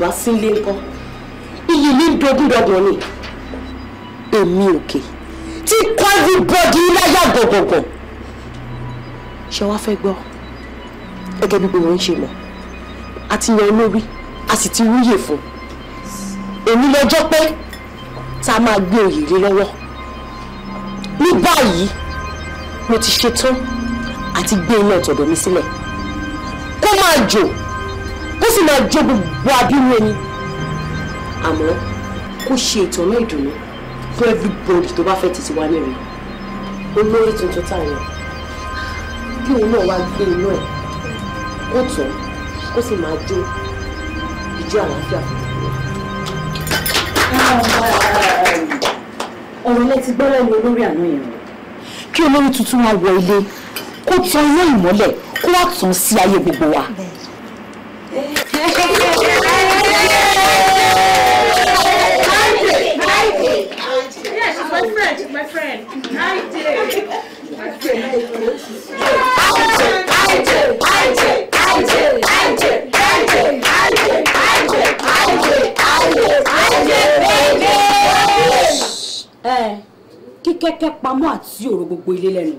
bá sílé ńkọ́ iyì ní dogúndọgbọ̀n ni èmi òkè tí kọ́ everybody láyà gbọ̀gbọ̀gbọ̀ ṣé wàá fẹ́ gbọ́ gẹ́gẹ́ bí gbogbo ń ṣe mọ̀ a ti yan olórí a sì ti wúyè fún èmi lọ́jọ́ pé tá a máa gbé òyìnbó lọ́wọ́ ní báyìí mo ti ṣetán àti gbé iná ọ̀tọ̀dọ̀ mi sílẹ̀ kó máa jò máa jẹ gbogbo abirú ẹni àmọ́ kó ṣe ìtọ́nà ìdùnnú fún everybody tó bá fẹ́ tètè wá ní rẹ̀ olórí tuntun táwọn kí òun náà wá gbé inú ẹ̀ kó tọ́ kó sì máa jó ìjó àlàáfíà fún ọ̀rọ̀ ilé ti gbọ́rọ̀ ní olórí àná yẹn o. kí olórí tuntun wá wọ ilé kó tan iná ìmọ́lẹ̀ kó wá tàn sí ayé gbogbo wa. bẹ́ẹ̀ kẹ́kẹ́ pamọ́ àti ọ̀rọ̀ gbogbo ilé lẹ́nu.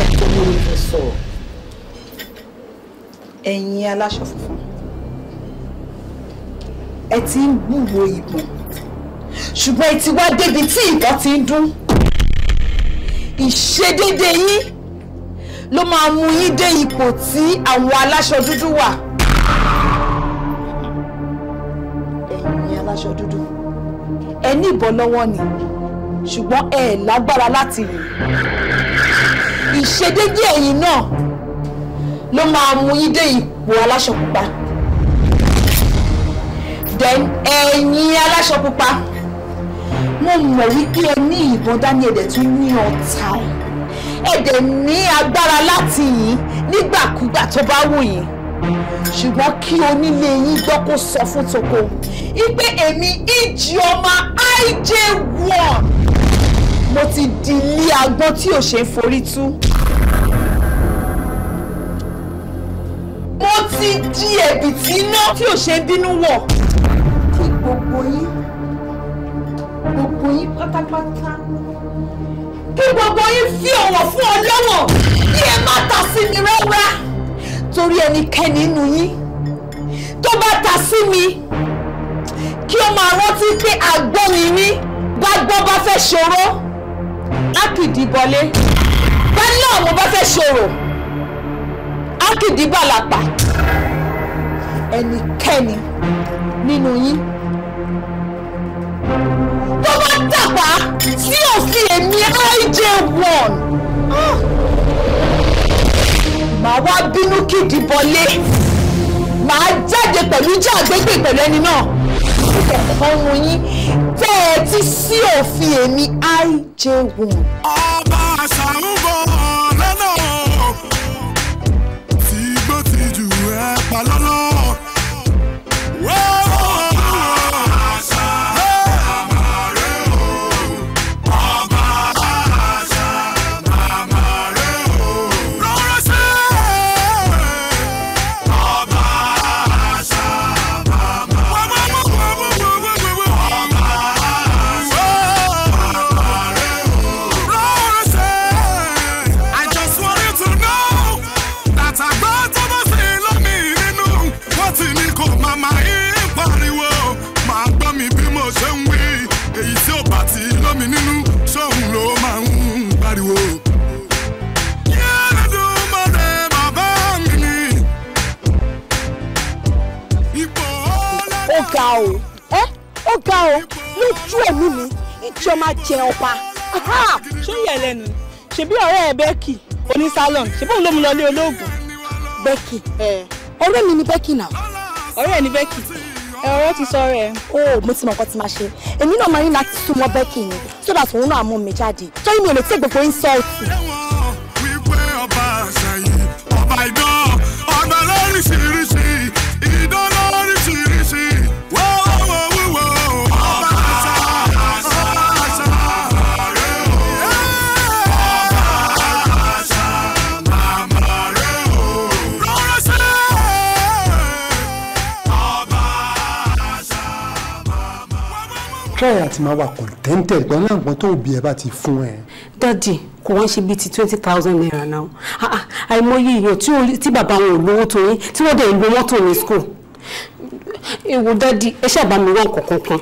ọkọ mi ò fẹ́ sọ̀rọ̀. ẹ̀yin aláṣọ funfun ẹ ti ń gbúwo ìbọn ṣùgbọ́n ẹ ti wá débi tí ìbọn ti ń dún ìṣedédé yín ló máa mú yín dé ipò tí àwọn aláṣọ dúdú wà. ẹ̀yin aláṣọ dúdú ẹ ní ìbọn lọ́wọ́ ni ṣùgbọ́n ẹ lágbára láti rí ìṣedéédé ẹ̀yin náà ló máa mú yín dé ipò aláṣọ pupa then ẹ̀yin aláṣọ pupa mo mọ̀ wípé ẹ ní ìbọn dání ẹ̀dẹ̀ tún ní ọ̀tá ẹ̀dẹ̀ ní agbára láti yìn nígbàkúgbà tó bá wù yín ṣùgbọ́n kí onílé yín gbọ́ kó sọ fún toko wípé èmi ìjì ọmọ ij one mo ti di ilé agbọ́n tí ò ṣe é forí tú. mo ti di ẹ̀bìtì iná tí ò ṣe é bínú wọ̀. kí gbogbo yín gbogbo yín pátápátá kí gbogbo yín fi ọ̀wọ̀ fún ọlọ́wọ̀ kí ẹ má ta sí mi rárá torí ẹnikẹ́ni nínú yín tó bá ta sí mi kí ó máa rántí pé àgbọ̀n mi ní gbàgbọ́ bá fẹ́ ṣòro akìdìbọlé bẹ́ẹ̀ náà mo bá fẹ́ ṣòro akìdìbàlàpà ẹnikẹ́ni nínú yín tó bá tàpá sí òfin èmi IJ1 màá wá bínú kìdìbọlé màá jáde pẹ̀lú jẹ́ àgbégbè pẹ̀lú ẹni náà ìkẹ̀kọ́ mu yín tẹ́ ẹ ti sí òfin èmi IJ1. ọba àṣà ń bọ̀. lójú ẹ̀mí mi ichioma jẹ ọba ṣé yẹ lẹ́nu ṣebí ọ̀rẹ́ ẹ Becky oní salon ṣebí òun ló mú lọ lé olóògùn. Becky ọ̀rẹ́ mi ni Becky náà. ọ̀rẹ́ ẹ ni Becky ẹ̀rọ ti sọ rẹ̀. ó mo ti mọ nǹkan tí máa ṣe èmi náà máa ní láti súnmọ́ Becky yẹn so that òun náà mú mi jáde torí mi ò lè tẹ́ gbogbo insult. try àti máa wà contented pẹ̀lú àwọn tó bí ẹ bá ti fún ẹ. dadi kò wọ́n ṣe bíi ti twenty thousand naira náà ah, ah, àìmọye èèyàn tí bàbá wọn ò lówó tó yín tí wọ́n dẹ̀ ń lo mọ́tò ní school ewu dadi ẹ ṣàbá mi wọ́n kọ̀ọ̀kan kan.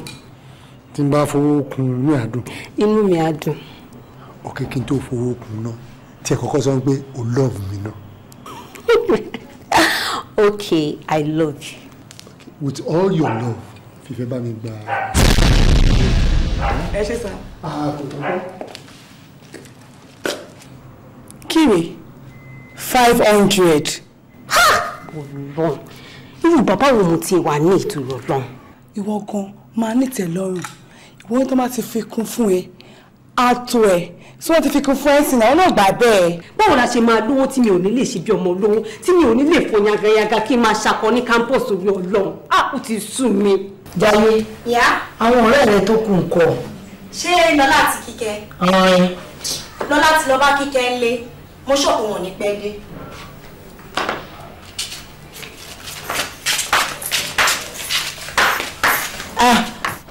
tí n bá fowó kun mi á dùn. inú mi á dùn. ọ̀kẹ́ kí n tó fowó kun náà tí ẹ kọ́kọ́ sọ pé o love mi náà. okay i love you. with all your love fífẹ́ bá mi gbà á ẹ ṣe sà. Ah, kíni five hundred. ọlọ́run irú bàbá wo mo ti wà ní ìtura ọlọ́run. ìwọ gan máa ní ìtẹ́lọ́rùn ìwọ ní tó máa ti fi kún fún ẹ àtò ẹ tí wọ́n ti fi kún fún ẹ sí náà náà gbà bẹ́ẹ̀. báwo la ṣe máa lówó tí mi ò ní lè ṣe bí ọmọ olówó tí mi ò ní lè fọ yagayaga kí n máa ṣakọ ní campus orí ọlọ́run á ah, kò ti sú mi. jaiye àwọn ọ̀rẹ́ rẹ tó kù ń kọ́ ṣé lọ́lá àti kíkẹ́. lọ́lá ti lọ bá kíkẹ́ ń lé mo ṣọ̀kùn wọn ní pẹ́ dé. Ah,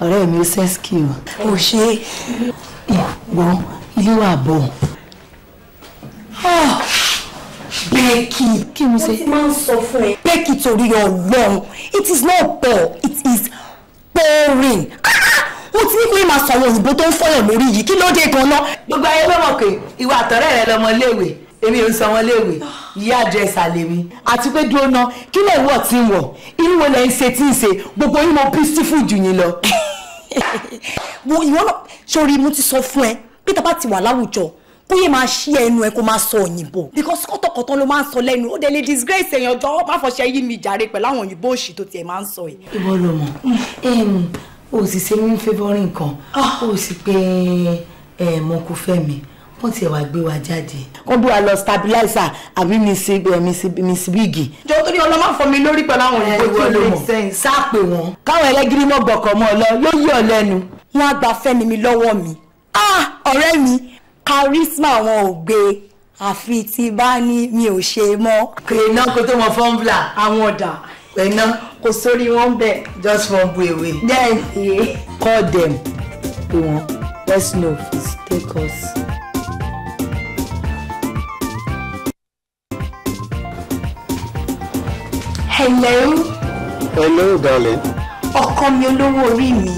ọ̀rẹ́ mi sẹ́sìkì o ò ṣe ìgbọ́ ilé wà bọ̀. Ah, Bẹ́ẹ̀kì kí mo ṣe. Mo ti máa ń sọ fún ẹ. Bẹ́ẹ̀kì torí ọlọ́run it is not poor it is pouring. Ah, ó ti ní kí n máa sọ̀rọ̀ òyìnbó tó ń fọyàn lórí yìí kí ló dé gan-an. gbogbo ayé ló mọ̀ pé ìwà àtọ̀rẹ́ rẹ lọmọ léèwé èmi ò ń san wọn léèwé ìyá àdírẹ́sà lèmi. àti pé dúró ná kí lè wọ̀ tí ń wọ̀ irú wo lẹ́yìn ṣe tí ń ṣe gbogbo yín mo peaceful jù yín lọ. ìwọ náà sori mo ti sọ fún ẹ pé tá a bá ti wà láwùjọ kó yẹ máa ṣí ẹnu ẹ kó máa sọ òyìnbó because kọ́tọ̀kọ́tọ̀ ló máa ń sọ lẹ́nu ó dẹ̀ lè disgrace èèyàn jọ ọ́ bá fọṣẹ yí mi jàre pẹ̀lú àwọn òyìnbó òṣì tó tiẹ̀ máa ń sọ yìí. ìwọ ló mọ o sì ṣe mí fẹ́fọ́rì nǹkan ah. o sì pé mo kò fẹ́ mi wọ́n ti wá gbé wa jáde. wọ́n bí wa lọ stabilizer àbí miss big. jọ torí ọlọ́mọ fọ mi lórí pẹ̀lú àwọn òyìnbó tí ó mọ̀ sáàpè wọn. káwọn ẹlẹ́gìrì mọ̀ gbọ̀kọ̀ mọ́ ọ lọ ló yí ọ lẹ́nu. á gba fẹ́ni mi lọ́wọ́ mi. ah ọ̀rẹ́ mi charisma wọn ò gbé àfi tí bá ní mi ò ṣe mọ́. kèrè náà kó tó mọ fọ́nbùlà àwọn ọ̀dà pẹ̀nà kò sórí wọn bẹ̀. just for buewe. then call them pé wọn let's know if it's take us. hello. hello darling. ọkọ mi olówó orí mi.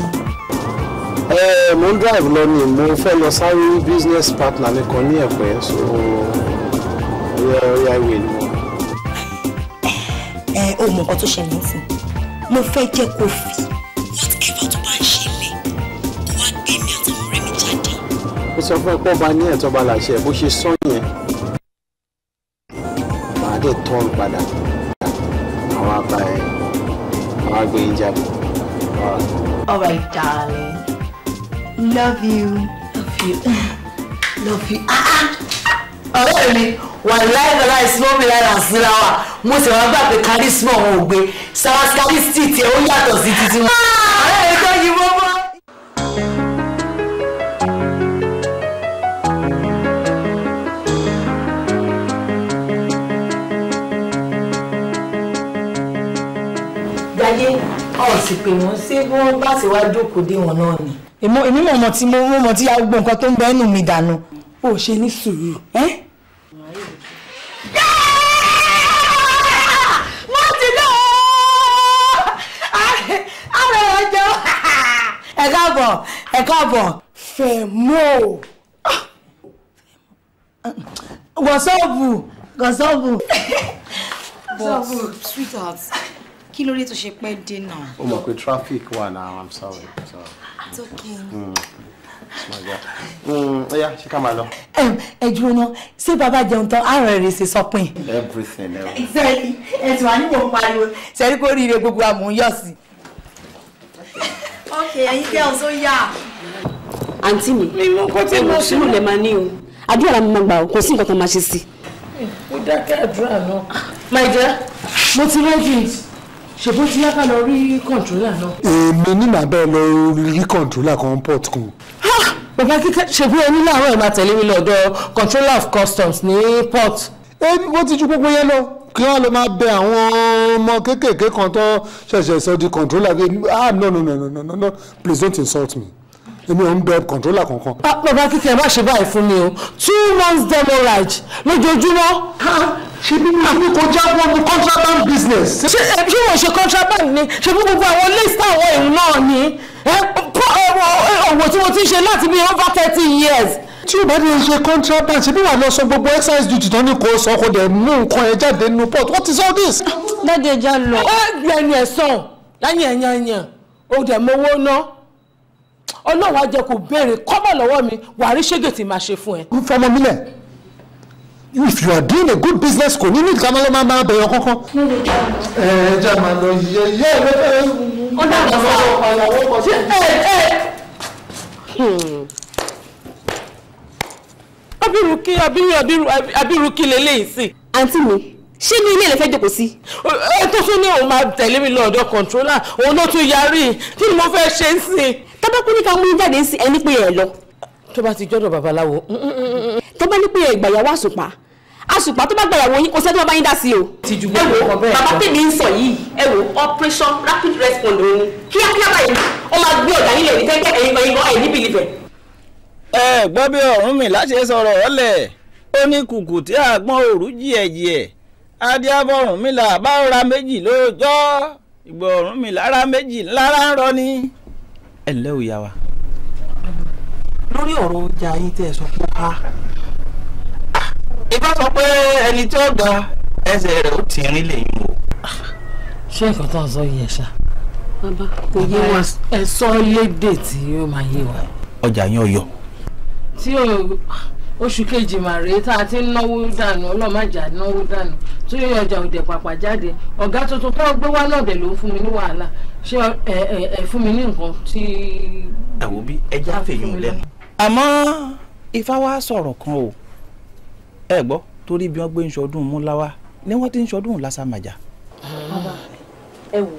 ẹ mo ń drive lọ ni mo fẹ́ lọ sáré business partner mi kan ní ẹ̀pẹ́ so ó yẹ ó ni mo ẹ mọ nǹkan tó ṣẹlẹ̀ sí mo fẹ́ jẹ́ kó fi whatever tó bá ń ṣe mí kó wá gbé mi àtàwọn ọ̀rẹ́ mi jáde. mo sọ fún ẹ pé ọba ní ẹ̀tọ́ bá làṣẹ bó ṣe sọ yẹn màá dé tọ́ọ̀rù padà àwọn àbá ẹ àwọn àgbẹ̀ yín jáde. All right, darling. Love you. Love you. Love you. Ah! ah ọ̀rẹ́ mi wà láìlọ́lá ìsinmi mi lára síra wa mo sì wá gbà pé kárísímà òun ò gbé sàràkàrísítì tí ó yàtọ̀ sí títí wọn. ọ̀rẹ́ mi tó yí mọ́mọ́. gbàyé ọ̀ sì pé wọ́n ṣé bí wọ́n bá ti wá jókòó dé wọn náà ni. èmi mọ̀ mọ̀ tí mo mọ̀ tí a gbọ́ nǹkan tó ń bẹ́ẹ̀ nù mí dànù. o ṣe ní sùúrù. ẹ káàbọ̀ fẹ̀mọ́ wọ̀sọ́ọ̀bù wọ̀sọ́ọ̀bù. but sweetheart kí ló dé tó ṣe pẹ́ dé o mọ̀ pé traffic wà náà i'm sorry. sorry. it's okay. Mm. Oya, ṣe ká máa lọ. Ẹ dúró ná, ṣé bàbá jẹun tán àárọ̀ rẹ̀ ṣe sọpin? Everything else. Ìṣẹ́ni ẹ̀sùn àníwò ń pariwo. Ṣẹ́ni kò rí ire gbogbo àmúyọ̀sí okay ẹ̀yin girls ó yá. àǹtí mi sùúrù lè máa ní o àdúrà la máa gbà o kò sí nǹkan tó máa ṣe sí. ó dákẹ́ àdúrà náà. my dear mo ti rẹ́dí ṣèbó ti yá ká lọ rí kọ̀ǹtólà náà. èmi ní màá bẹ́ẹ̀ lọ rí kọ̀ǹtólà kan port kan. bàbá kíkẹ́ ṣèbó ẹni láàárọ̀ ẹ̀ máa tẹ̀lé mi lọ́dọ̀ controller of customs ní port. ẹ bó ti ju gbogbo yẹn lọ kí wọ́n lọ máa bẹ àwọn ọmọ kéékèèké kan tó ṣẹ̀ṣẹ̀ sọ di controller bíi ah no no no no no no please don't insult me èmi ò ń bẹ controller kankan. Ah, bàbá kíkẹ́ ẹ má ṣe báyìí fún mi o two months demorage lójoojúmọ́. Ah, ṣe bí mi ní kò jáwọ́ mu contraband business. ṣé ṣé wọ́n ṣe contraband ni ṣe fún gbogbo àwọn list àwọn èèyàn náà ni ọ̀wọ̀ tí mo ti ń ṣe láti bí over thirty years tí o bá ní ṣe contraband bí wàá lọ sọ gbogbo excise duty tán ní kò sọ kò dẹ̀ mú nǹkan ẹ jáde nínú port what is all this. dáàdi ẹja lọ. ó gbẹ ẹni ẹ̀sán láyìn ẹ̀yànyàn ó dẹ̀ mowó ná ọlọ́wọ́ á jẹ́ kó béèrè kọ́bọ̀ lọ́wọ́ mi wàá rí ṣégè tí màá ṣe fún ẹ. n fọmọ mi lẹ if you are doing a good business kò ní ní ìgbà máa máa máa bẹ̀rẹ̀ kankan. ẹ ẹ jẹ́ màá lọ yẹ yẹ ẹ lọ́wọ́ ọ̀pọ̀ ọ̀pọ̀ ọ̀pọ̀ ọ̀pọ̀ ọ̀pọ̀ abiruki abiru abiru abiruki leléyìí sí. àǹtí mi ṣé ní ilé ìlẹ́fẹ́ jòkó sí. ẹ tó tún ní òun máa tẹ̀lé mi lọ́dọ̀ kọ̀ǹtrólà òun ló tún yarí kí ni mo fẹ́ ṣe é sí. tábàkú ní ká mú yín jáde sí ẹni pé ẹ lọ. tó bá ti jọ́dọ̀ babaláwo. tó bá ní pé ìgbàyàwó àsùpà àsùpà tó bá gbàyàwó yín kò sẹ́ni tó bá yín dá sí o. ẹ wo bàbá tèmi ń sọ yìí ẹ wo operation rapid response òun kíákíá báyìí ó máa gbé ọ̀dà nílẹ̀ ní tẹ́tẹ́ ẹ̀yìn ẹ gbọ́ bí Ọ̀rúnmìlà ṣe sọ̀rọ̀ ọ̀lẹ̀ ó ní kùkù tí àgbọn òru jìẹ̀jìẹ̀ adíábọ̀ Ọ̀rúnmìlà bá ra méjì lóòjọ́ ìgbọ̀ Ọ̀rúnmìlà ra méjì lára ń rọ ni. ẹ ǹlẹ́ o yá wa. lórí ọ̀rọ̀ ọjà yín tẹ́ ẹ sọ pé a ìbá sọ pé ẹni tí ó ga ẹsẹ̀ rẹ̀ ó ti rin lẹ́yìn o. ṣé nǹkan tó ń sọ yìí ẹ ṣá. bàbá kò yé wa ẹ sọ lédè tí ó máa yé wa. ọjà yín ọyọ tí oṣù kejì mà rèé tá a ti ń náwó dànù ọlọ́màjà náwó dànù tó yẹ ọjà òdẹ pàpà jáde ọ̀gá tuntun tó gbé wá náà dẹ̀ ló ń fún mi ní wàhálà ṣé ẹ fún mi ní nǹkan tí. ẹ bí ẹja fèyàn lẹ́nu. àmọ́ ifá wa sọ̀rọ̀ kan o ẹ gbọ́ torí bí wọ́n gbé ń ṣọdún múláwá ni wọ́n ti ń ṣọdún lásàmàjà. ẹ wo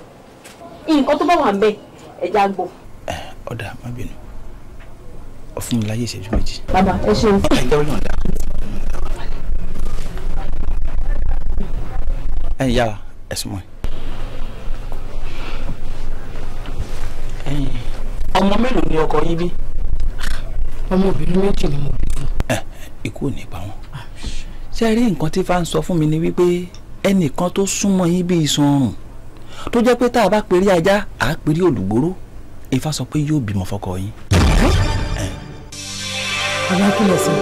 nǹkan tó bá wà ń bẹ ẹja gbọ́. ọ̀dà má bínú fún mi láyé ìṣẹ́jú méjì. bàbá ẹ ṣe é. ẹ̀yà ọ̀yàn dá. ẹ yára ẹ̀sùn mọ́ ẹ. ọmọ mélòó ni ọkọ yín bí? ọmọ obìnrin méjì ni mo bí fún. ikú ò ní pa wọn. ṣé ẹ rí nǹkan tí fa ń sọ fún mi ni wípé ẹnìkan tó súnmọ́ yín bí iṣan tó jẹ́ pé tá a bá pèrè ajá à á pèrè olùgbòrò ifá sọ pé yóò bímọ fọ́kọ yín àwọn akílẹ̀ sọ.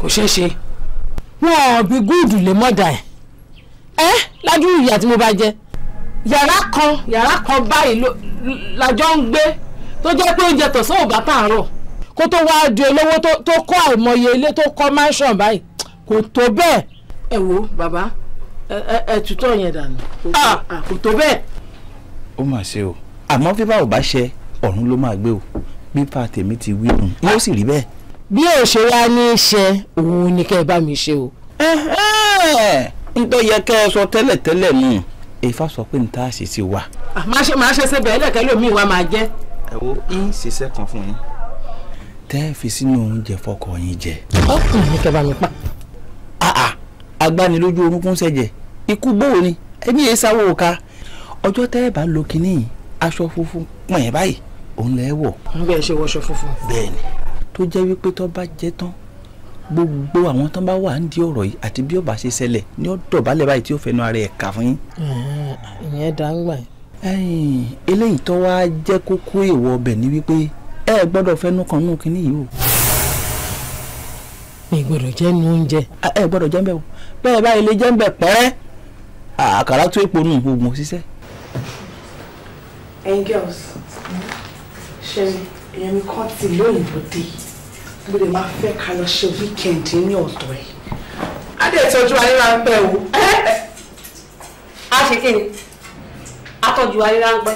kò ṣeé ṣe. wọn ò bí gúùdù lè mọ́dà ẹ̀ ẹ́ ládùúgbò ìyá tí mo bá jẹ yàrá kan yàrá kan báyìí lájọ ń gbé tó jẹ́ pé oúnjẹ tọ̀sán ò bá tààrọ̀ kó tó wáá di olówó tó kọ́ àìmọye ilé tó kọ́ mansion báyìí kò tó bẹ́ẹ̀. ẹ wo bàbá ẹ tutọ́ yẹn dànù ah! kò tó bẹ́ẹ̀. ó mà ṣe o àmọ́ fífà ò bá ṣe ọ̀run ló máa gbé o bípa tèmi ti wí nù yóò sì rí bẹ́ẹ̀. bí ò ṣe wá ní í ṣe òun ni kẹ́ bá mi ṣe o. nítorí yẹ kẹ́ ẹ sọ tẹ́lẹ̀tẹ́lẹ̀ nù Ifá sọ pé níta ṣe ti wà. máa ṣe máa ṣe ṣe bẹ́ẹ̀ lẹ́kẹ́ lómi ìwà máa jẹ́. ẹ wo ń ṣiṣẹ́ kan fún yín. tẹ́ ẹ fi sínú oúnjẹ fọkọ yín jẹ. ọkùnrin ni kẹ́ bá mi pa. agbanilójú orúnkún ṣẹ̀jẹ̀ ikú bóò ni ẹbí yẹn sáwó ka ọjọ́ tẹ́ ẹ bá lo kinní aṣọ funfun pọ̀n ẹ̀ báyìí òun lẹ́ wọ̀. nígbà ṣe wọṣọ funfun. bẹ́ẹ̀ni tó jẹ́ wípé tó bá jẹ tán gbogbo àwọn tó bá wà ń di ọ̀rọ̀ yìí àti bí ó bá ṣe ṣẹlẹ̀ ní ó dọ̀bálẹ̀ báyìí tí ó fẹnu ara ẹ̀ kà fún yín. ìyẹn dáńgbà. eléyìí tó wá jẹ́ kókó èèwọ̀ ọbẹ̀ ni wípé ẹ gbọ́dọ̀ fẹnu kan nù kínní yìí o. mi gbọ́dọ̀ jẹ nu oúnjẹ. ẹ gbọ́dọ̀ jẹ nbẹ o bẹ́ẹ̀ báyìí lè jẹ nbẹ pẹrẹ àkàrà tó èpo nù oògùn òṣìṣẹ́. ẹ̀yin girls ṣẹ́rí èèyàn mi kàn ti lóyìnbó dé mo lè máa fẹ́ ká lọ ṣe wíkẹ́ǹdì ní ọ̀dọ̀ ẹ̀. adé ìtọ́jú ayé ráńpẹ́ o. a ṣe kí ni atọ́jú ayé ráńpẹ́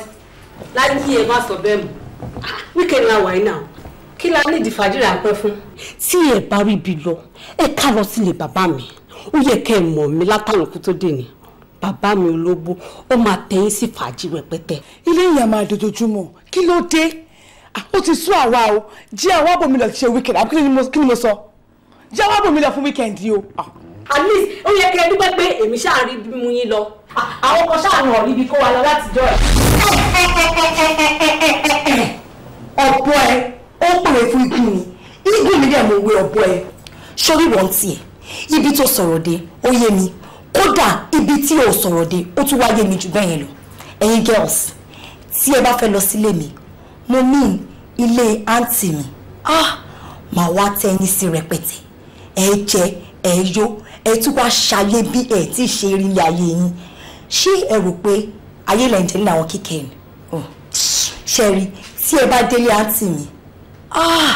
láyé ẹ má sọ bẹ́ẹ̀ mọ́ ah, wíkẹ́ǹdì la wà yín náà kí la ní ìdìfàjì ráńpẹ́ fún. tí ẹ bá rí ibi lọ ẹ ká lọ sílé bàbá mi ó yẹ kẹ́ ẹ mọ̀ mi látàwọn kú tó dé ni bàbá mi ológbó ó máa tẹ̀yìn sí fàájì rẹpẹtẹ. ilé ìyá máa dojoojúmọ́ kí ló dé Ah, ó ti sú àwa o jẹ́ àwa bòmílẹ̀ ṣe weekend àbí kí ni mo sọ jẹ́ àwa bòmílẹ̀ fún weekend yìí o. Ah. at least ó yẹ kí ẹ dúpẹ́ pé èmi ṣáà rí mú yín lọ ah, àwọn kan ṣáà hàn níbi kó wa lọ láti jọ ẹ. ọ̀pọ̀ ẹ ó pèrè fún igun mi igun mi dẹ̀ mo wé ọ̀pọ̀ ẹ. sórí wọn tiẹ̀ ibi tó sọ̀rọ̀ dé ó yé mi kódà ibi tí ò sọ̀rọ̀ dé ó tún wá yé mi jù bẹ́ẹ̀ yẹn lọ ẹ̀yin girls tí ẹ bá fẹ́ lọ sílé mi mo mean ilé àǹtí mi ah màá wá tẹ́yìn sí rẹpẹtẹ ẹ jẹ ẹ yó ẹ tún wá ṣayé bí ẹ tí ì ṣe rí ilé ayé yín ṣé ẹ rò pé ayé lẹ́yìn tẹ́lẹ̀ àwọn kíkẹ́ ni hmm. ṣẹ́rí tí ẹ bá délé àǹtí mi ah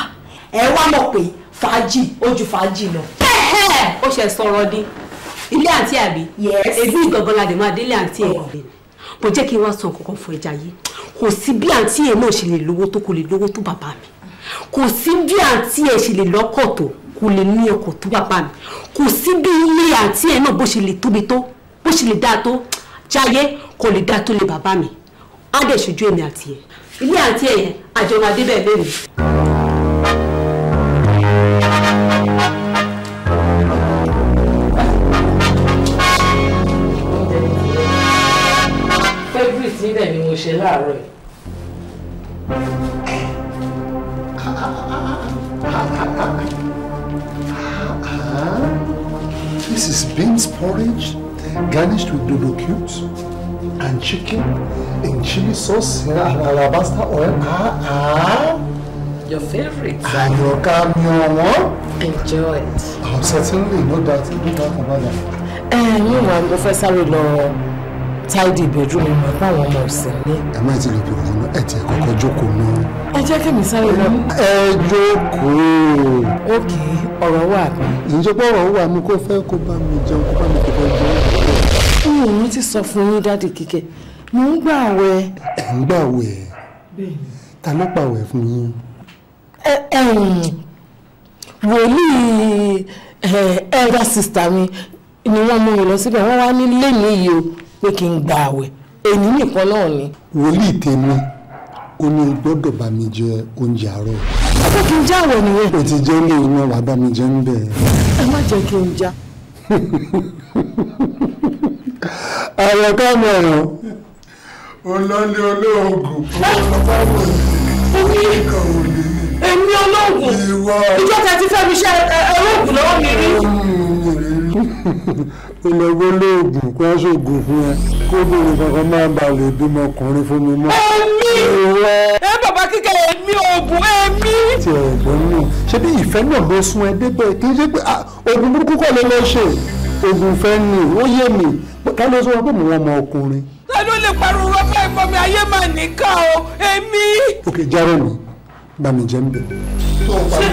ẹ wá mọ̀ pé fàájì ojú fàájì lọ. ó ṣe sọ̀rọ̀ dín ilé àǹtí àbí èbí ìgbọ̀ngàn la dé máa délé àǹtí ẹ̀ kò oh. jẹ́ kí n wá sọ nǹkan kan fún ẹja yìí kò sí bí àǹtí ẹ̀ náà ṣe lè lówó tó kò lè lówó tó bàbá mi kò sí bí àǹtí ẹ̀ ṣe lè lọ́kọ̀ tó kò lè ní ọkọ̀ tó bàbá mi kò sí bí ilé àǹtí ẹ̀ náà bó ṣe lè tóbi tó bó ṣe lè dáa tó jáyé kò lè dáa tó lè bàbá mi á dẹ̀ ṣojú èmi àti ẹ̀ ilé àǹtí ẹ̀ yẹn àjọ máa débẹ̀ lónìí. ṣe láàárọ̀ yìí. This is beans porridge garnished with dodo cubes and chicken in chili sauce and alabaster oil. Ah, ah. Your favorite. And your camion. Enjoy it. Oh, certainly, no doubt, Do doubt about that. Eh, meanwhile, Professor Lord. tidy bedroom mi mọ̀ fáwọn ọmọ ọ̀sẹ̀ ní. ẹ má ti lè bèrè lọ́nà ẹ ti kọ́kọ́ jókòó náà. ẹ jẹ́ kí mi sáré lọ. ẹ jókòó. ok ọ̀rọ̀ wà mí. ìjọba ọ̀rọ̀ wà mí kó fẹ́ kó bá mi jẹun kó bá mi kó bá sọ fún yín dáàdì mo ń gbà wẹ̀. ẹ ń gbà ta ló pàwẹ̀ fún yín. wòlíì elder sister mi ni wọ́n mú mi lọ síbẹ̀ wọ́n o. pé kí n gba àwẹ̀ èyí nìkan náà ni. wòlíì tèmi ó ní gbọ́dọ̀ bá mi jẹ oúnjẹ àárọ̀. ọjọ́ kí n já àwẹ̀ nìyẹn. o ti jẹ́ ilé iná wàá bá mi jẹ ń bẹ̀. ẹ má jẹ́ kí n já. ààrẹ káàmù ẹ̀rọ. olóńdé olóògùn olóńgbàwò èmi olóògùn ìjọ tẹ ti fẹ́ mi ṣe olóògùn lọ́wọ́ mi rí ó lọ wó lóògùn kó wá ṣògùn fún ẹ kó kankan máa bà lè bímọ ọkùnrin fún mi mọ́. èmi ẹ bàbá kíkẹ́ èmi oògùn èmi. ti ẹ̀gbọ́n náà ṣé bí ìfẹ́ náà ló sún ẹ débẹ̀ kì í ṣe pé ah, oògùn burúkú kọ́ ló lọ ṣe oògùn fẹ́ ni ó yé mi ká ló sọ wọn pé mo wọn ọmọ ọkùnrin. lọ́dún lè pariwo ọmọ ẹ̀gbọ́n mi ayé máa nìkan o èmi. òkè járọ̀ mi bá jẹ́ ń bẹ̀. ṣé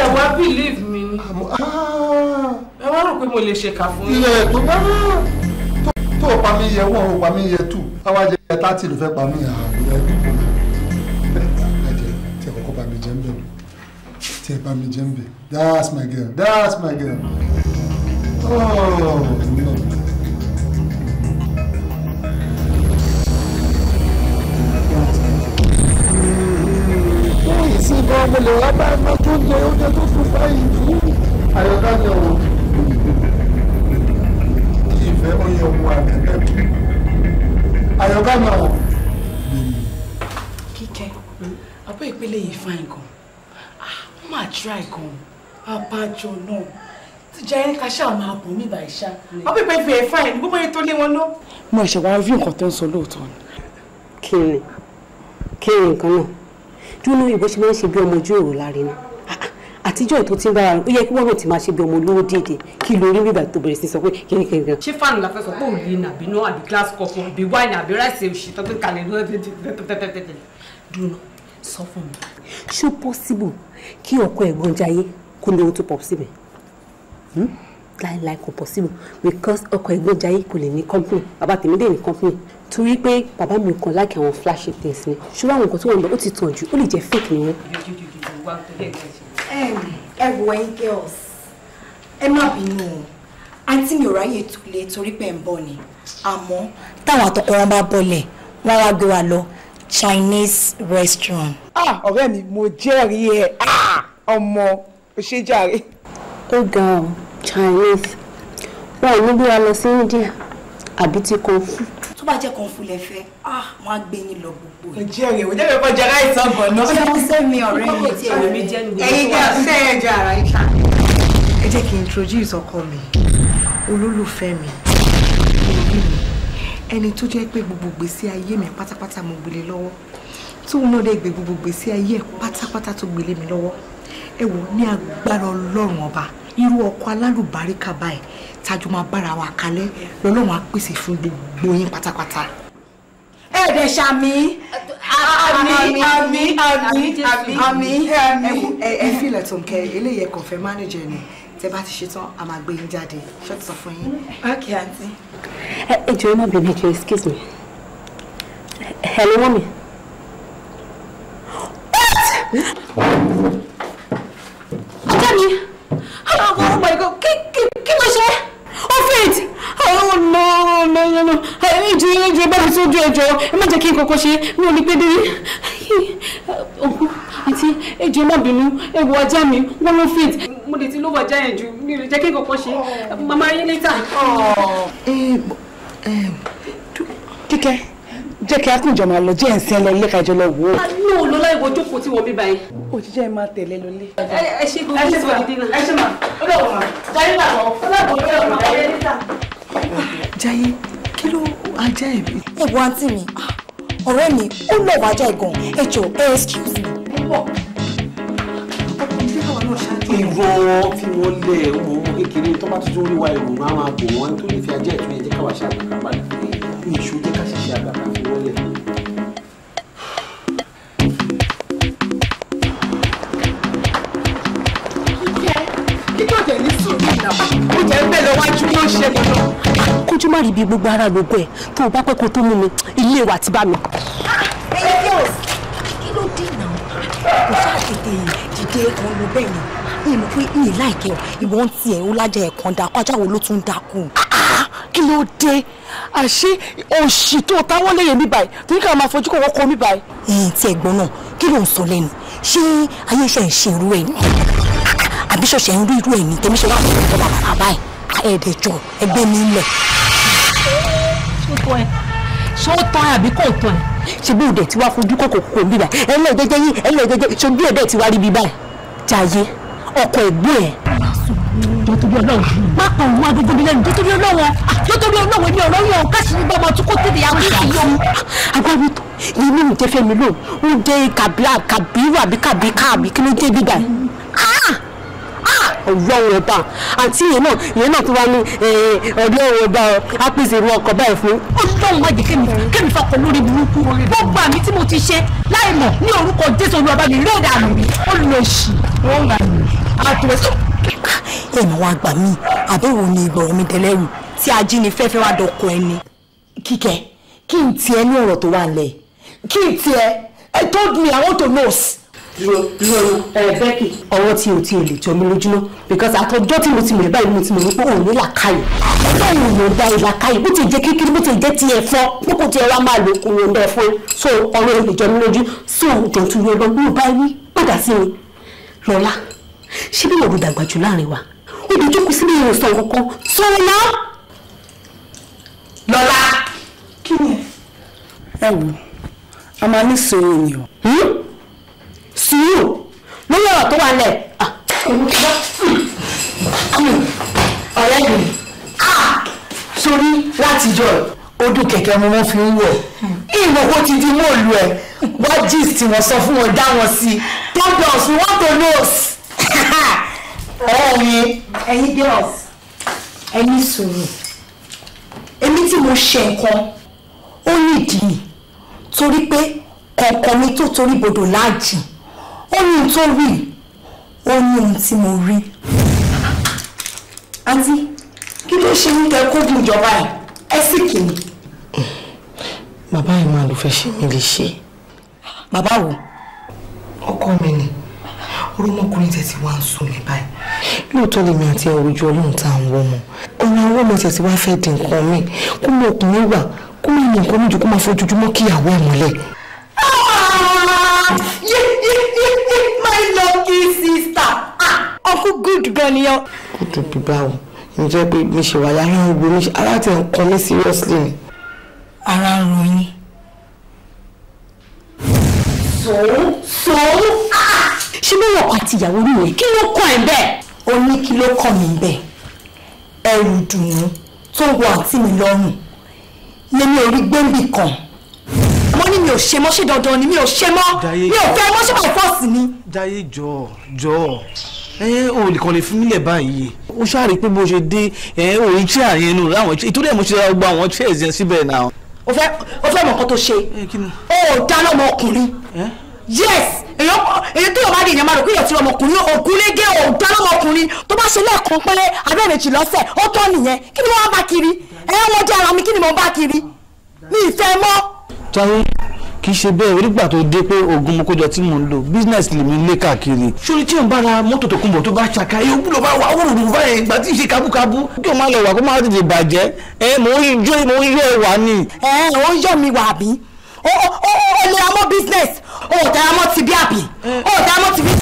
ẹ wá believe mi ni. Ah! ẹ wá rò pé mo lè ṣe kà fún yín. ilé tó bá tó o pa mí yẹ wọn o pa mí yẹ tù àwa jẹ ẹ tààtì ló fẹ́ pa mí àbúrò ẹbí kò náà ẹ jẹ tí ẹ kọ́kọ́ bá mi jẹ ń bẹ lọ tí ẹ bá mi jẹ ń bẹ that's my girl that's my girl. Oh, no. sí gan mo lè wá bá ẹgbẹ́ tó ń jẹ oúnjẹ tó fún báyìí fún àyọ̀dá fẹ́ ó yẹ ohun àgàgà bí. àyọ̀ká máa. kíkẹ́ abọ́ ìpele yìí fáìn gan ó ah, máa try gan abájọ náà tíjà ẹni ká ṣáà máa bọ̀ mí báyìí ṣá abọ́ ìpele fẹ́ fáìn gbogbo ẹni tó lé wọn lọ. mo ṣe wá rí nǹkan tó ń sọ lóòótọ́ ni. kí ni kí ni nǹkan náà dúró ìbọn ṣe máa ń ṣe bí ọmọ ojú èrò láre ni àtijọ́ ètò tí ń bára ó yẹ kí wọ́n náà ti máa ṣe bí ọmọ olówó déédéé kí lórí bíbà tó bẹ̀rẹ̀ sí sọ pé kíni kíni kan. ṣé fáànù la fẹ́ sọ pé òun yìí nàbí náà àbí glass cup àbí wine àbí rice òṣì tọ́pẹ́ kalẹ̀ tẹ́tẹ́tẹ́tẹ́tẹ́ dùnà sọ fún mi. ṣé pọ́síbù kí ọkọ ẹ̀gbọ́n jayé kó lówó tó pọ̀ síbẹ̀ hmm? láìláì kò pọ̀síbù because ọkọ ẹ̀gbọ́n jayé kò lè ní company bàbá tèmi dé ní company torí pé bàbá mi kàn láìkí àwọn flashy things ni ṣùgbọ́n àwọn nǹkan tó wà níbẹ̀ ó ti tàn jù ó lè jẹ́ fake ni wọ́n ẹ wo ẹ̀yin girls ẹ má bínú o àǹtí mi ò ráyè tulè torí pé ń bọ̀ ni àmọ́ táwọn àtọkọ wọn bá bọ̀lẹ̀ wọ́n wá gbé wa lọ Chinese restaurant. ah ọ̀rẹ́ mi mo jẹ́rìí ẹ̀ ah ọmọ òṣèjàre. ó ga ọ Chinese wọn ò ní bí wa lọ sí India àbí ti kò fún tó bá jẹ́ kan fulẹ̀ fẹ́ ah wọ́n á gbé yín lọ gbogbo yìí. ojú ẹ̀rẹ̀ òde mi kọjá láìsàn bọ̀ náà. ó yẹ kó sẹ́mi ọ̀rẹ́ mi tí ẹ̀rọ mi jẹ́ nìgbà. ẹ̀yin jẹ́ ọ̀sẹ̀ ẹ̀jẹ̀ ara ìta. ẹ jẹ́ kí n introduce ọkọ mi olólùfẹ́ mi orí mi ẹni tó jẹ́ pé gbogbo gbèsè ayé mi pátápátá mo gbélé lọ́wọ́ tó ń náà dé gbé gbogbo gbèsè ayé pátápátá tó gbélé mi lọ́wọ́ ẹ wò ní agbára ọlọ́run ọba irú ọkọ alálùbáríkà báyìí tájú máa bára wa kalẹ̀ lọ́lọ́run á pèsè fún gbogbo yín pátápátá. ẹ dẹ̀ ṣàmì àmì àmì àmì àmì ami ẹ fílẹ̀ tó ń kẹ eléyẹ kàn fẹ́ mánìjẹ ni tẹ bá ti ṣetán a máa gbé yín jáde ṣé ti sọ fún yín. ok àǹtí. ẹ ẹ jọ̀ọ́ má bèbí excuse me hello mami. ọjọ́ mi ọmọ ọmọ ìgò kí kí kí ló ṣe é wait oh no no no no ẹjọ ẹjọ bá mi sójú ẹjọ ẹ má jẹ́ kí n kọ́kọ́ ṣe mi ò ní pé délé òkú àti ẹjọ má bínú ewu ajá mi wọn ló fit mo lè ti lówó ajá yẹn jù mi ò lè jẹ́ kí n kọ́kọ́ ṣe mama yín later. kíkẹ́. Oh jẹ́ kí akúnjọ máa lọ jẹ́ ẹ̀sìn lọ ilé kájọ lọ wò ó. a ní òun lọ́lá ìwọ jókòó tí wọ́n bí báyìí. òjíjẹ́ máa tẹ̀lé lọlé. ẹ ṣe gbogbo ìṣe máa ẹ ṣe máa ó lọ wọ̀ máa jayé máa lọ ó lọ wọ̀ ó lọ jayé níta. jayé kí ló ajá ẹ̀ bí. ìwọ àǹtí mi ọ̀rẹ́ mi ó lọ wọ ajá ìgàn ẹ jọ ẹ excuse me. ìwọ fi wọn lẹ ọmọ kékeré tó bá tuntun rí wa ìrònú á máa bò wọn nítorí ìfẹ́ ajá ìtúnyẹ jẹ́ káwá ṣe àgbàkà oúnjẹ ń bẹ̀ lọ́wájú yóò ṣe nínú. kójú má rí gbogbo ara gbogbo ẹ tó o bá pẹ́ kó tó mú mi ilé wa ti bá mi. ẹyẹ girls kí ló dé náà kò ṣáà tètè dìde kan ló bẹ́ẹ̀ ni mi mọ̀ pé ìyè láìkẹ́ ìwọ̀n tiẹ̀ ó lájà ẹ̀kan dákú ajá wo ló tún dákú. kí ló dé àṣé òṣì tó táwọn lè yẹ mí báyìí torí ká máa fojú kò wọ́n kọ́ báyìí. ẹ̀yin tí ẹ̀gbọ́n náà kí ló ń sọ lẹ́nu ṣé ayé iṣẹ́ ń ṣe irú ẹ̀ ni àbí ṣọ̀ṣẹ̀ ń rí irú ẹ̀yìn tèmi ṣe wá fún ọ̀pọ̀ bàbá báyìí ẹ̀ẹ́dẹ̀jọ ẹgbẹ́ mi lẹ̀. ṣùgbọ́n ẹ ṣó tán àbí kò tán ẹ. ṣe bí òde tí wàá fojú kòkò kò bíbá ẹ lọ jẹjẹ yín ẹ lọ jẹjẹ ṣojú ẹdẹ tí wàá rí bíbá ẹ jàyé ọkọ ẹgbẹ ẹ. jọ tóbi Ọlọ́run má pa òun agogo mi lẹ́nu jọ tóbi Ọlọ́run jọ tóbi Ọlọ́run ẹni ọ̀rọ̀ yẹn ọkà sí ní bọmọ tó kó tètè yàwó sí yọ. agbáwo tó yìí ní ìjẹfẹ mi lò ó jẹ kàbí kàbí wàbí kàbí kàbí kí ló jẹ bíbá ẹ. Ah! ọlọ́run ọba àǹtí yẹn náà yẹn náà tó wá ní ọlọ́run ọba apèsè ìwọ ọkọ̀ báyìí fún. ọlọ́run má jẹ́ kémi kémi fọkàn lórí burúkú gbogbo àmì tí mo ti ṣe láì mọ̀ ní orúkọ jésù olúwàbá mi lóòdà àmì mi ó lọ sí wọn gbà mí àtúwẹ̀sọ. èèmọ̀ wa gbà mí àbẹ̀wò ni ìgbọ̀rọ̀ mi tẹ́lẹ̀rù tí ajínigbẹ́fẹ́ wa dọkọ ẹni. kíkẹ́ kí n tiẹ̀ ní ọ̀rọ̀ tó wà lẹ̀ kí n tiẹ̀ I told me I want to nurse bẹ́ẹ̀kì ọwọ́ tí o ti lè jọ mi lójúmọ́ because àtọjọ́ tí mo ti mọ̀ ẹ́ báyìí mo ti mọ̀ wípé òun ní làkàyè báyìí mo dá ìlàkàyè bó ti jẹ́ kékeré bó ti jẹ́ ti ẹ̀fọ́ bó kò ti ẹ̀rọ máa lo kùn ọ̀dọ̀ ẹ̀fọ́ so ọ̀rọ̀ ìlè jọ mi lójú so òjò tún yọ lọ bí o bá rí padà sí mi lọ́lá ṣé bí ìwọ̀n dàgbà jù láàrin wa ó dojú kù sí ìwọ̀n sàn kankan so lọ. lọ́lá kí ni ẹ wò a máa ní sòrò ni sùúrù lórí ọ̀rọ̀ tó wà lẹ̀ ah, hmm. ọ̀rẹ́ mi ah, sórí látijọ́ odò kẹ̀kẹ́ mo wọ́n fi ń wọ̀ hmm. ìwọ̀n kò ti di mọ́ọ̀lù ẹ̀ wọ́n gist wọn sọ fún wọn dá wọn sí tọ́gbọ̀nsì wọ́n tó nọ́ọ̀sì ọ̀rẹ́ mi ẹ̀yin girls ẹ̀yin sùúrù èmi tí mo ṣe nǹkan ó nídìí torí pé kọ̀ọ̀kan mi tó torí bodò láàjìn ó ní ohun tó rí ó ní ohun tí mo rí àǹtí kí ló ṣe ní kẹkọọdún ìjọba ẹ ẹ sì kìíní. bàbá yìí máa ló fẹ́ ṣe mí lè ṣe. bàbá wo. ọkọ mi ni orúmọkùnrin tẹ̀sí wá ń sùn mí báyìí lóòótọ́ lèmi àti ẹ̀rọ̀jú ọlọ́run tá à ń wọ́mọ ọ̀rọ̀ àwọn ọmọ tẹ̀sí wá fẹ́ di nǹkan mi kó mọ ọkùnrin wà kó mọ ìmọ̀ nǹkan mi jù kó máa fojoojúmọ́ kíyàwó ẹ̀ mọ́lẹ̀. Ah! yé uncle good gan nìyẹn. good bí báwo ìyẹn jẹ́ pé mi ṣe wà lára ń gbóni ara ti ń kan mí seriously ni. ara ń ro yín. so so ah! ṣé bí ọkọ àti ìyàwó nìyẹn kí ló kọ ẹ bẹ́ẹ̀ o ní kí ló kọ mi bẹ́ẹ̀ ẹrù dùnú tó wọ àǹtí mi lọ́rùn lèmi ò rí gbẹ́ǹbì kan mo ní mi ò ṣe mọ́ ṣe dandan ni mi ò ṣe mọ́ mi ò fẹ́ mọ́ ṣe fọ́ọ̀sì ni. Jaiye jọ̀ọ́ jọ̀ọ́ ẹ ò lè kàn lè fún mílẹ̀ báyìí ó ṣàrí pé bó ṣe dé ẹ ò rí chair yẹn nù láwọn ìtúrí ẹ̀ mo ṣe gba àwọn chairs yẹn síbẹ̀ náà. o fẹ́ o fẹ́ mọ̀ kó tó ṣe o dá lọ́mọkùnrin yes èyàn tó yọ̀ bá di ìyẹn máa rò pé yọ̀ tí ọmọkùnrin ògúnlégé ò dá lọ́mọkùnrin tó bá ṣe lẹ́ẹ̀kan pẹ́lẹ́ abẹ́rẹ́jì lọ́sẹ̀ ó tọ́ nìyẹn kí ni wọ́n bá kiri ẹ̀ wọ́n dé ara mi kí ni mo bá kiri mi ì fẹ́ mọ́ kì í ṣe bẹ́ẹ̀ onígbà tó dé pé oògùn mo kójọ tí mò ń lò business lèmi lé káàkiri. sori tí o ń bá ra mọ́tò tó kún bọ̀ tó bá ṣàkà yóò gbúdọ̀ bá wà wọ́n rò báyẹn ìgbà tí ì ṣe kábúkábú. kí o máa lọ wà kó máa tètè bàjẹ́ ẹ mò ń yọ mò ń yọ ẹwà ni. ẹ ẹ ò ń yọ mi wà bí ó lè ra business ó ò tẹ̀ra mọ́ ti bí àbí ó ò tẹ̀ra mọ́ ti bí.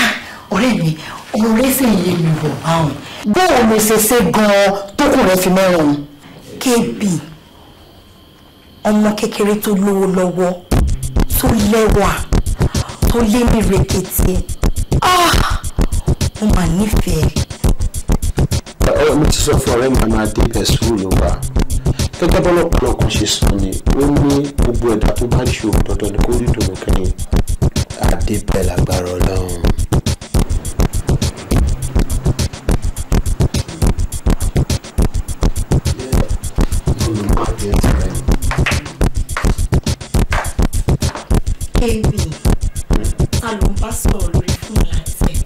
Ah, ọ̀rẹ́ mi ọ̀rẹ́ sì ń yé mi wọ̀ báwọn. bóò mo ṣe ṣe gan-an tó kù rẹ̀ fi mẹ́rin kébì ọmọ kékeré tó lówó lọ́wọ́ tó lẹ́wà tó lé ní rèkété ah! mo mà nífẹ̀ẹ́. ọ̀rọ̀ mi ti sọ fún ọ̀rẹ́ mi àmọ́ adébẹ̀ sùúrù ló wà gẹ́gẹ́ bọ́lọ́pàá kan ṣe sọ ni ó ní gbogbo ẹ̀dá tó bá ṣe òun dandan ni kó rí dùnú kẹ́yìn adébẹ̀ ọlọ́run. kéwì ta ló ń lórí fóònù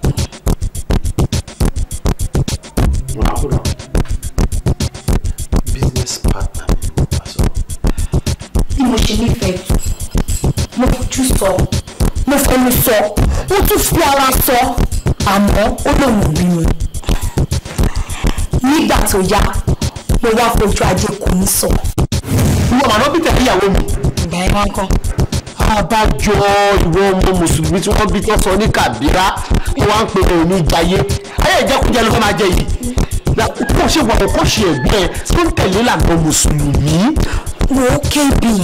business partner mi ló bá sọ̀rọ̀. Bí mo ṣe nífẹ̀ẹ́ tó, mo fojú sọ, mo fẹnu sọ, mo tún fi ara sọ, àmọ́ ó lòun ò bínú. Nígbà tó yá, mo wá fojú ajé kò ní sọ. Ìwọ màmá Peter ìyàwó mi. Ìgbà yẹn wá kọ́ àbájọ ìwọ ọmọ mùsùlùmí tí wọ́n bí tó sọ ní kàbírá kí ń pè é ní jayé ayé ìjẹkújẹ ló fẹ́ máa jẹ yìí kó ṣe wà kó ṣe ẹ̀gbẹ́ tó ń tẹ̀lé lànà mùsùlùmí. wo kébì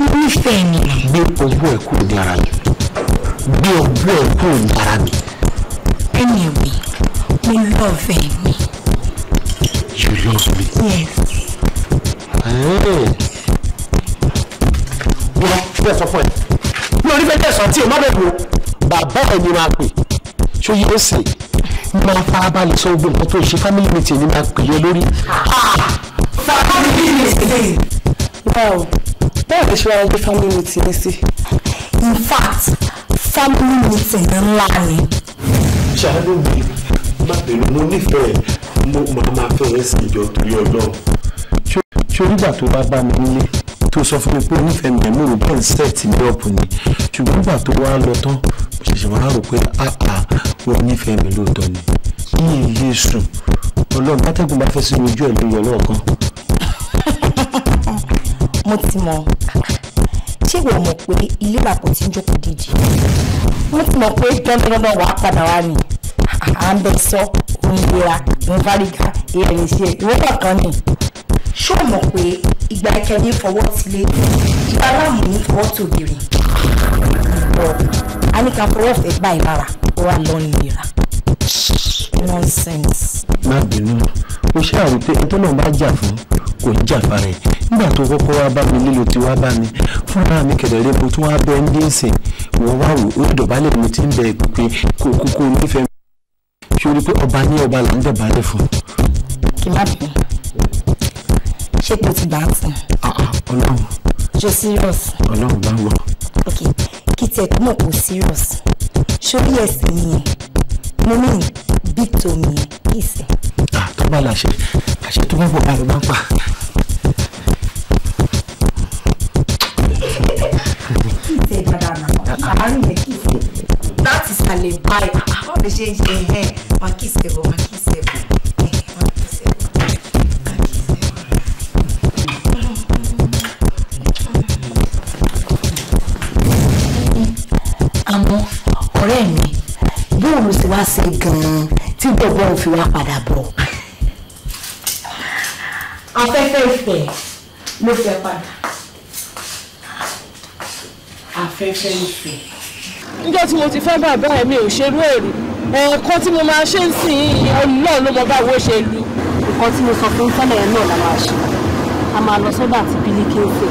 mo nífẹ̀ẹ́ mi. gbé ọwọ́ ẹ̀ kúrò ní ara mi gbé ọwọ́ ẹ̀ kúrò ní ara mi. bẹ́ẹ̀ni mi mo lọ́ọ̀fẹ́ mi. you love me. yes. Hey. Eh fẹ́ sọ fún ẹ mi ò ní fẹ́ tẹ̀sán tí o má bẹ̀rù o bàbá ẹ̀ ni máa pè ṣó yẹ ó sè ní máa farabalẹ̀ sọ gbogbo nǹkan tó ṣe family meeting ni máa pè yẹ lórí. Ah! family meeting. wow bẹ́ẹ̀ lè ṣe wáyé gbé family meeting sí. in fact family meeting ńlá ni. ṣáájú mi má bẹ̀rù mo nífẹ̀ẹ́ mo máa máa fẹ́ ẹ sí ìjọ torí ọjọ́. ṣé onígbà tó bá bá mi nílé tó sọ fún mi pé nífẹ̀ẹ́ mi mi ò bẹ́ẹ̀ set mi up ni ṣùgbọ́n nígbà tó wá lọ tán mo ṣẹ̀ṣẹ̀ wá rò pé àà ah, wọn ah, nífẹ̀ẹ́ mi lóòótọ́ ni ní iye sùn ọlọ́run bátẹ́gùn bá fẹ́ sí ojú ẹ̀ ló yọ lọ́ọ̀kan. mo ti mọ ṣé ìwọ mọ̀ pé ilé làpọ̀ tí ń jókòó díje mo ti mọ̀ pé dandandandan wàá padà wá ni à ń bẹ sọ òun ìlera òun fárígá ìrìn sí ni ṣé mọ̀ pé ìgbà ìkẹyìn fọwọ́ tilé ìgbà aláàmù ní fọwọ́ tòbìrì ìgbọ àníkà fọwọ́ fẹ́ gbà ẹ̀ lára ó wà lọ nira nonsense. má bínú o ṣe àrò pé náà bá jà fún kò jà fara ẹ nígbà tó kọ́kọ́ wá bá mi lílo tí bá mi fúnra mi kẹ̀lẹ́ lépo tí wọ́n á ń dé ìsìn wọ́n wá wò ó ti ń bẹ pé ọba ní ọba là ń dọ̀bálẹ̀ fún. kì ṣé kò ti gbà á fún. Ah, ah, ọlọ́run. ṣé serious. ọlọ́run bá wọ. ok kí tiẹ̀ tó mọ̀ kó serious ṣórí ẹ̀sìn yẹn mo mean big toe mi yẹn ìsìn. tó bá láṣẹ àṣẹ tó bá bọ̀ bá ló bá ń pa. kí tiẹ̀ padà náà àárín yẹn kí tiẹ̀ láti sàlẹ̀ báyìí báwo lè ṣe ń ṣe ẹ̀ máa kí ìṣẹ̀bọ̀ máa kí ìṣẹ̀bọ̀. ọ̀rẹ́ mi bóun ló sì wá ṣe gan-an tí gbogbo òun fi wá padà bọ̀. afẹ́fẹ́ ìfẹ́ ló fẹ́ padà afẹ́fẹ́ ìfẹ́. níjọ́ tí mo ti fẹ́ bàbá ẹ̀ mi ò ṣerú èrò ẹ̀ẹ̀kan tí mo máa ṣe ń sìn ọlọ́run ló mọ báwo ṣe lu. nǹkan tí mo sọ fún fẹ́lẹ̀ yẹn náà la máa ṣe a máa lọ sọ́dọ̀ àti bílíkì ń fẹ́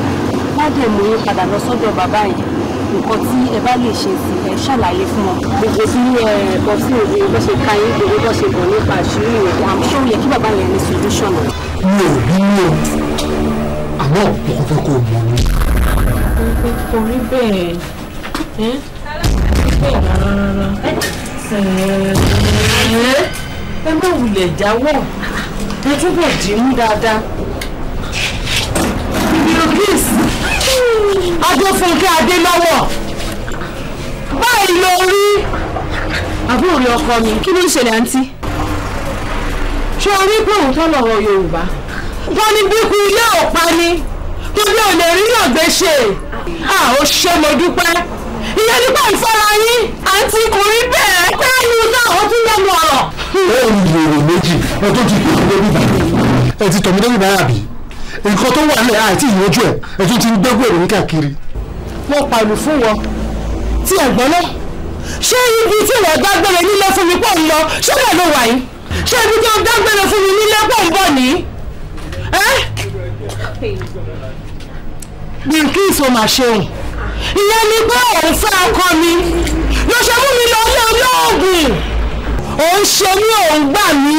má dé mú yín padà lọ sọ́dọ̀ bàbá yẹn nǹkan tí ẹ bá lè ṣe sí ẹ ṣàlàyé fún wọn. gbogbo bí ẹ̀kọ́ sí òde bó ṣe ka yín gbogbo bó ṣe bọ̀ nípa àṣírí rẹ̀ àmọ́ yẹ kí bàbá yẹn ní solution. mi ò bí mi ò àmọ́ mo kàn fẹ́ kó o mọ̀ mi. kò rí bẹ́ẹ̀ ẹ́ bẹ́ẹ̀ rárá ẹ má wulẹ̀ jáwọ́ ẹ túbọ̀ dì mú dáadáa. ìbí òkè Adéfúnkẹ́ Adélọ́wọ̀ báyìí ló rí àbúrò rí ọkọ mi kí ló ń ṣẹlẹ̀ àǹtí ṣé o rí pé òótọ́ lọ̀rọ̀ Yorùbá wọ́n ní bíkú ilé ọ̀pá ni torí ò lè rí ọ̀gbẹ́ ṣe à ó ṣe mo dúpẹ́ ìyẹn nípa ìfọ́ra yín àǹtí kò rí bẹ́ẹ̀ pé ẹ̀yin náà ó tún lọ́mọ ọ̀rọ̀. ẹ ò lè rò méjì ọdún ti pèsè lórí ìbàdàn ẹ ti tọ̀mídẹ́rù báyà bíi nǹkan tó wà lẹ̀ àti ìyànjú ẹ̀ ẹ̀tún ti ń gbẹ́gbẹ́ ìròyìn káàkiri. wọ́n pàlù fún wọn tí ẹ̀gbọ́n náà ṣé ibi tí wọ́n dágbére nílé fún mi pọ̀ ń lọ ṣé wọ́n ló wà yìí ṣé ibi tí wọ́n dágbére fún mi nílé pọ̀ ń bọ̀ ní. Bilkis o máa ṣeun ìyẹn ni pé òun fẹ́ ọkọ mi ló ṣe mú mi lọ ilé olóògùn òun ṣe mí òun gbà mí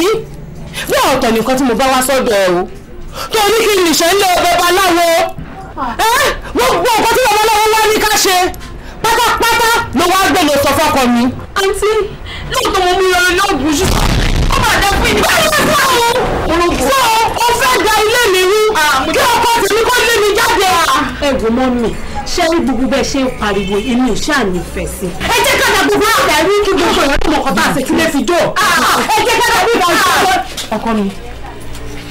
bí ọ̀tọ̀ nìkan tí mo bá wá sọ́dọ̀ ẹ o torí kí nìṣẹ́ ń lé babaláwo ẹ gbogbo nǹkan tí babaláwo wá ní ká ṣe pátápátá ló wá gbé lọ sọ fọkọ mi. àǹtí lóòótọ́ mo mú yọrin náà gùn jù ó mà dá fún ìgbà tó fún àwọn olùkọ́ tó o fẹ́ da ilé mi rú ah, kí ọkọ tèmi kó lé mi jáde. Ah, ẹ wò mọ mi ṣé ní gbogbo bẹ́ẹ̀ ṣe ń pariwo èmi ò ṣáà nífẹ̀ẹ́ sí. ẹ jẹ́ ká dàgbò bá àgbà kí gbogbo ìrántí mọ̀kọ́tà àṣekúlẹ̀ fi jó. Ah, ẹ jẹ́ ká dàgbò bá àṣekúlẹ̀. ọkọ mi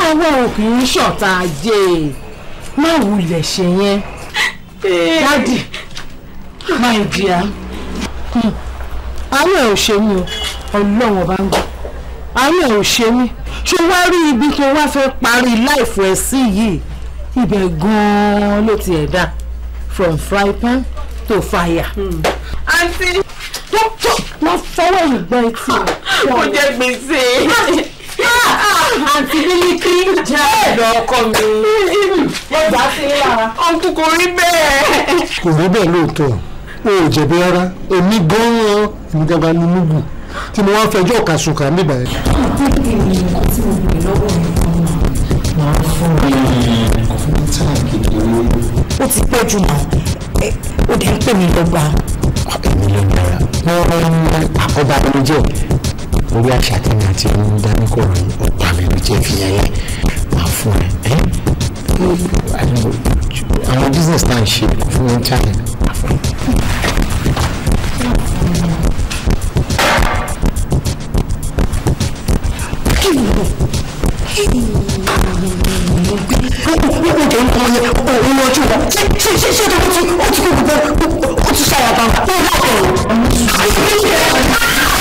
àwa ò kì í ṣọ̀tá ajé má wulẹ̀ ṣe yẹn eh. dádì my dear àwọn hmm. ẹ̀ ò ṣe mí o ọlọ́run ọba ń gbọ́ àwọn ẹ̀ ò ṣe mí ṣé wá rí ibi tó wá fẹ́ parí láìfọ ẹ̀ sí yìí ibẹ̀ gan-an ló ti ẹ̀ from fry pan to fire. àǹtí. dókítà wọn fọwọ́ ìgbọ́n etí. mo jẹ gbèsè. Ah! àǹtí mílíkì jẹ́ ẹ̀dọ̀ ọkọ mi. mo gbà á sí lára. ọ̀nkú kò rí bẹ́ẹ̀. kò rí bẹ́ẹ̀ lóòótọ́ o ò jẹ̀bi rárá èmi gan-an èmi gan-an ni múgù tí mo wá fẹjọ́ kàṣùkà níbà yẹn. àtẹ̀kẹ́ mi tí mo bèrè lọ́wọ́ mi kan máa fún mi fún táàgì tó ní. ó ti pẹ́ jù mọ́ ó dẹ̀ ń pè mí lọ́gbà. èmi ló ń bẹ̀rẹ̀ mo rọrùn àkọ́bá mi jẹ́ orí àṣà tèmi àti ẹni ń dání kò rán ọ̀pá mi ló jẹ́ fi yẹn máa fún ẹ àwọn business náà ń ṣe fún mi china. Thank you.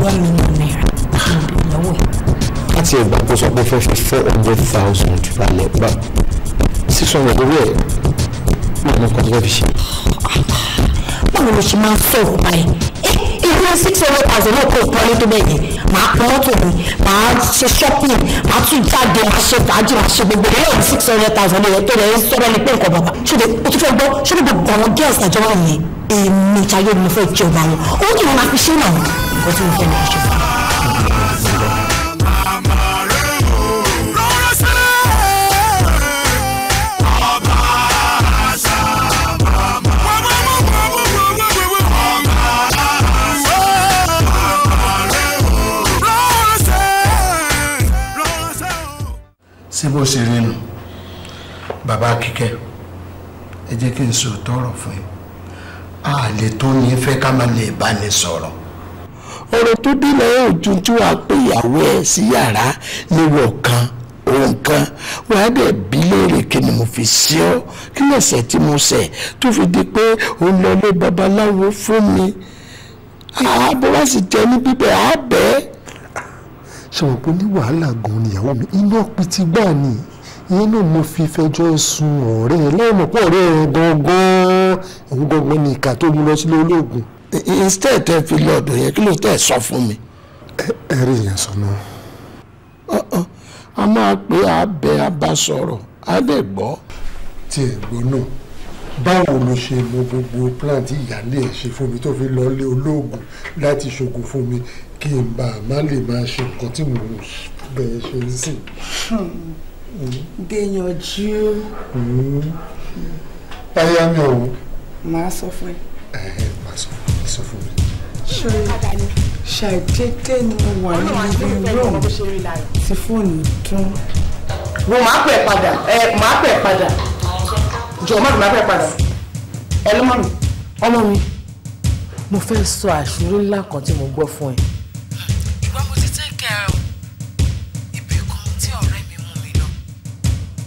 One million naira níbi ìnáwó ẹ̀. láti ẹgbàá kó sọ pé fẹ́ fi four hundred thousand balẹ̀ bá six hundred owó ẹ̀ wọ́n mú kọ́ńtà fi ṣe. báwo ló ṣe máa ń sọ̀rọ̀ báyìí ìwé six hundred thousand náà kò pọ́nlé tó bẹ́ẹ̀ yẹn màá pọ́n mọ́tò mi màá ṣe shopping màá tún jáde màá ṣe fàájì màá ṣe gbogbo ìwé six hundred thousand náà tó rẹ̀ ń sọ̀rọ̀ ní pé nǹkan bàbá ṣùgbọ́n o tún fẹ́ gbọ́ ṣùgbọ́n gbogbo àwọn girls àjọwọ́ yẹn èmi ìtayé mi fẹ́ jọba wọn ó ní wọn máa fi ṣe náà nǹkan tí mo fẹ́ ní aṣọ fún sí bó ṣe rí nu bàbá kíkẹ́ ẹ jẹ́ kí n sòótọ́ ọ̀rọ̀ fún yín a lè tó ní ká má lè bá ní sọ̀rọ̀ ọ̀rọ̀ tó dé lẹ́yìn ojú tí wàá pè ìyàwó ẹ̀ sí yàrá níwọ̀ kan òun kan wàá dẹ̀ bí léèrè kí ni mo fi ṣe ọ́ kí lẹ̀ṣẹ̀ tí mo ṣẹ̀ tó fi di pé òun lọ lé babaláwo fún mi ààbò wá sì jẹ ní bíbẹ̀ àbẹ́. ṣàwọn pé ní wàhálà gan-an nìyàwó mi iná pitì gbà ni ìyẹn náà mo fi fẹjọ́ sùn ọ̀rẹ́ ẹ̀ lẹ́yìn mọ̀pọ̀ ọ̀rẹ́ ẹ̀ gangan òun gangan ni ìkà tó mú lọ sílé olóògùn instead tẹ fi lọ ọ̀dọ̀ yẹn kí ló tẹ sọ fún mi. ẹ rí ìyẹn sọnù. a máa pe abẹ abasọ̀rọ̀ a lè gbọ́. tí ẹ gbọ́ náà báwo ló ṣe lo gbogbo plan tí ìyáálé ẹ ṣe fún mi tó fi lọlé olóògùn láti ṣògùn fún mi kí n bá a má lè máa ṣe nǹkan tí mò bẹ̀rẹ̀ ṣe ń sìn. gbìyànjú. ẹ yá mi ọ̀hún. màá sọ fún ẹ. ẹ máa sọ fún ẹ sọ fún mi. ṣòro ṣàìdédé ni mo wà nínú room tí fóònù dún. wo máa pẹ́ padà ẹ máa pẹ́ padà jọ̀ọ́ má máa pẹ́ padà ẹ lọ́mọ mi. ọmọ mi mo fẹ́ sọ àṣírí ńlá kan tí mo gbọ́ fún ẹ. ṣùgbọ́n mo ti tẹ́ kẹrin ibì kan tí ọ̀rẹ́ mi mú mi lọ.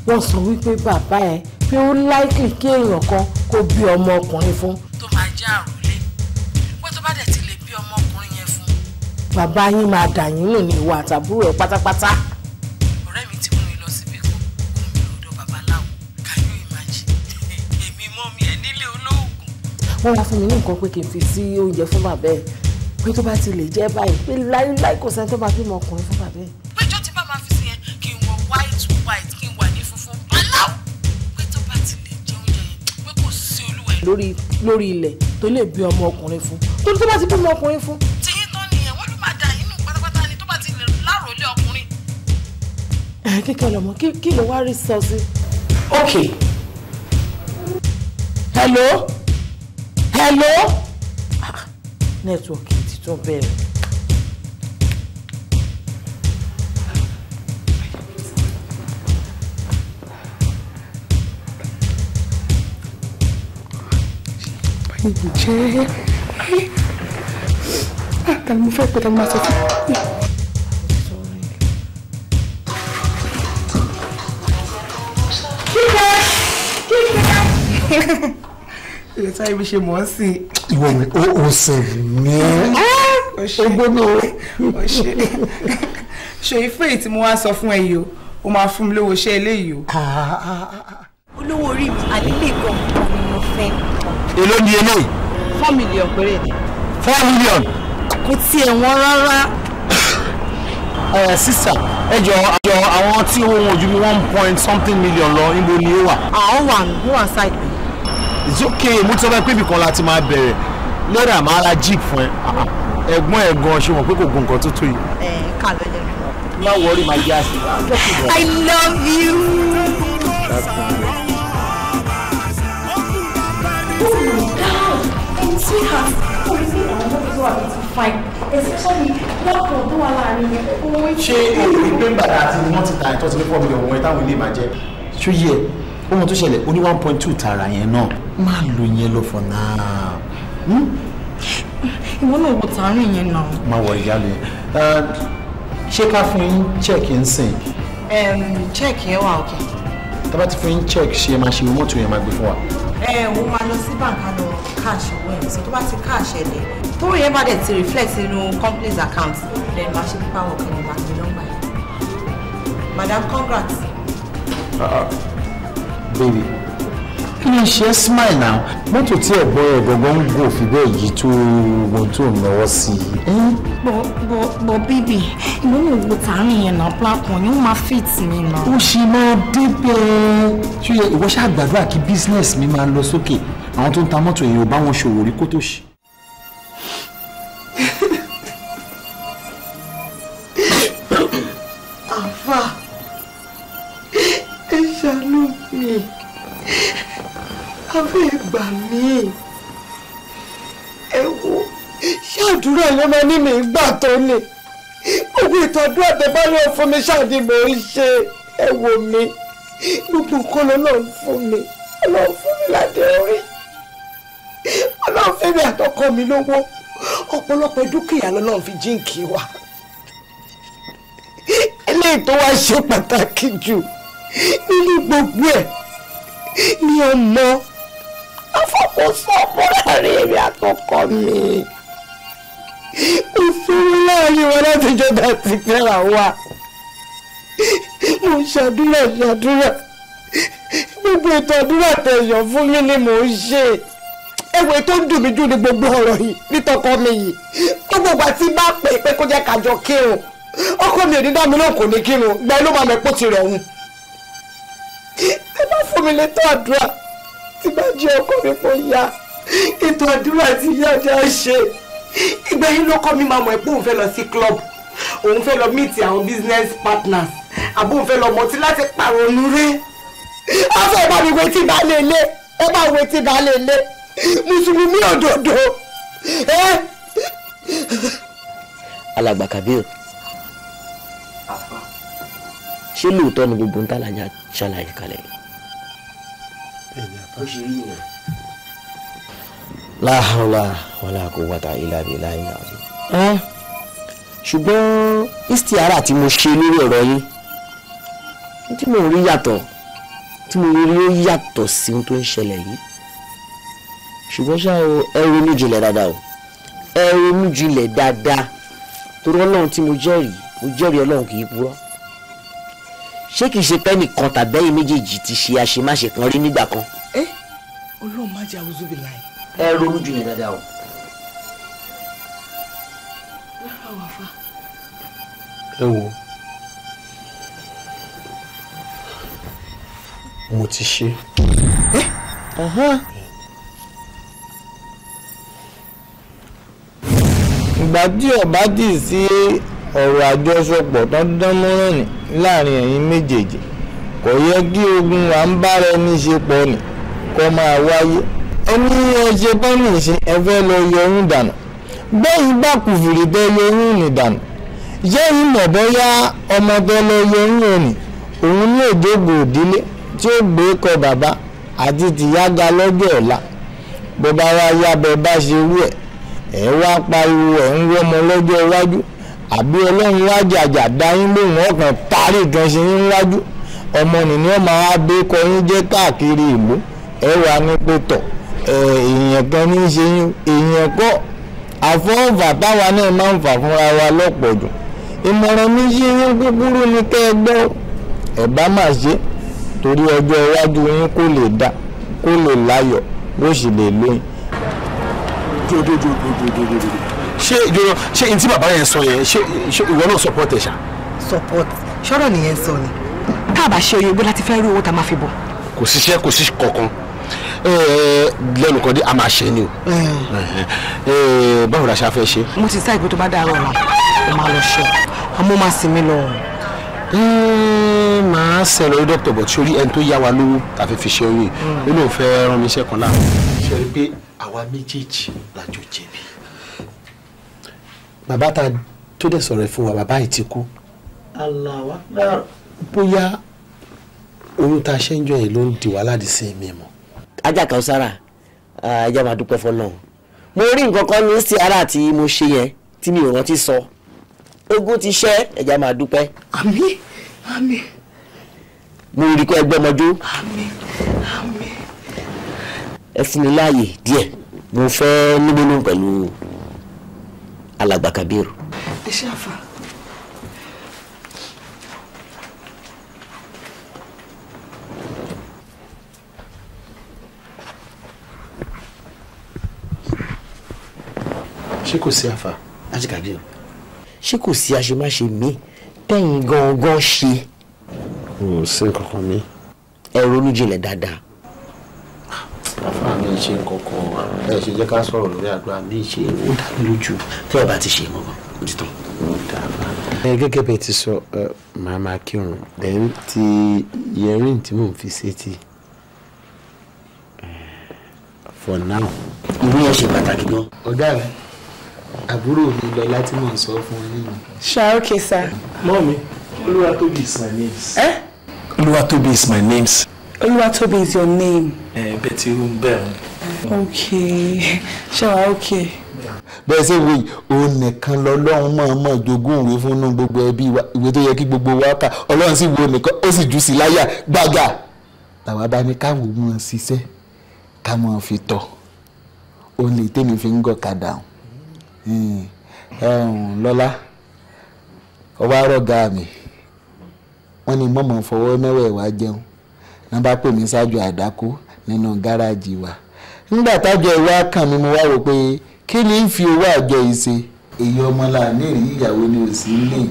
wọ́n sọ wípé bàbá ẹ pé ó láìkì kí èèyàn kan kó bí ọmọ ọkùnrin fún. tó máa jẹ́ àrùn. bàbá yín máa dà yín nù ní ìwà àtàbúrò ẹ̀ pátápátá. ọ̀rẹ́ mi ti mú mi lọ síbi kan kó mi lọ́dọ̀ babaláwo can you imagine èmi mọ́ mi ẹ̀ nílé olóògùn. wọ́n wá fún mi ní nǹkan pé kì í fi sí oúnjẹ fún bàbá ẹ̀ pé tó bá ti lè jẹ́ báyìí pé láíláí kò sẹ́ni tó máa bímọ ọkùnrin fún bàbá ẹ̀. péjọ tí bá máa fi sí yẹn kí n wọ white white kí n wà ní funfun baláwo pé tó bá ti lè jẹ oúnjẹ yẹn pé kò sí olúwa ẹ̀. lórí lórí ilẹ̀ tó lè bí ọmọ ọkùnrin fún torí tó bá ti bímọ ọkùnrin fún kíkẹ́ lọ́mọ kí ló wá rí sọ sí. ok hello hello ah, nẹ́tíwọ̀kì ti tún bẹ̀rẹ̀. báyìí jẹ́ ẹ́ tani mo fẹ́ pé tani mo máa èyí táyé mi ṣe mọ̀ ọ́ sí. ìwọ mi ó ó sìn ní ogbóná ṣe ìfẹ́ èyí tí mo wá sọ fún ẹ yìí o ó máa fún mi lówó iṣẹ́ eléyìí o. Ah, ah, ah, olówó orí mi àlélẹ́ gan ni mo fẹ́. èló ni eléyìí. four million péré four million. kò tiẹ̀ wọ́n rárá eh, sísà ẹ jọ àjọ àwọn tí owó wọn ju bí one point something million lọ níbo ni ó wà. àwọn wà ní wọn side it's okay mo ti sọ pé ibìkan la máa bẹ̀rẹ̀ lọ́dà máa ra jeep fún ẹ ẹ̀gbọ́n ẹ̀ ṣe mọ̀ pé kò gun nǹkan tó tó yìí. ẹ ká ló lè rí má wọrí máa yá sí i. I love you. Sweetheart, oh, pé ń bàdà àti wọ́n ti ta ẹ̀tọ́ sí pé fọ́ọ̀mù ìyọ̀wọ̀n ẹ̀ táwọn ilé máa jẹ? Ṣó ohun tó ṣẹlẹ̀ ó ní one point two tààrà yẹn náà máa lo yẹn lọ for now. Hmm? ìwọ náà wo tààrin yẹn náà. má wọ ìyá lè ṣé ká fún yín check ń sìn. check yẹn wà òkè. tá bá fún yín check ṣe máa ṣe mọ́tò yẹn máa gbé fún wa. ẹ wo máa lọ sí bàǹkà lọ káàṣì owó ẹ̀ sọ tó bá ti cash ẹ̀ lẹ̀ tó yẹn bá dẹ̀ ti reflect inú company's account lẹ́nu máa ṣe pípa wọ̀kẹ́ ní màgbé nọ́mbà yẹn. madam congrats. Uh -uh péré kí ló ṣe smile now mọ́tò tí ẹ̀gbọ́n rẹ̀ gbọ̀ngàn ń gò fi bẹ́ẹ̀ yìí tó ogun tó náwó sí i. bọ bọ bọ bíbí ìlú mi wo tààrin yẹn náà plákan ni ó máa fit mi náà. ó ṣe máa débẹ̀ ṣe ìwọ ṣáà gbàdúrà kí business mi máa lọ sókè àwọn tó ń ta mọ́tò yẹn ò bá wọn ṣòwò rí kó tó ṣe. àbí ìgbà míì ẹ wo ṣáàdúrà ló máa ní mi gbà tó ni gbogbo ìtọ́jú àtẹ̀bálẹ̀ fún mi ṣáàdì mò ń ṣe ẹ wò mí gbogbo nǹkan lọ́lọ́run fún mi ọlọ́run fún mi ládé orí ọlọ́run fẹ́ mi àtọkọ mi lówó ọ̀pọ̀lọpọ̀ dúkìá lọ́lọ́run fi jíǹkì wá eléyìí tó wá ṣe pàtàkì jù nínú gbogbo ẹ̀ ni ọmọ afọkọsọ ọmọ láàrin èmi àkọkọ mi mo fúnra láàrin wọn láti jọba ti fẹ́ra wa mo ṣàdúrà ṣàdúrà gbogbo ètò àdúrà tẹ̀yàn fún mi ni mò ń ṣe ẹwẹ tó ń dùn mí jù ní gbogbo ọ̀rọ̀ yìí nítọkọ mi yìí gbogbo ìgbà tí bá pè pé kó jẹ́ kájọ kírun ọkọ mi ò ní dámi náà kò ní kírun gba ló máa mẹ́pọ̀ tirẹ̀ ọ̀hún ẹ bá fún mi létọ́ àdúrà tí bá jẹ́ ọkọ mi kò yá ètò àdúrà tí ìyá ọjà ṣe ìgbà yín lọ́kọ mi máa mọ̀ pé òun fẹ́ lọ sí club òun fẹ́ lọ meet àwọn business partners àbó òun fẹ́ lọ mọtí láti pààrọ̀ onúrẹ́ afẹ́ bá mi wetí bá lè lé ẹ bá wetí bá lè lé mùsùlùmí òdòdó ẹ. alàgbà kabir ṣé lóòótọ́ ni gbogbo ń tàlàjà ṣàlàyé kalẹ̀ yìí bó ṣe rí nìyẹn. la hawla wala quwwata illa billahi al-azim. ṣùgbọ́n istiara tí mo ṣe lórí ọ̀rọ̀ yín tí mo rí yàtọ̀ tí mo rí ó yàtọ̀ sí ohun tó ń ṣẹlẹ̀ yìí ṣùgbọ́n ṣá o ẹ ronú jinlẹ̀ dáadáa o ẹ ronú jinlẹ̀ dáadáa torí ọlọ́run tí mo jẹ́rìí mo jẹ́rìí ọlọ́run kì í purọ́ ṣé kìí ṣe pé ẹnìkan tàbẹ́yìn méjèèjì ti ṣe àṣemáṣe kan rí nígbà kan ọlọ́run má jẹ́ àwùjọ bìlà yìí. ẹ ronú jù yẹn dáadáa o. rárá wà fà. ẹ wo mo ti ṣe. ìgbà tí ọba dì sí ọ̀rọ̀ àjọṣepọ̀ tán ní láàrin ẹ̀yin méjèèjì kò yẹ kí ogun wa ń bára ẹni ṣe pọ̀ ni. ìdàpọ̀ máa wáyé ẹni ẹjẹ bọ́ọ̀lù ìsìn ẹ fẹ́ lọ yọ dànù bẹ́ẹ̀ bá kù bẹ́ yọ oyún nì dànù jẹ́ bọ́yá ọmọ lọ yọ òní òun ní òdílé kọ bàbá àti ọ̀la yá bẹ bá ṣe ẹ̀ wá pariwo ẹ̀ ń wọ́mọ lọ́jọ́ iwájú àbí ọlọ́run wá jàjà lóhùn ọkàn yín wájú ọmọ nìyẹn máa ẹ wà ní pétọ̀ èèyàn kan ní í ṣe yín èèyàn kọ́ àfọwọ́fà táwa náà máa ń fà fúnra wa lọ́pọ̀ jù ìmọ̀ràn mi yí yín kúkúrú ni kẹ́ ẹ gbọ́ ẹ bá má ṣe torí ọjọ́ iwájú yín kò lè dá kò lè láyọ̀ bó sì lè lóyún. ṣé ìjọba ṣé n tí bàbá yẹn sọ yẹn ṣé ìwọ náà support ẹ ṣá. support ṣọ́rọ̀ nìyẹn sọ ni tá a bá ṣe oyè bó láti fẹ́ rí owó tá a máa fi bọ̀. kò síṣẹ́ kò sí kankan. Eh, eh, lẹ́nu kan dé a máa ṣe ni o hmm. eh, báwo la ṣe fẹ́ ṣe. mo ti sá ìbò tó bá dàrọ ọ̀la mo máa lọ ṣe ọmọ máa sinmi lọ máa sẹ̀rọ rí dókítà bọ̀ sórí ẹni tó yá wa lówó tàfi fi ṣe oyún hmm. ó lóun fẹ́ mi iṣẹ́ kan láàmú. ṣe rí i pé àwa méjèèjì la jọ bàbá ta tó dẹ̀ sọ̀rọ̀ fún wa bàbá yìí ti kú. aláwa bóyá oyún tá a ṣe ń jọ yìí ló ń di wàhálà dì sí mi mọ́ ajá Kausara ajá máa dúpẹ́ fọlọ́run mo rí nǹkan kan ní sihara tí mo ṣe yẹn tí mi ò rántí sọ ogún ti ṣẹ́ ẹ̀já máa dúpẹ́. àmín àmín. mo rí kó ẹgbẹ́ ọmọdé. àmín àmín. ẹ fún mi láàyè díẹ̀ mo fẹ́ nígbónú pẹ̀lú alàgbà Kabiru. ẹ ṣe àfàá. ṣé kò sí àfà ajíkàbí o ṣé kò sí àṣemáṣe mi tẹ̀yìn gangan ṣe. o ò sí nǹkan kan mi. ẹ ronú jinlẹ̀ dáadáa. àfà mi ṣe nǹkan kan ẹ ṣe jẹ́ ká sọ̀rọ̀ lórí àdúrà mi ṣe ó dá mi lójú tẹ́ ẹ ti ṣe mọ́ bọ́ ti tán. ẹ gẹ́gẹ́ bẹ́ẹ̀ ti sọ màá máa kírun lẹ́yìn tí yẹrin tí mò ń fi sétí for now. ìwé yẹn ṣe pàtàkì gan. ọ̀gá rẹ̀ àbúrò mi lọlá tí mò sọ fún yín ni. ṣá okay sir. mọ́mí olúwatóbi is my name. ẹ́. Eh? olúwatóbi is my name. olúwatóbi is your name. ẹ eh, bẹ́ẹ̀ tí ó ń bẹ̀ ọ́n. okay okay. bẹ́ẹ̀ ṣe wo òun nìkan lọ́lọ́run mọ̀ọ́mọ̀ jogún òwe fún un gbogbo ẹbí wa ìwé tó yẹ kí gbogbo wa kà ọlọ́run sì wo nìkan ó sì jù sí láyà gbàgà làwa bá ní káwọn mọ̀ ṣiṣẹ́ ká mọ̀ fi tọ̀ ó lè tèmi fi ń gọ̀kadà hàn. lọ́lá ọba rọ̀gà mi wọ́n ní mọ̀mọ́ fọwọ́ mẹ́wẹ̀ẹ̀wá jẹun náà bá pè mí ṣáájú àdákó nínú gáràjì wa nígbà tájọ ìwà kan mi mo wá rò pé kí ni fi owó àjọ yìí ṣe èyí ọmọ là rí ìyàwó ni ò sí nílé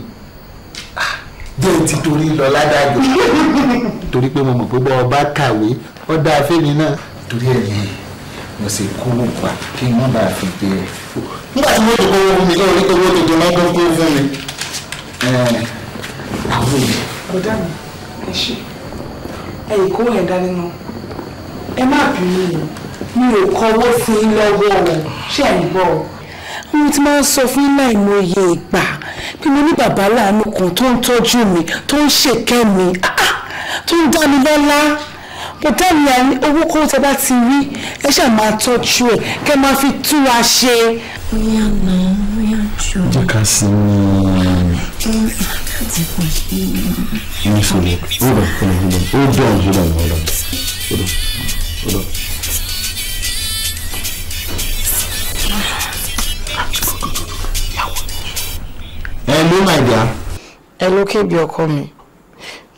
jẹ́ ti torí lọ ládàjọ́ torí pé mo ọba kàwé náà torí ẹ̀yìn. mo sì kú wà kí n má bàa fi gbé e. nígbà tí mo lè kó owó mi lọ́wọ́ ní owó tètè máa tó kó fún mi. àwọn èèyàn. ọ̀dà mi ẹ ṣe ẹ ìkó ẹ̀dá nínú ẹ má bínú mi ò kọwọ́ sí i lọ́wọ́ o ṣé ẹ̀ ń bọ̀ mo ti máa ń sọ fún láìmọye ìgbà pé mo ní bàbá láàánú kan tó ń tọ́jú mi tó ń ṣèkẹ́ mi ah, ah, tó ń dá mi lọ́lá kò tẹ́lẹ̀ yà ní owó kó tẹ bá ti rí ẹ ṣáà máa tọ́jú ẹ kẹ máa fi tú wa ṣe. bóyá nà bóyá jù. jẹ́ ká sí i. láti pè é. ní sọ̀rọ̀ hold on hold on hold on hold on hold on hold on. hello my dear. hello kébi ọkọ mi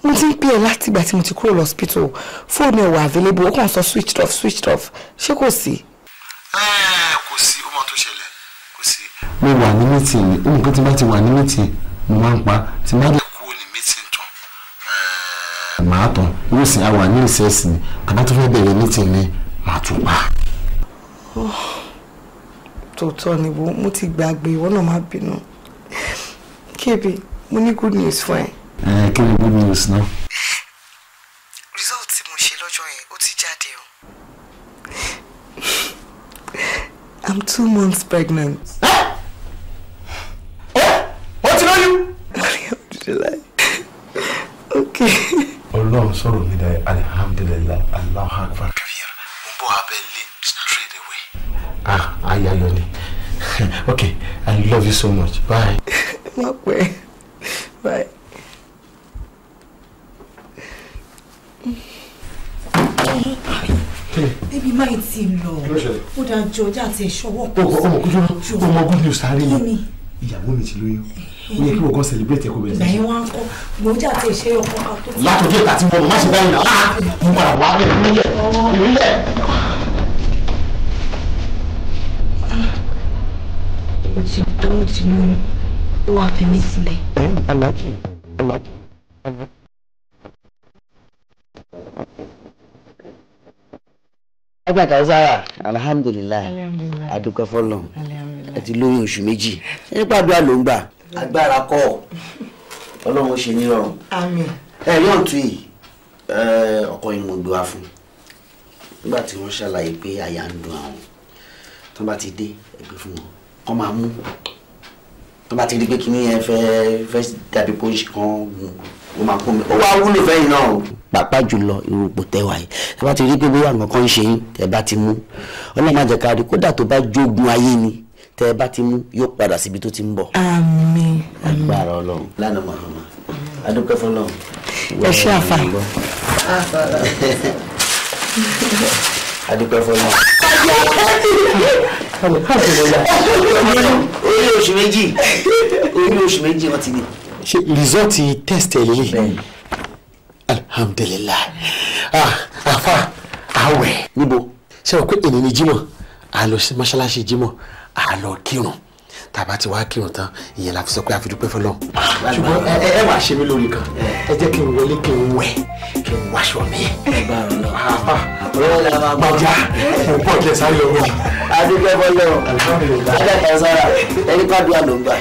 mo ti ń pè ẹ́ láti ìgbà tí mo ti kúrò lọ́spítò fóònù ẹ̀ wà available ó kàn sọ switched off switched off ṣé kò sí. Ah, kò sí ó mọ tó ṣẹlẹ̀ kò sí. mo wà ní mítìn ní nǹkan tí bá ti wà ní mítìn mo máa ń pa tí bá kúrò ní mítìn tán. Eh, màá tán yóò sì àwà ní ìṣẹ́sì ni tàbá tó fẹ́ bẹ̀rẹ̀ mítìn ni màá tún pa. Oh, tòótọ́ ni mo ti gbàgbé ìwọ náà má bínú kébì mo ní good news fún ẹ kí ni good news náà. Results tí mo ṣe lọ́jọ́ yẹn ó ti jáde o. I'm two months pregnant. ó ti lóyún. alhamdulilayi okay. ọlọ́run sọ̀rọ̀ mi dáa alhamdulilayi Allah akbar. kàfíyàrá mo bọ́ abẹ́lé straight away. ah ayayọ ni okay I love you so much bye. má pẹ́ bye. bébí máa ti lọ ó dáa jọ ọjà àti ìṣọwọ́ kò sí ọmọ good news sáré ni ìyàwó mi ti lóyún ó yẹ kí wọ́n gan celebrate ẹ̀kọ́ bẹ̀rẹ̀ sí. ìyàwó wa ń kọ́ gbòójà àti ìṣe ọkọ ká tó. látọjú ìta tí wọn má ṣe báyìí náà ah! mo padà wá bẹ ìrúlẹ ìrúlẹ. mo ti tó mo ti ẹgbẹ́ ta sára alhamdulilayi adúpẹ́ fọlọ́ àti lóyún oṣù méjì nípa àdúrà ló ń gbà agbára kọ́ ọlọ́run ṣe nírọ̀rùn ẹ yóò tù í ọkọ yìí mo gbé wá fún nígbà tí wọ́n ṣàlàyé pé àyà ń dùn àwọn tó bá ti dé ẹgbẹ́ fún wọn kọ́ máa mú tó bá ti rí pé kí ni ẹ fẹ́ fẹ́ dàbí pé ó ń ṣe kán gùn ó máa kún mi ó wá wúlò fẹ́yìn náà o. pàápàá jùlọ irúgbò tẹwà yìí ẹ bá ti rí pé bóyá nǹkan kan ń ṣe yín tẹ bá ti mú ọlọ́run má jẹ́ ká rí kódà tó bá jogun ayé ni tẹ bá ti mú yóò padà síbi tó ti ń bọ̀. àmín àmín agbára ọlọ́run lánàá màmá adúpẹ́ fọlọ́run. ẹ ṣe àfà. adúpẹ́ fọlọ́run. orí oṣù méjì orí oṣù méjì wọn ti ní ṣe rìsọ́ọ̀tì test ẹ̀ lélẹ̀ alhamdulilayi ah afa awẹ níbo ṣe o pé ènìyàn jímọ̀ àlọ sí mọ́ṣáláṣí jímọ̀ àlọ kírun tàbá ti wá kírun tán ìyẹn la fi sọ pé a fi dúpẹ́ fọlọ́. ṣùgbọ́n ẹ ẹ wàá ṣe mí lórí kan ẹ jẹ́ kí n wọlé kí n wẹ̀ kí n wáṣọ mi. gbàjà mo bọ̀ jẹ sáré ọmọ. adúgbò bọ́lọ̀ ọ̀dà kan sára ẹni pàdé àlòǹgbà.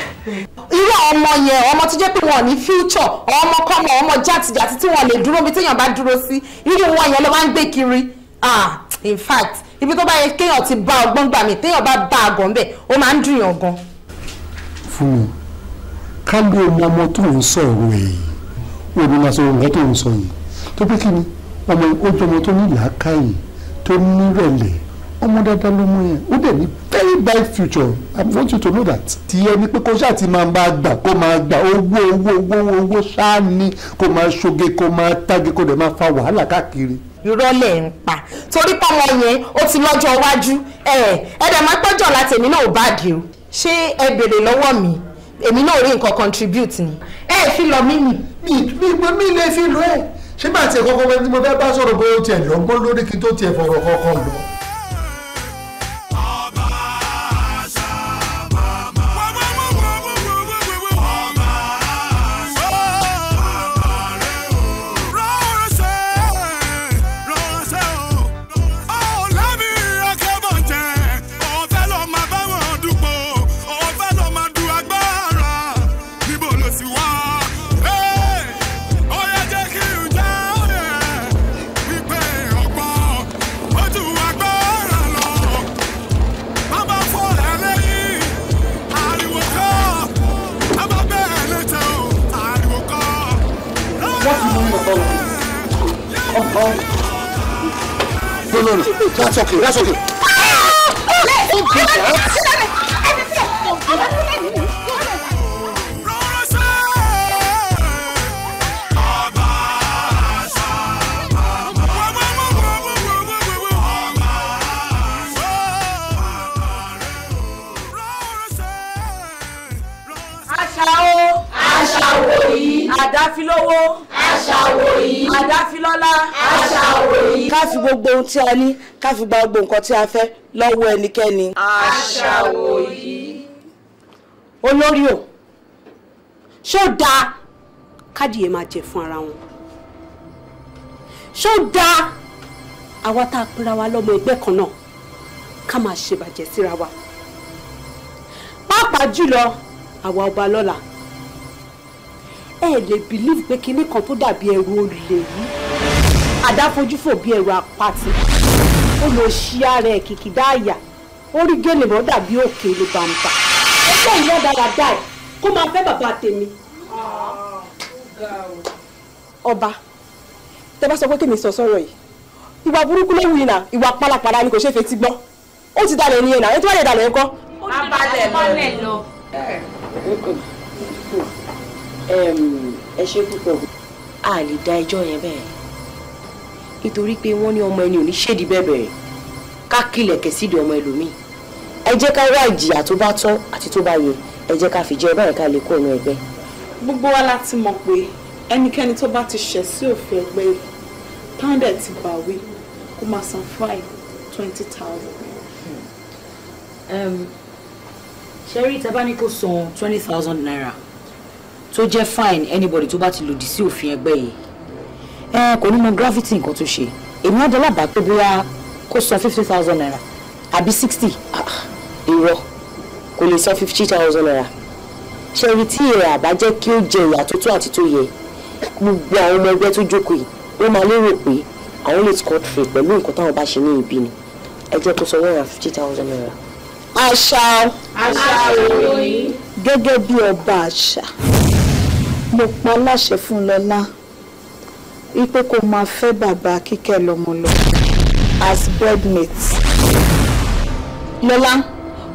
irú ọmọ yẹn ọmọ tó jẹ́ pé wọn ò ní fíútsọ̀ ọmọ kọ́mọ ọmọ jàtìjàtì tí wọn lè dúró bí téèyàn bá dúró sí irú wọn yẹn ló ń gbé kiri ah, in fact ibi tó bá yẹ kéèyàn ti bá ọgbọ́n gbà mí téèyàn bá bá a gàn bẹ́ẹ̀ ó máa ń dùn yàn gan fún mi ká ló ọmọ tó ń sọ̀rọ̀ ẹ̀ yìí máa sọ nǹkan tó ń sọ yìí tó pé kí ni ọmọ ojú ọmọ tó ní làákàyè tó ní rẹ̀lẹ̀ ọmọ dáadáa ló mọ yẹn ó dẹ̀ ní very bright future I want you to know that. ti ẹni pé kó ṣáà ti máa bá a gbà kó máa gbà owó owó owó owó ṣáà ní kó máa ṣoge kó máa táge kó dẹ̀ máa fa wàhálà káàkiri ìrọ́lẹ̀ ń pa torí pọ́mọ yẹn ó ti lọ́jọ́ iwájú ẹ̀ ẹ̀ dẹ̀ máa tọ́jọ́ láti èmi náà ò bá dì o ṣé ẹ béèrè lọ́wọ́ mi èmi náà rí nǹkan contribute ni ẹ fi lọ mí nì. mi mi mi lè fi lọ ẹ ṣé màá tiẹ̀ kọ́kọ́ wẹ́n tí mo fẹ́ bá sọ̀rọ̀ bóyá ó tiẹ̀ lọ́gbọ́n lórí kí tó tiẹ̀ fọ̀rọ̀ kọ́kọ́ lọ. That's okay, that's okay. Let's Oh Àdáfilówó. Aṣàwòyí. Àdáfilọ́lá. Aṣàwòyí ká fi gbogbo ohun tí a ní ká fi gba gbogbo nǹkan tí a fẹ́ lọ́wọ́ ẹnikẹ́ni. àṣà wòyí. olórí o ṣó dáa kádìyẹ máa jẹ fún ara wọn ṣó dáa àwa tá a pera wa lọ́mọ ẹgbẹ́ kan náà ká máa ṣèbàjẹ́ síra wa pàápàá jùlọ àwa ọba lọ́la ẹ lè bìlíìfù pé kinní kan tó dàbí ẹrù olè yìí àdáfojúfò bíi ẹ̀rọ apáti ó lọ ṣí ara ẹ̀ kìkìdá àyà ó rí gẹ́nìbọ̀ dàbí òkè ló bá ń bà ó fẹ́ ìyá dáradá ẹ̀ kó máa fẹ́ bàbá tèmi. ọba tẹ bá sọ pé kèmí sọ sọ̀rọ̀ yìí ìwà burúkú ló wù yìí ìwà pálapàla ni kò ṣeé fetí gbọ́ ó ti dalẹ̀ ní yẹn nà ètò wà lè dalẹ̀ ńkọ́. abalẹ̀ lọ. ẹ ṣe púpọ̀ a lè da ẹjọ́ yẹn bẹ́ẹ̀ nítorí pé wọ́n ní ọmọ ẹni ò ní ṣèdí bẹ̀bẹ̀rẹ̀ ká kílẹ̀kẹ̀ sídìí ọmọ ẹlòmíì ẹ jẹ́ ká wá ìjìyà tó bá tọ́ àti tó bá yẹ ẹ jẹ́ ká fi jẹ báyìí ká lè kó ọ̀nà ẹgbẹ́. gbogbo wa la mọ̀ pé ẹnikẹ́ni tó bá ti ṣẹ̀ sí òfin ẹgbẹ́ pounded ti bàwí kó máa san fine twenty thousand. ṣẹ́rí ìtàbá ní kò san twenty thousand naira tó jẹ́ fine anybody tó bá ti lòdì sí òfin ẹgbẹ́ yìí ẹ kò ní mọ gravity nǹkan tó ṣe èmi àdọ́làbà pé bóyá kó sọ fifty thousand naira àbí sixty ah, irọ́ kò lè sọ fifty thousand naira ṣẹ́rí tí ẹ̀ àbá jẹ́ kí ó jẹ ìyà tó tó àti tó yẹ gbogbo àwọn ọmọ ẹgbẹ́ tó jókòó yìí wọ́n máa lérò pé àwọn lè scot free pẹ̀lú nǹkan táwọn bá ṣe ní ibi ni ẹ jẹ́ kó sọ one hundred fifty thousand naira. àṣà àṣà òyìn. gẹ́gẹ́ bí ọba àṣà mo pa láṣẹ fún lọ́lá wípé kó máa fẹ́ bàbá kíkẹ́ lọ́mọ lọ as bedmate. lọ́lá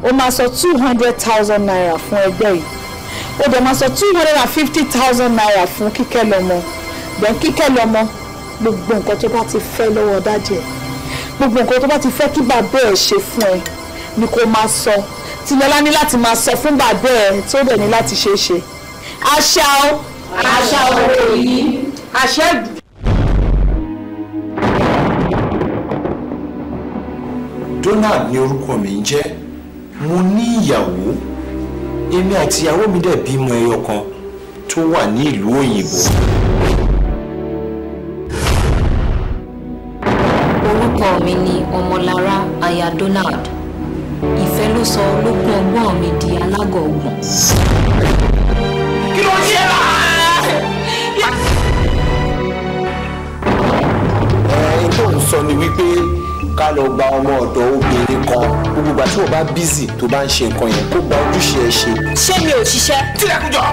o máa sọ two hundred thousand naira fún ẹgbẹ́ yìí o dẹ̀ máa sọ two hundred and fifty thousand naira fún kíkẹ́ lọ́mọ then kíkẹ́ lọ́mọ gbogbo nǹkan to bá ti fẹ́ lọ́wọ́ dájẹ́ gbogbo nǹkan tó bá ti fẹ́ kí bàbá ẹ̀ ṣe fún ẹ ni kó máa sọ tí lọ́lá ní láti máa sọ fún bàbá ẹ̀ tó dẹ̀ ní láti ṣe é ṣe o àṣà òwe yìí àṣà ìdùnnú. Donald ni orúkọ mi ń jẹ́ mo ní ìyàwó èmi àti ìyàwó mi dẹ̀ bímọ ẹyọ kan tó wà ní ìlú òyìnbó. orúkọ mi ni ọmọlára aya Donald ìfẹ́ ló sọ olókùn ọgbọ́n mi di alágọ̀ ọ̀gbọ̀n. kí ló ṣe é bá. ẹ ẹ tó ń sọ ni wípé ká lọ gba ọmọ ọ̀dọ̀ obìnrin kan gbogbo ìgbà tí wọ́n bá bízì tó bá ń ṣe nǹkan yẹn kó gba ojúṣe ẹ̀ ṣe. ṣé mi ò ṣiṣẹ́. tilẹ̀kùn jọ.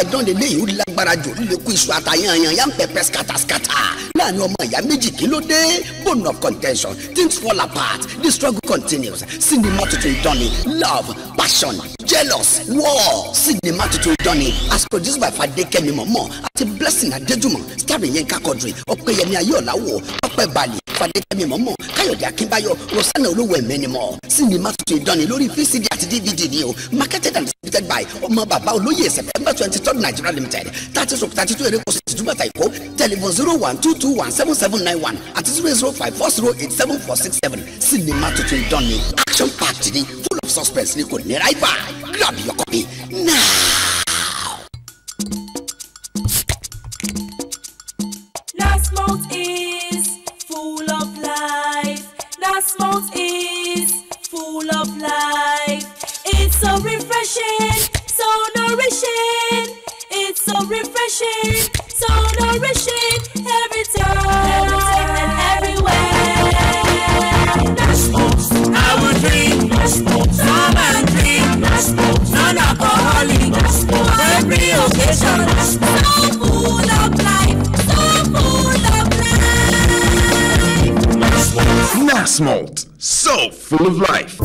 àbájọ́ lélẹ́yìí ó lágbára jù lẹ́kùn iṣu àtàyànyàn yà ń pẹpẹ skàtàskàtà láàrin ọmọ ìyá méjì kí ló dé bone of contention things fall apart the struggle continues Cinema tuntun ìdánni love passion jealous war Cinema tuntun ìdánni as produced by fadékẹ́mi mọ̀mọ́ àti blessing adéjúmọ̀ starring yẹn kakọ̀dùn ọ̀pẹ̀yẹmí ayọ̀lá wọ̀ ọpẹ́ balẹ̀ fàdékẹ́mi mọ́mọ́ káyọ̀dé akínbáyọ̀ rosanna olówó ẹ̀mẹ́nimọ̀ sinimá tuntun ìdánni lórí vcd àti dvd ni o marketed and distributed by ọmọ bàbá olóyè september twenty third nigeria limited thirty six thirty two erékòsó títú bàtà èkó telephone zero one two two one seven seven nine one àti zero zero five four zero eight seven four six seven sinimá tuntun ìdánni action packed ni full of suspense ni kò ní ráìbà grab your copy now. Black's Mouth is full of life. It's so refreshing, so nourishing. It's so refreshing, so nourishing. Every time, everything and everywhere. Black's Mouth, our drink. Black's Mouth, farm and drink. Black's Mouth, non-alcoholic. Black's Mouth, every occasion. So full Mass Nass malt. So full of life.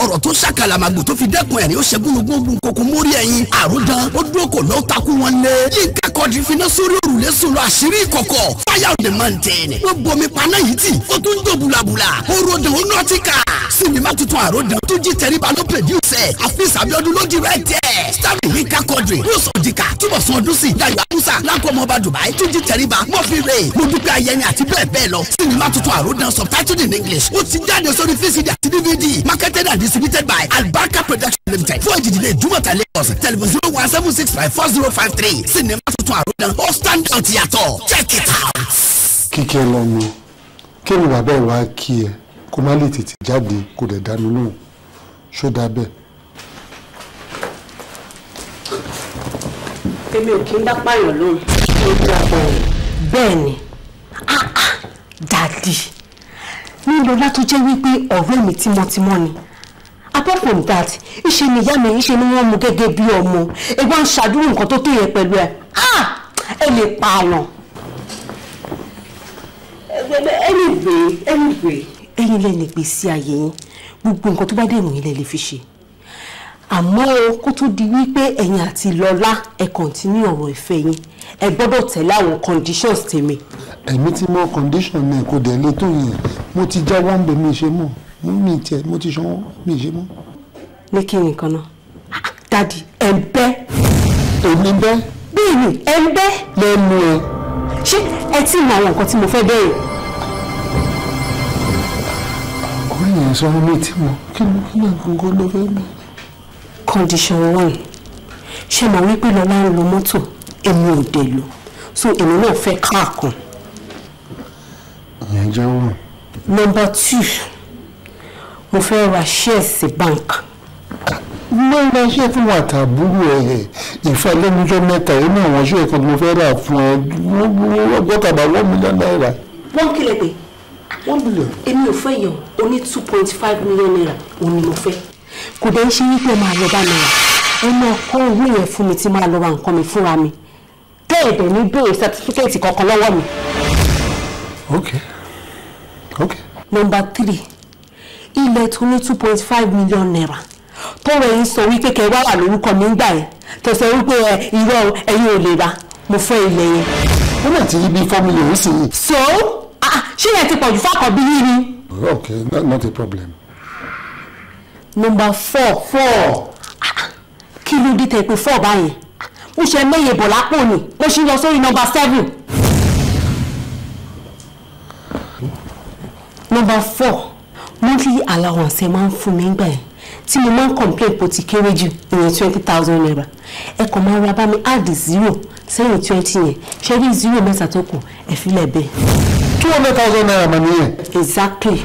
ọ̀rọ̀ tó ṣàkàlàmàgbò tó fi dẹ́kun ẹ̀rín ó ṣẹ́gun ogún ogun kòkó mórí ẹ̀yìn àròdàn ó dúró kò lọ́ọ́ takú wọn lé yín akọ̀dì finá sórí òrùlé sùn lọ àṣírí ìkọ̀kọ̀ fire on the mountain wọ́n bomi paná yìí tì ó tún jó bulabula orodàn ó nọ́ọ̀tì kà sinimá tuntun àròdàn tó jí tẹríba ló pèdíùsẹ̀ àfíìsì abiodun ló direct ẹ̀ starring yinka kọdiri yóòsàn jìkà túbọ̀sán ọdún sí dayo amusa lákọ̀ọ́mọba dubai tó jí tẹríba murphy ray mọ̀dúpẹ́ ayẹni àti bẹ́ẹ̀ bẹ́ẹ̀ lọ sinimá tuntun àròdàn subtitled in english ó ti jáde sórí dvd marketed and distributed by albarka production limited zero one seven six five four zero five three sinimá tuntun àròdàn ó stand out yàtọ̀ check it out. kíkẹ́ lọ́mọ kí ni wàá bẹ́ẹ̀ wá kí ẹ kó má lè tètè jáde kó dẹ̀ dánu lóhùn ṣó dáa bẹ́ẹ̀. èmi ò kí ń dápá èèyàn lóhùn kí ó dá ọ. bẹ́ẹ̀ ni dàdí ní lọ́lá jẹ́ wípé ọ̀rẹ́ mi tímọ́tímọ́ ni apart from that ìṣe ni ìyá mi ìṣe ni wọ́n mú gẹ́gẹ́ bí ọmọ ẹgbẹ́ ń ṣàdúró nǹkan tó tó yẹ pẹ̀lú ẹ ah! ẹ lè pààyàn. anyway anyway ẹ̀yin lẹ ní ìgbésí ayé yín gbogbo nǹkan tó bá dé ìròyìn lẹ lè fi ṣe àmọ́ kó tó di wípé ẹ̀yin àti lọ́lá ẹ kọ̀ǹtínú ọ̀rọ̀ ìfẹ́ yín ẹ gbọ́dọ̀ tẹ̀lé àwọn conditions tèmi. èmi ti mọ condition náà kò dẹ̀ lé yẹn mo ti já wọ́n bẹ̀ mí ṣe mọ́ mo mi tiẹ̀ mo ti sanwó mi ṣe mọ́. ní kí nìkan náà ah, dadi ẹ̀ ń bẹ́. èmi bẹ́. bẹ́ẹ̀ni ẹ̀ ń bẹ́. lẹ́nu ẹ. ṣé ẹ tí mọ àwọn nǹkan tí mo fẹ́ bẹ̀rẹ̀. orí yẹn sọ mi tí mo kí ló kí lóò gbogbo ló fẹ́ mi. condition one ṣe mọ̀ wípé lọ́lá ń lo mọ́tò èmi ò dé lò so èmi náà fẹ́ káà ìyẹn jẹ́ wọ́n. number two mo fẹ́ ra shares bank. mo ra ṣe fún wa tàbúrò ẹ̀ ìfẹ́ lẹ́nujọ́ mẹ́ta ó ní àwọn ṣe kan mo fẹ́ rà fún ẹ ọgọ́ta bá one million naira. one kìlẹ̀ pé one million. èmi ò fẹ́ yàn o ní two point five million naira òun ni mo fẹ́. kò dé ṣe wípé máa lọ bá mi rà ẹ máa kọ́ owó yẹn fún mi tí máa lọ ra nǹkan mi fúnra mi tẹ́ẹ̀dẹ̀ ní bẹ́ẹ̀ sátífíkẹ́ẹ̀tì kankan lọ́wọ́ mi. ok ok. number three ilẹ̀ tún ní two point five million naira tọrọ ẹ̀yin sọ wípé kẹ wá wà lórúkọ mi ń gbà ẹ tẹsẹ wípé ẹ irọ́ ẹ̀yin ò lè ra mo fẹ́ ilẹ̀ yẹn. wọ́n náà ti yí bí four million sí i. so ah, ṣé yẹn ti pọ̀ ju fákọ̀bí yìí ni. Oh, okay not, not a problem. number four. four. Ah, ah, kí ló dé tẹ̀ pé four báyìí mo ṣe mẹ́yẹ̀ bọ̀ lápò ni mo ṣì lọ sórí number seven. number four monthly allowance ẹ máa ń fún mi nígbà yẹn tí mo máa ń complain pé ti kéré jù ìyẹn twenty thousand naira ẹ kàn máa ra bá mi add zero sẹ́yìn twenty yẹn ṣé rí zero mẹ́ta tó kù ẹ fi lẹ̀ bẹ́ẹ̀. two hundred thousand naira mà nìyẹn. exactly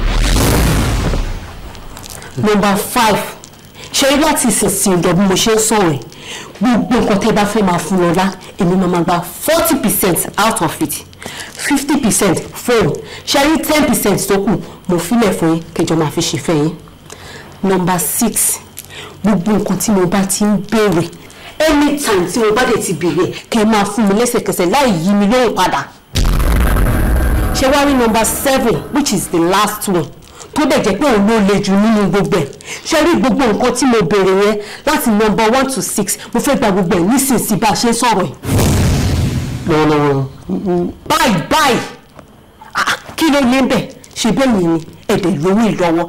number five ṣe rí láti ìsinsìnyí ìdọ̀bí mo ṣe ń sọ̀rọ̀ yìí gbogbo nǹkan tẹ́ bá fẹ́ máa fún lọ́lá èmi máa gba forty percent out of it fifty percent fóònù ṣẹ́rí ten percent tó kù mo fílẹ̀ fún yín kẹjọ máa fi ṣe fẹ́ yín. number six gbogbo nǹkan tí mo bá ti ń béèrè anytime tí mo bá dẹ̀ ti béèrè kẹ́ ẹ máa fún mi lẹ́sẹ̀kẹsẹ̀ láì yí mi lóhùn padà. ṣé wá rí number seven which is the last one tó dẹ̀ jẹ́ pé òun ló le jù nínú gbogbo ẹ̀ ṣe rí gbogbo nǹkan tí mo béèrè yẹn láti number one to six mo fẹ́ gba gbogbo ẹ̀ nísinsìnyí bá a ṣe ń sọ̀rọ̀ ẹ̀. lọ́wọ́lọ́wọ́. báyìí báyìí kí ló yé bẹ́ẹ̀ ṣe bẹ́ẹ̀ yìí ni ẹ̀dẹ̀ lówó ìlọ́wọ́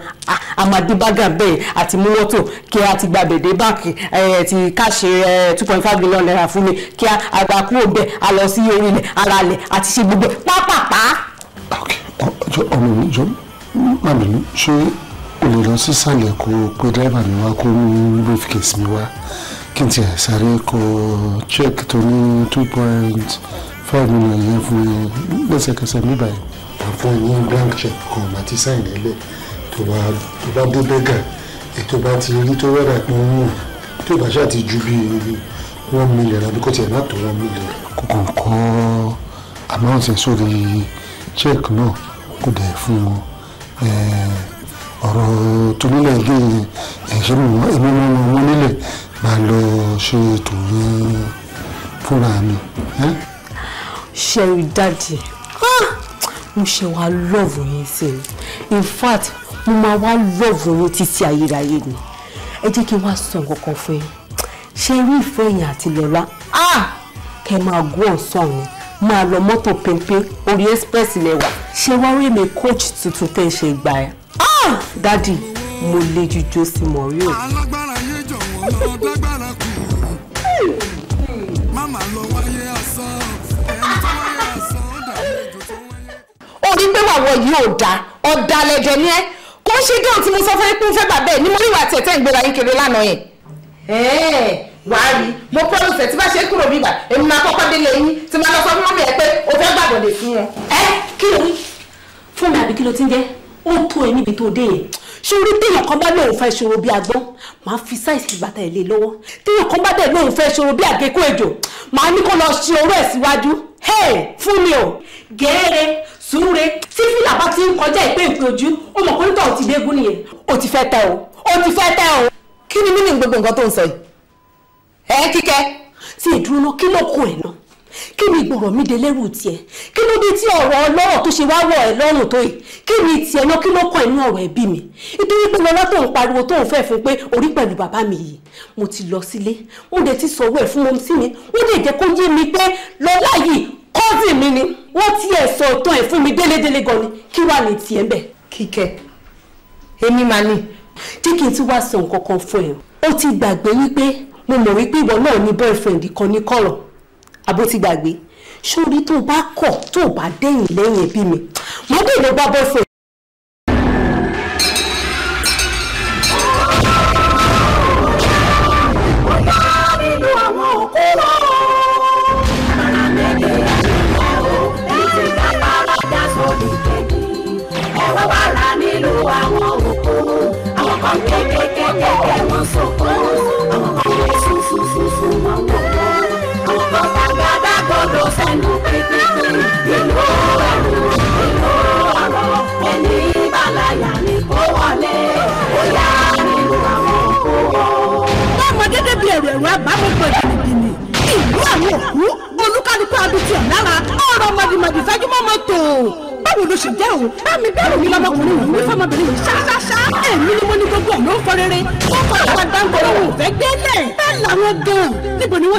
amadébágà bẹ́ẹ̀ àti mọ́tò kí a ti gba bèdè báǹkì ti káṣe two point five million naira fún mi kí a àgbà kúrò bẹ́ẹ̀ a lọ sí orí ilẹ̀ ara ilẹ̀ àti ṣe gbogbo pápápá. ọmọ mi jọ màmí ṣé o lè lọ sísàlẹ̀ kó o pé dírẹ́bà mi wá kó mú briefcase mi wá kí n tiẹ̀ sáré kó check tó ní two point five million yẹn fún mi lẹ́sẹ̀kẹsẹ̀ mi báyìí. wà á fún ẹ ní blank check kan àti sáìn lẹ́lẹ̀ tó bá tó bá dé bẹ́gà ètò bá ti rí tó wẹ́rà pé ń wù tó bá ṣáà ti ju bíi one million àbí kò tiẹ̀ má tó one million. kókò kọ́ àmọ́ ọ̀sẹ̀ sórí check náà kò dẹ̀ fún wọn ọ̀rọ̀ tónílẹ̀ ilé yìí ẹ̀ṣẹ́ mi èmi mọ́ wọn nílẹ̀ máa lọ ṣe ètò yẹn fúnra mi. ṣe rí dáàdì ah! mo ṣe wá lọ́ọ̀bù yín sí i in fact mo máa wá lọ́ọ̀bù yín títí ayérayé ni ẹ jẹ́ kí n wá sọ nǹkan kan fún yín ṣe rí ìfẹ́ yín àti lọ́lá ah! kẹ́ máa gún ọ̀sán yẹn máa lọ mọ́tò pínpín orí express ilẹ̀ wa ṣé wá rí mi coach tuntun tẹ́ ṣe gbà ẹ́ ah! dádì mo lè ju josi mọ̀ rí o. alágbára yé jọ̀wọ́ lọ dágbára kù máma lọ wáyé asán ẹni tó wáyé asán ó dà bí ìjò tó wáyé. orí pé wàwọ yìí ò dáa ọ̀dàlẹ̀jẹ̀ ni ẹ́ kó ṣe dáhùn tí mo sọ fún ẹ pé ń fẹ́ bàbá ẹ̀ ni mo rí ìwà tẹ̀tẹ̀ ìgbéra yín kiri lánàá yẹn wà á rí mo promise ẹ tí bá ṣe kúrò bí ìgbà èmi máa kọ́kọ́ délé yín tí máa lọ sọ fún mọ́mí ẹ pé o fẹ́ gbàbọ̀dẹ̀ fún wọn. ẹ kí ló rí fún mi àbí kí ló ti ń jẹ́ ó tó ẹ níbi tó dé yẹn ṣorí téèyàn kan bá lóun fẹ́ ṣòro bí agbọ́n máa fi sáìsì bàtà ẹ̀ lé lọ́wọ́ téèyàn kan bá dẹ̀ lóun fẹ́ ṣòro bí àgékò èjò máa ní kó lọ ṣe orú ẹ̀ síwájú fún mi o gẹ́rẹ́ sùúre tí fìlà bá ti ń kọjá ìpè ojú ó mọ̀ ti dégún nìyẹn ó ti fẹ́ tẹ́ o ó ti fẹ́ tẹ́ o. kí ni mímí gbogbo nǹkan tó ń sọ yìí ẹ kíkẹ́ tí ìdúró náà kí ló kó ẹ̀ náà kí ni gbọ̀rọ̀ mi dé lẹ́rù tiẹ̀ kí ló dé tí ọ̀rọ̀ ọlọ́rọ̀ tó ṣe wá wọ̀ ẹ́ lọ́rùn tó yìí kí ni tiẹ̀ náà kí ló kàn inú ọ̀rọ̀ ẹbí mi nítorí pé lọ́lá tó ń pariwo tó ń fẹ́ fún pé orí pẹ̀lú bàbá mi yìí mo ti lọ sílé mo dẹ̀ ti sọ̀wọ́ ẹ̀ fún mọ́ sí mi mo dẹ̀ jẹ́ kó yé mi pé lọ́lá yìí kọ́sì mi ni wọ́n ti ẹ̀ sọ ọ̀tọ̀ ẹ̀ fún mi délédélé gan ni kí wà mo mọ̀ wípé ìwọ náà ní boyfriend kan ní kọ̀lọ̀ àbó ti gbàgbé sórí tó bá kọ̀ tó bá dẹ́yìn lẹ́yìn ẹbí mi mo dé ìlú bá boyfriend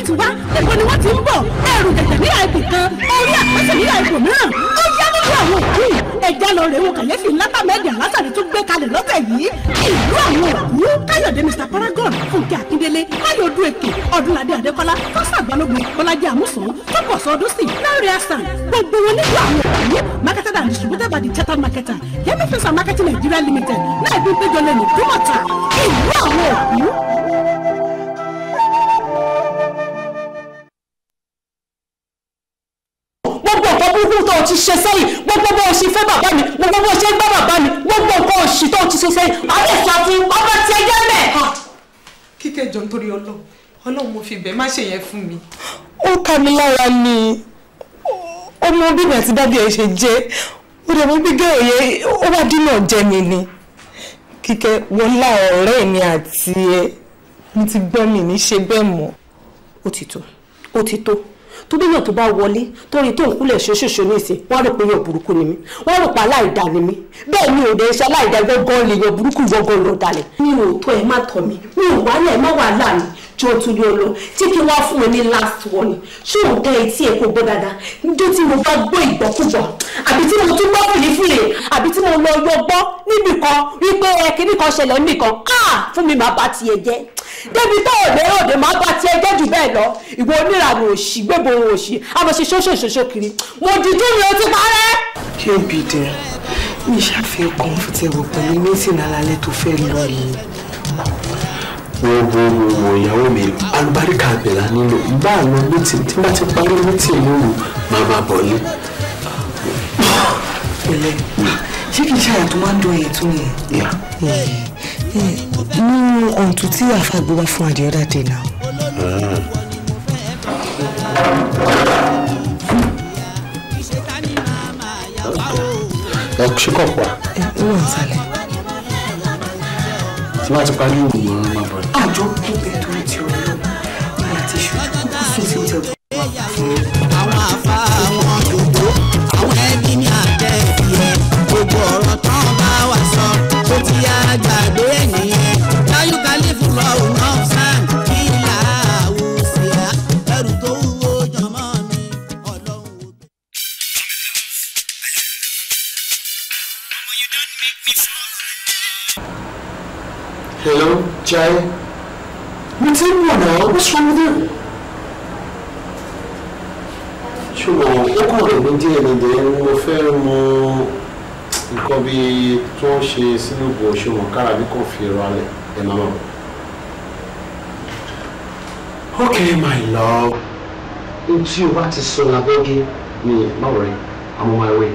ti wá èkó ni wọ́n ti ń bọ̀ ẹrù jẹ̀jẹ̀ ní àìbì kan orí àpẹ́sẹ̀ ní àìbò mìíràn ó yá lórí àwọn òkú ẹ̀já lọ rèé wo kàyéfì ńlábà mẹ́ẹ̀dì alásàrí tún gbé kalẹ̀ lọ́tẹ̀ yìí ìlú àwọn òkú káyọ̀dé mr paragon fúnkẹ́ akíndélé káyọ̀dú èkè ọdúnladé adékọ́lá fọ́sà balógun bọ́lájí àmúsàn tọkọ̀sọ ọdúnsì lárí asan gbogbo wọn nílùú àwọn òkú marketed and distributed by the chartered marketer yemi fisa marketing nigeria limited náà ibi péjọ lẹ́nu tó ìlú àwọn òkú ṣe yẹn fún mi. ó ká mi lára ni ọmọ bíbí àti dábìá ẹ ṣe jẹ ó dẹ̀ mú gbígbé òye ó wá dínà jẹ mi ni kíkẹ́ wọlá ọ̀rẹ́ mi àti ẹ mo ti gbọ́ mi ní ṣe bẹ́ẹ̀ mọ́ ó ti tó ó ti tó tó bí yàn tó bá wọlé torí tó ń kúlẹ̀ ṣoṣoṣo ní ìsìn wọ́n rò pé yàn burúkú ni mí wọ́n rò pé aláìda ni mí bẹ́ẹ̀ ni òde iṣẹ́ aláìda gbọ́ngàn lè yàn burúkú gbọ́ngàn lọ dalẹ̀. mi ò tọ́ ẹ má tọ́ mi mi ò wálé ẹ má wà láàmì jọ torí ọ lọ tí kí wọ́n fún mi ní last one ṣé ò dá etí ẹ̀ kó gbọ́ dáadáa níjọ́ tí mo bá gbọ́ ìgbọ́kúgbọ́ àbí tí mo tún gbọ́ fìlífìlì àbí tí mo lọ yọ gbọ́ níbì kan wípé ẹ kíní kan ṣẹlẹ̀ níbì kan ah! fún mi máa bá tiẹ̀ jẹ́ débi tó òde òde máa bá tiẹ̀ jẹ́ jù bẹ́ẹ̀ lọ ìwọ onírànú òṣì gbẹ́b gbogbo ohun òṣì àmọ̀ṣe ṣóṣò ṣóṣò kiri mo dìjú mi ò ti parẹ́. kí n bì dẹ mi ṣàfihàn comfortable pẹ̀lú mítìn alalẹ́ tó fẹ́ lọ yìí. wo wo wo wo ìyàwó mi alùbáríkà àbẹ̀là nílò bá a lọ mítìn tí bá ti parí mítìn lóru màá máa bọ̀ ní. pẹ̀lẹ́ ṣé kìí ṣe àyàtọ̀ máa ń dún ẹ̀yẹ̀ tún yẹn. nínú ọ̀ǹtún tí àfa wá fún àdìọ́dá dé náà. Hmm ṣe kọ̀ pa. ẹ ó wà nísàlẹ̀. tí wàá ti parí òògùn No, n what is so ti sọ làbẹ́gẹ́ ni máa wọ̀rẹ́ I'm on my way.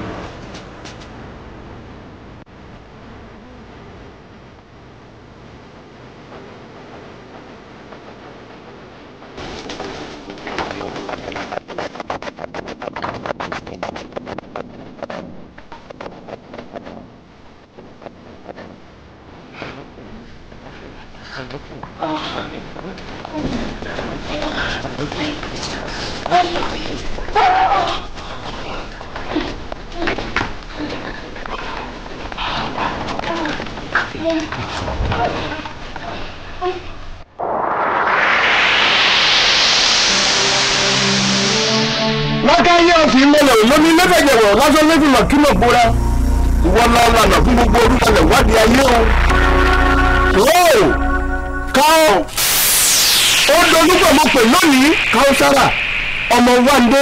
wáńdé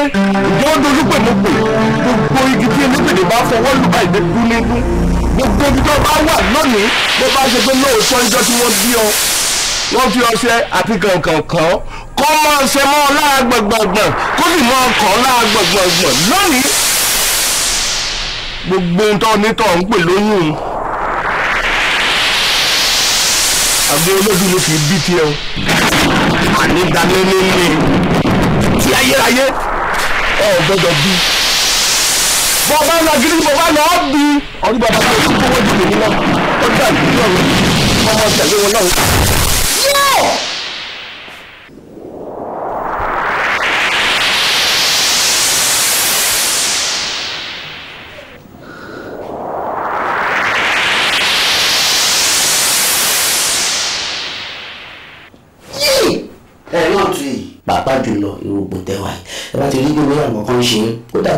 wọ́n dojú pè mọ́ pè gbogbo igi tí elépèdè bá fọwọ́ lù báyìí lè kú nínú gbogbo ibi tó bá wà lónìí bó bá ṣe pé lóòótọ́ níjọ́ tí wọ́n bí ọ wọ́n fi ọṣẹ àti kànkànkàn kọ́ mọ́ ọṣẹ mọ́ láàgbọ̀gbọ̀gbọ̀n kó sì mọ́ ọkàn láàgbọ̀gbọ̀gbọ̀n lónìí gbogbo ohun tó nítọ̀ ń pè lóyún àgbo olódùn ló fi bí tiẹ̀ o àní dalẹ́ nílé ayérayé ẹ ò gbọ́dọ̀ bí bọba ńlá gidi bọba ńlá ọ bí ọdún bàbá tó ti kówó dìbò nínú ọdún àgbẹ̀yọ̀ rẹ ọmọ tẹ̀lé wọn náà. yóò.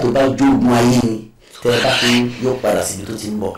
tó bá jogun ayé ni tẹ́ ẹ bá fi yóò padà síbi tó ti ń bọ̀.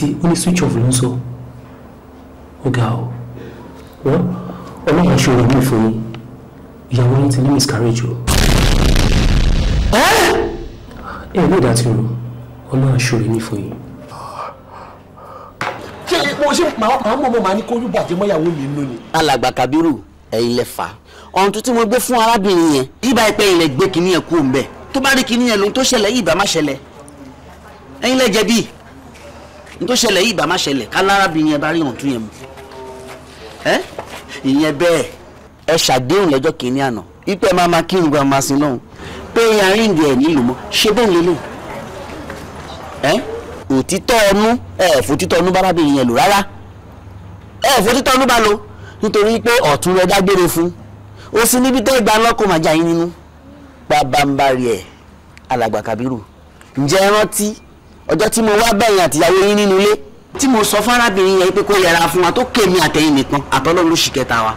létí ó ní switch off ló ń sọ ó ga ọ wọ́n ọlọ́run ṣòro mí fún yín ìyàwó yín ti ní miscarriage o. ẹ ní ìdátìrò ọlọ́run ṣòro mí fún yín. ṣé mo ṣe màá mọ̀ mọ́ màá ní kójú bàjẹ́ mọ́ ìyàwó mi nù ni. alàgbà kabiru ẹ̀yin lẹ fà á ọ̀hún tuntun mo gbé fún arábìnrin yẹn ibà ìpẹ́ ilẹ̀ gbé kínní yẹn kú òun bẹ́ẹ̀ tó bá rí kínní yẹn lóhun tó ṣẹlẹ̀ ibà má ṣẹlẹ̀ ẹ̀yin lẹ jẹ̀bi n tó ṣẹlẹ̀ yìí ìbá má ṣẹlẹ̀ kálárábìnrin yẹn bá rí ọ̀tún yẹn mu ẹ ìyẹn bẹ́ẹ̀ ẹ ṣàdéhùn lọ́jọ́ kìíní àná ipe máa ma kí nǹkan máa sin lọ́hùn pé yaríǹgì ẹ̀ nílùú mọ́ ṣé bẹ́ẹ̀ lélẹ̀ ẹ òtítọ́ ọnú ẹ fòtítọ́ ọnú bárábìnrin yẹn lò rárá ẹ fòtítọ́ ọnú bá lo nítorí pé ọ̀tún rẹ dágbére fún ó sì níbi tẹ́ gba lọ́kọ̀ máa yín nínú pabambarì ẹ̀ alàgbà Kábírù ǹjẹ́ rántí ọjọ́ tí mo wá bẹ̀yìn àtìyàwó yín nínú ilé tí mo sọ fárábìnrin yẹn pé kó yẹra fún wa tó kémi àtẹ̀yìn nìkan àtọ́lọ́run ló sì kẹta wa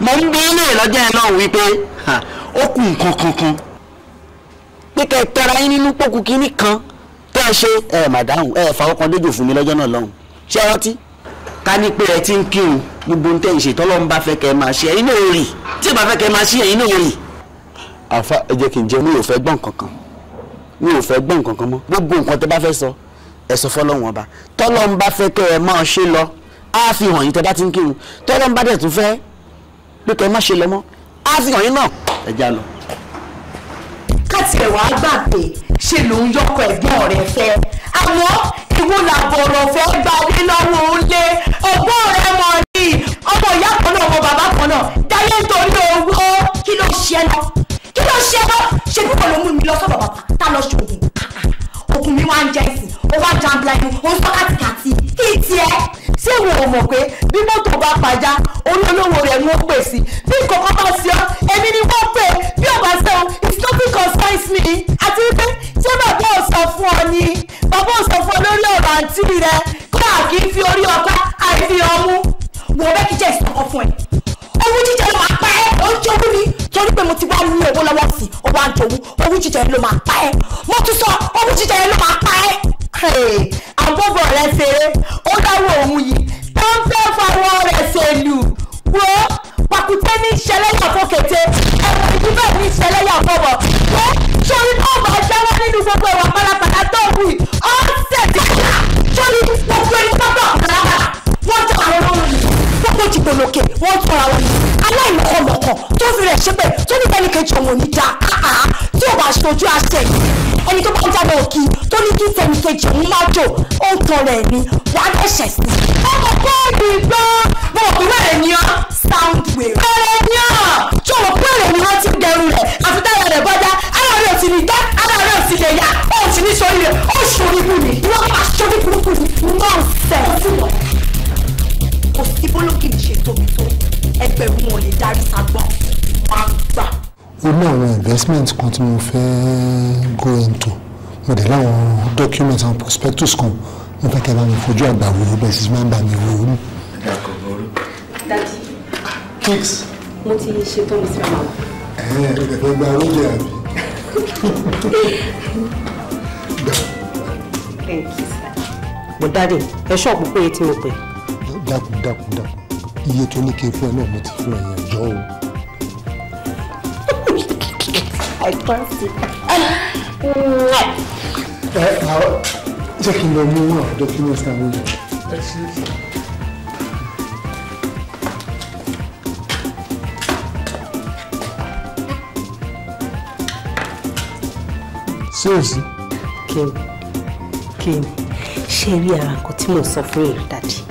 mo ń bí ilé lọ́jọ́ ẹ náà wípé ó kù nǹkan kankan pé kẹ́ ẹ tẹra yín nínú pòkù kínní kan tẹ́ ẹ ṣe ẹ màdáhùn ẹ fà ọkàn déjò fún mi lọ́jọ́ náà lọ́hùn ṣé ẹ rántí ká ní pé ẹ ti ń kírun gbogbo ní tẹ̀yìn ṣètọ́ lọ́n bá fẹ́ kẹ́ ẹ máa ṣe ẹ̀yin náà ò rì tí ì bá fẹ́ kẹ́ máa ṣe ẹ̀yin náà rì. àfa ẹ jẹ́ kí n jẹ́ mi ò fẹ́ gbọ́n kankan mi ò fẹ́ gbọ́ nǹkan kan mọ́ gbogbo nǹkan tẹ́ bá fẹ́ sọ ẹ sọ fọlọ́run ọba tọ́lọ́run bá fẹ́ kẹ́ ẹ máa ṣe lọ á fi hàn yín tẹ́ bá ti ń kírun tọ́lọ́run bá dẹ̀ tún fẹ́ pé kẹ́ ẹ má ṣe lọ mọ́ á fi hàn yín náà ẹ já lọ. ká tiẹ̀ wá gbà pé ṣe lòun yọkọ ẹ̀gbọ́n rẹ̀ fẹ́ àmọ́ ìwọ làbọ̀rọ̀ fẹ́ gbà dé lọ́wọ́ òǹlé ọgbọ́n rẹ̀ mọ̀ ní ọmọ ìyá kan náà ọmọ bàbá kan náà dáyé nítorí owó kí ló ṣe ń ṣe wọ́n ṣe bí wọ́n ló mú mi lọ sọ́dọ̀ bàbá tá lọ ṣoògùn okùn mi wá ń jẹ ìsìn ó wá jambla ẹnu ó ń sọ kàtìkàtì kí n tiẹ̀. ṣé ìwọ ò mọ̀ pé bí mọ́tò bá pàjá olólówó rẹ̀ ni ó pè sí bí kòkó bá sí ọ èmi ni wọ́n pè bí ọba sẹ́wọ̀n it's nothing concerns me àti wípé ṣé bàbá ò sọ fún ọ ni bàbá ò sọ fún ọ lórí ọ̀rọ̀ àǹtí rẹ kó àkì fi orí ọpá àìfi ọmú wò ó bẹ́ẹ̀ kí jẹ́ ìsọ̀kọ fún ẹ owó jíjẹ ló máa pa ẹ́ ó ń jowú ni torí pé mo ti wá ní owó lọ́wọ́ sí ó wá ń jowú owó jíjẹ ló máa pa ẹ́ mo tún sọ owó jíjẹ ló máa pa ẹ́. àbọ̀bọ̀ rẹ̀ ṣeré ó dáwọ́ òun yìí tó ń fẹ́ fọwọ́ rẹ̀ ṣèlú wo pàkúté ní ìṣẹ̀lẹ́yà fòkété ẹ̀rọ ìdúgbò ní ìṣẹ̀lẹ́yà fọwọ́ pé sórí náà máa ṣẹ́wọ́ nínú gbogbo ìwà pálapàla tó wù í ó ń tẹ̀síwájú sórí gbogbo ẹni tó bọ̀ pálapàla wọ́n jọ àwọn olórin gbogbo jìgbòlókè wọ́n jọ àwọn olórin aláìlọ́kọ̀lọ́kọ̀ tó fi rẹ̀ ṣépè tó ní bẹ́ẹ̀ ni kejì òun ò ní da káà tí ò bá ṣojú àṣẹ yìí ẹni tó bá ń jábọ̀ kí tó ní kí tẹ̀mí kejì òun má jò ó ń tọrọ ẹ̀ ni wà á dẹ̀ṣẹ̀ sí. ọmọ bọ́ọ̀lù gbọ́ mo rò pé wẹ́rẹ̀ ni ọ́ sound wave. wẹ́rẹ̀ ni ọ́ tí o rò pé wẹ́rẹ̀ ni wọ́n ti dẹrù rẹ̀ àfi táyà rẹ̀ bọ́já ara rẹ̀ ò sì ní dá ara rẹ̀ ò sì lè yá ó sì ní sórí rẹ̀ ó sórí bù ní wọ́n máa sórí burúkú ní nọ́ọ̀sẹ̀ fún wọn kò sí bólókì ṣètò mi tó ẹgbẹ̀rún wọn lè darí sagbọ́n máa ń gbà. ó ní àwọn investment kan tí mo fẹ́ go into mo dé láwọn documents and prospectus kan mo fẹ́ kẹ́ bá mi fojú àgbà wo bẹ́ẹ̀ sì máa ń bá mi wo. dadi kicks. mo ti ṣetán mi sí ọmọ. ẹ ẹ gba oúnjẹ àbí. Thank you, sir. But daddy, ẹ ṣọ́ọ̀pù péye tí mo pè. Dákun dákun dákun iye tó ní kí n fún ẹ náà mo ti fún ẹ̀yìn ẹ̀yọ́ o. ẹ àwọn jẹ́ kí n lọ mú àwọn dọ́kúmẹ́ntì náà wọlé. Seriously? Kí ni? Kí ni? Ṣé rí ara nǹkan tí mo sọ fún yín, dàdí?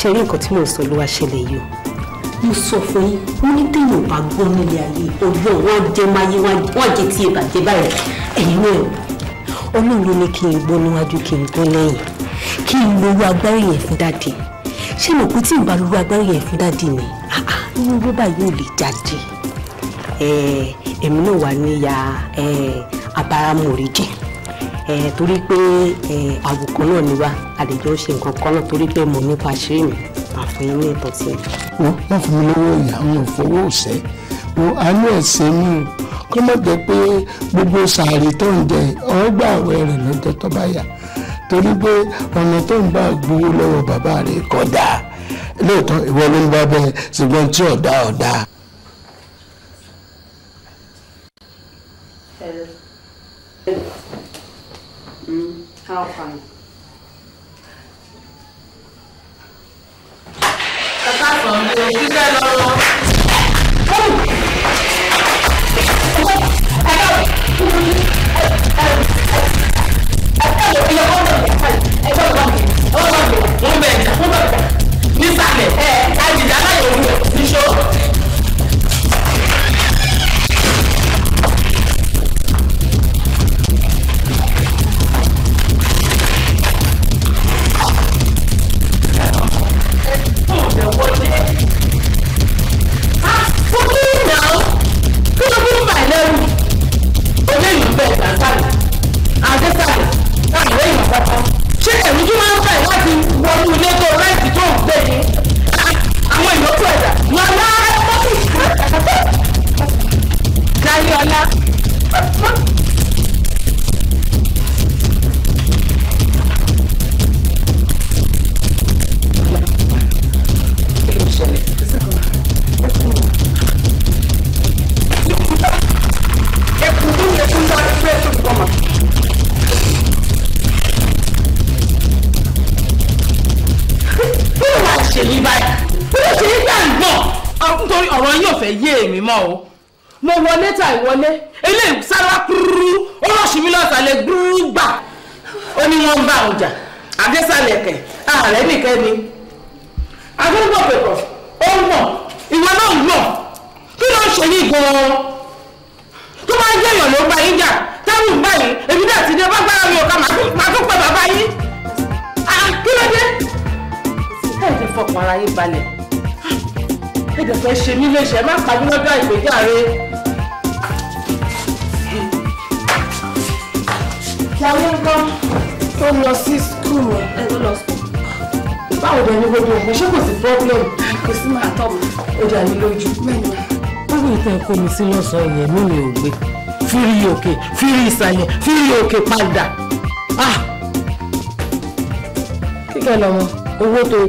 ṣe rí nǹkan tí mò ń sọ ló wá ṣẹlẹ̀ yìí o mo sọ fún yín wọn ní téèyàn bá gbọ́ nílé ayé ọjọ́ wọn jẹ́ máyé wọn jẹ́ tí ìbàjẹ́ báyìí ẹ̀yin náà ọlọ́run ló ní kí n gbọ́ níwájú kí n gbọ́ lẹ́yìn kí n lo agbárí yẹn fún dáàdì ṣé mo kú tí n bá lo agbárí yẹn fún dáàdì ni inú rọ́bà yóò lè jáde èmi náà wà níyà abáramọ̀rí jẹ́ torí pé àwòkọ́ náà ni wá àlejò ṣe nǹkan kan náà torí pé mo nípa ṣeré mi àfún yín ní ìtọ́ sí. wọ́n wọ́n fún mi lọ́wọ́ ìyá wọn fọwọ́ ọ̀sẹ́ wọn àánú ẹ̀sìn mi o kọ́ mọ̀ jẹ́ pé gbogbo sàárè tó ń jẹ ọgbà àwẹ̀ rẹ̀ lọ́jọ́ tó bá yà torí pé ọ̀nà tó ń bá gbowó lọ́wọ́ bàbá rẹ̀ kódà lóòótọ́ ìwọ ló ń bá bẹ́ẹ̀ ṣùgbọ́n tí ọ̀dà ọ̀dà.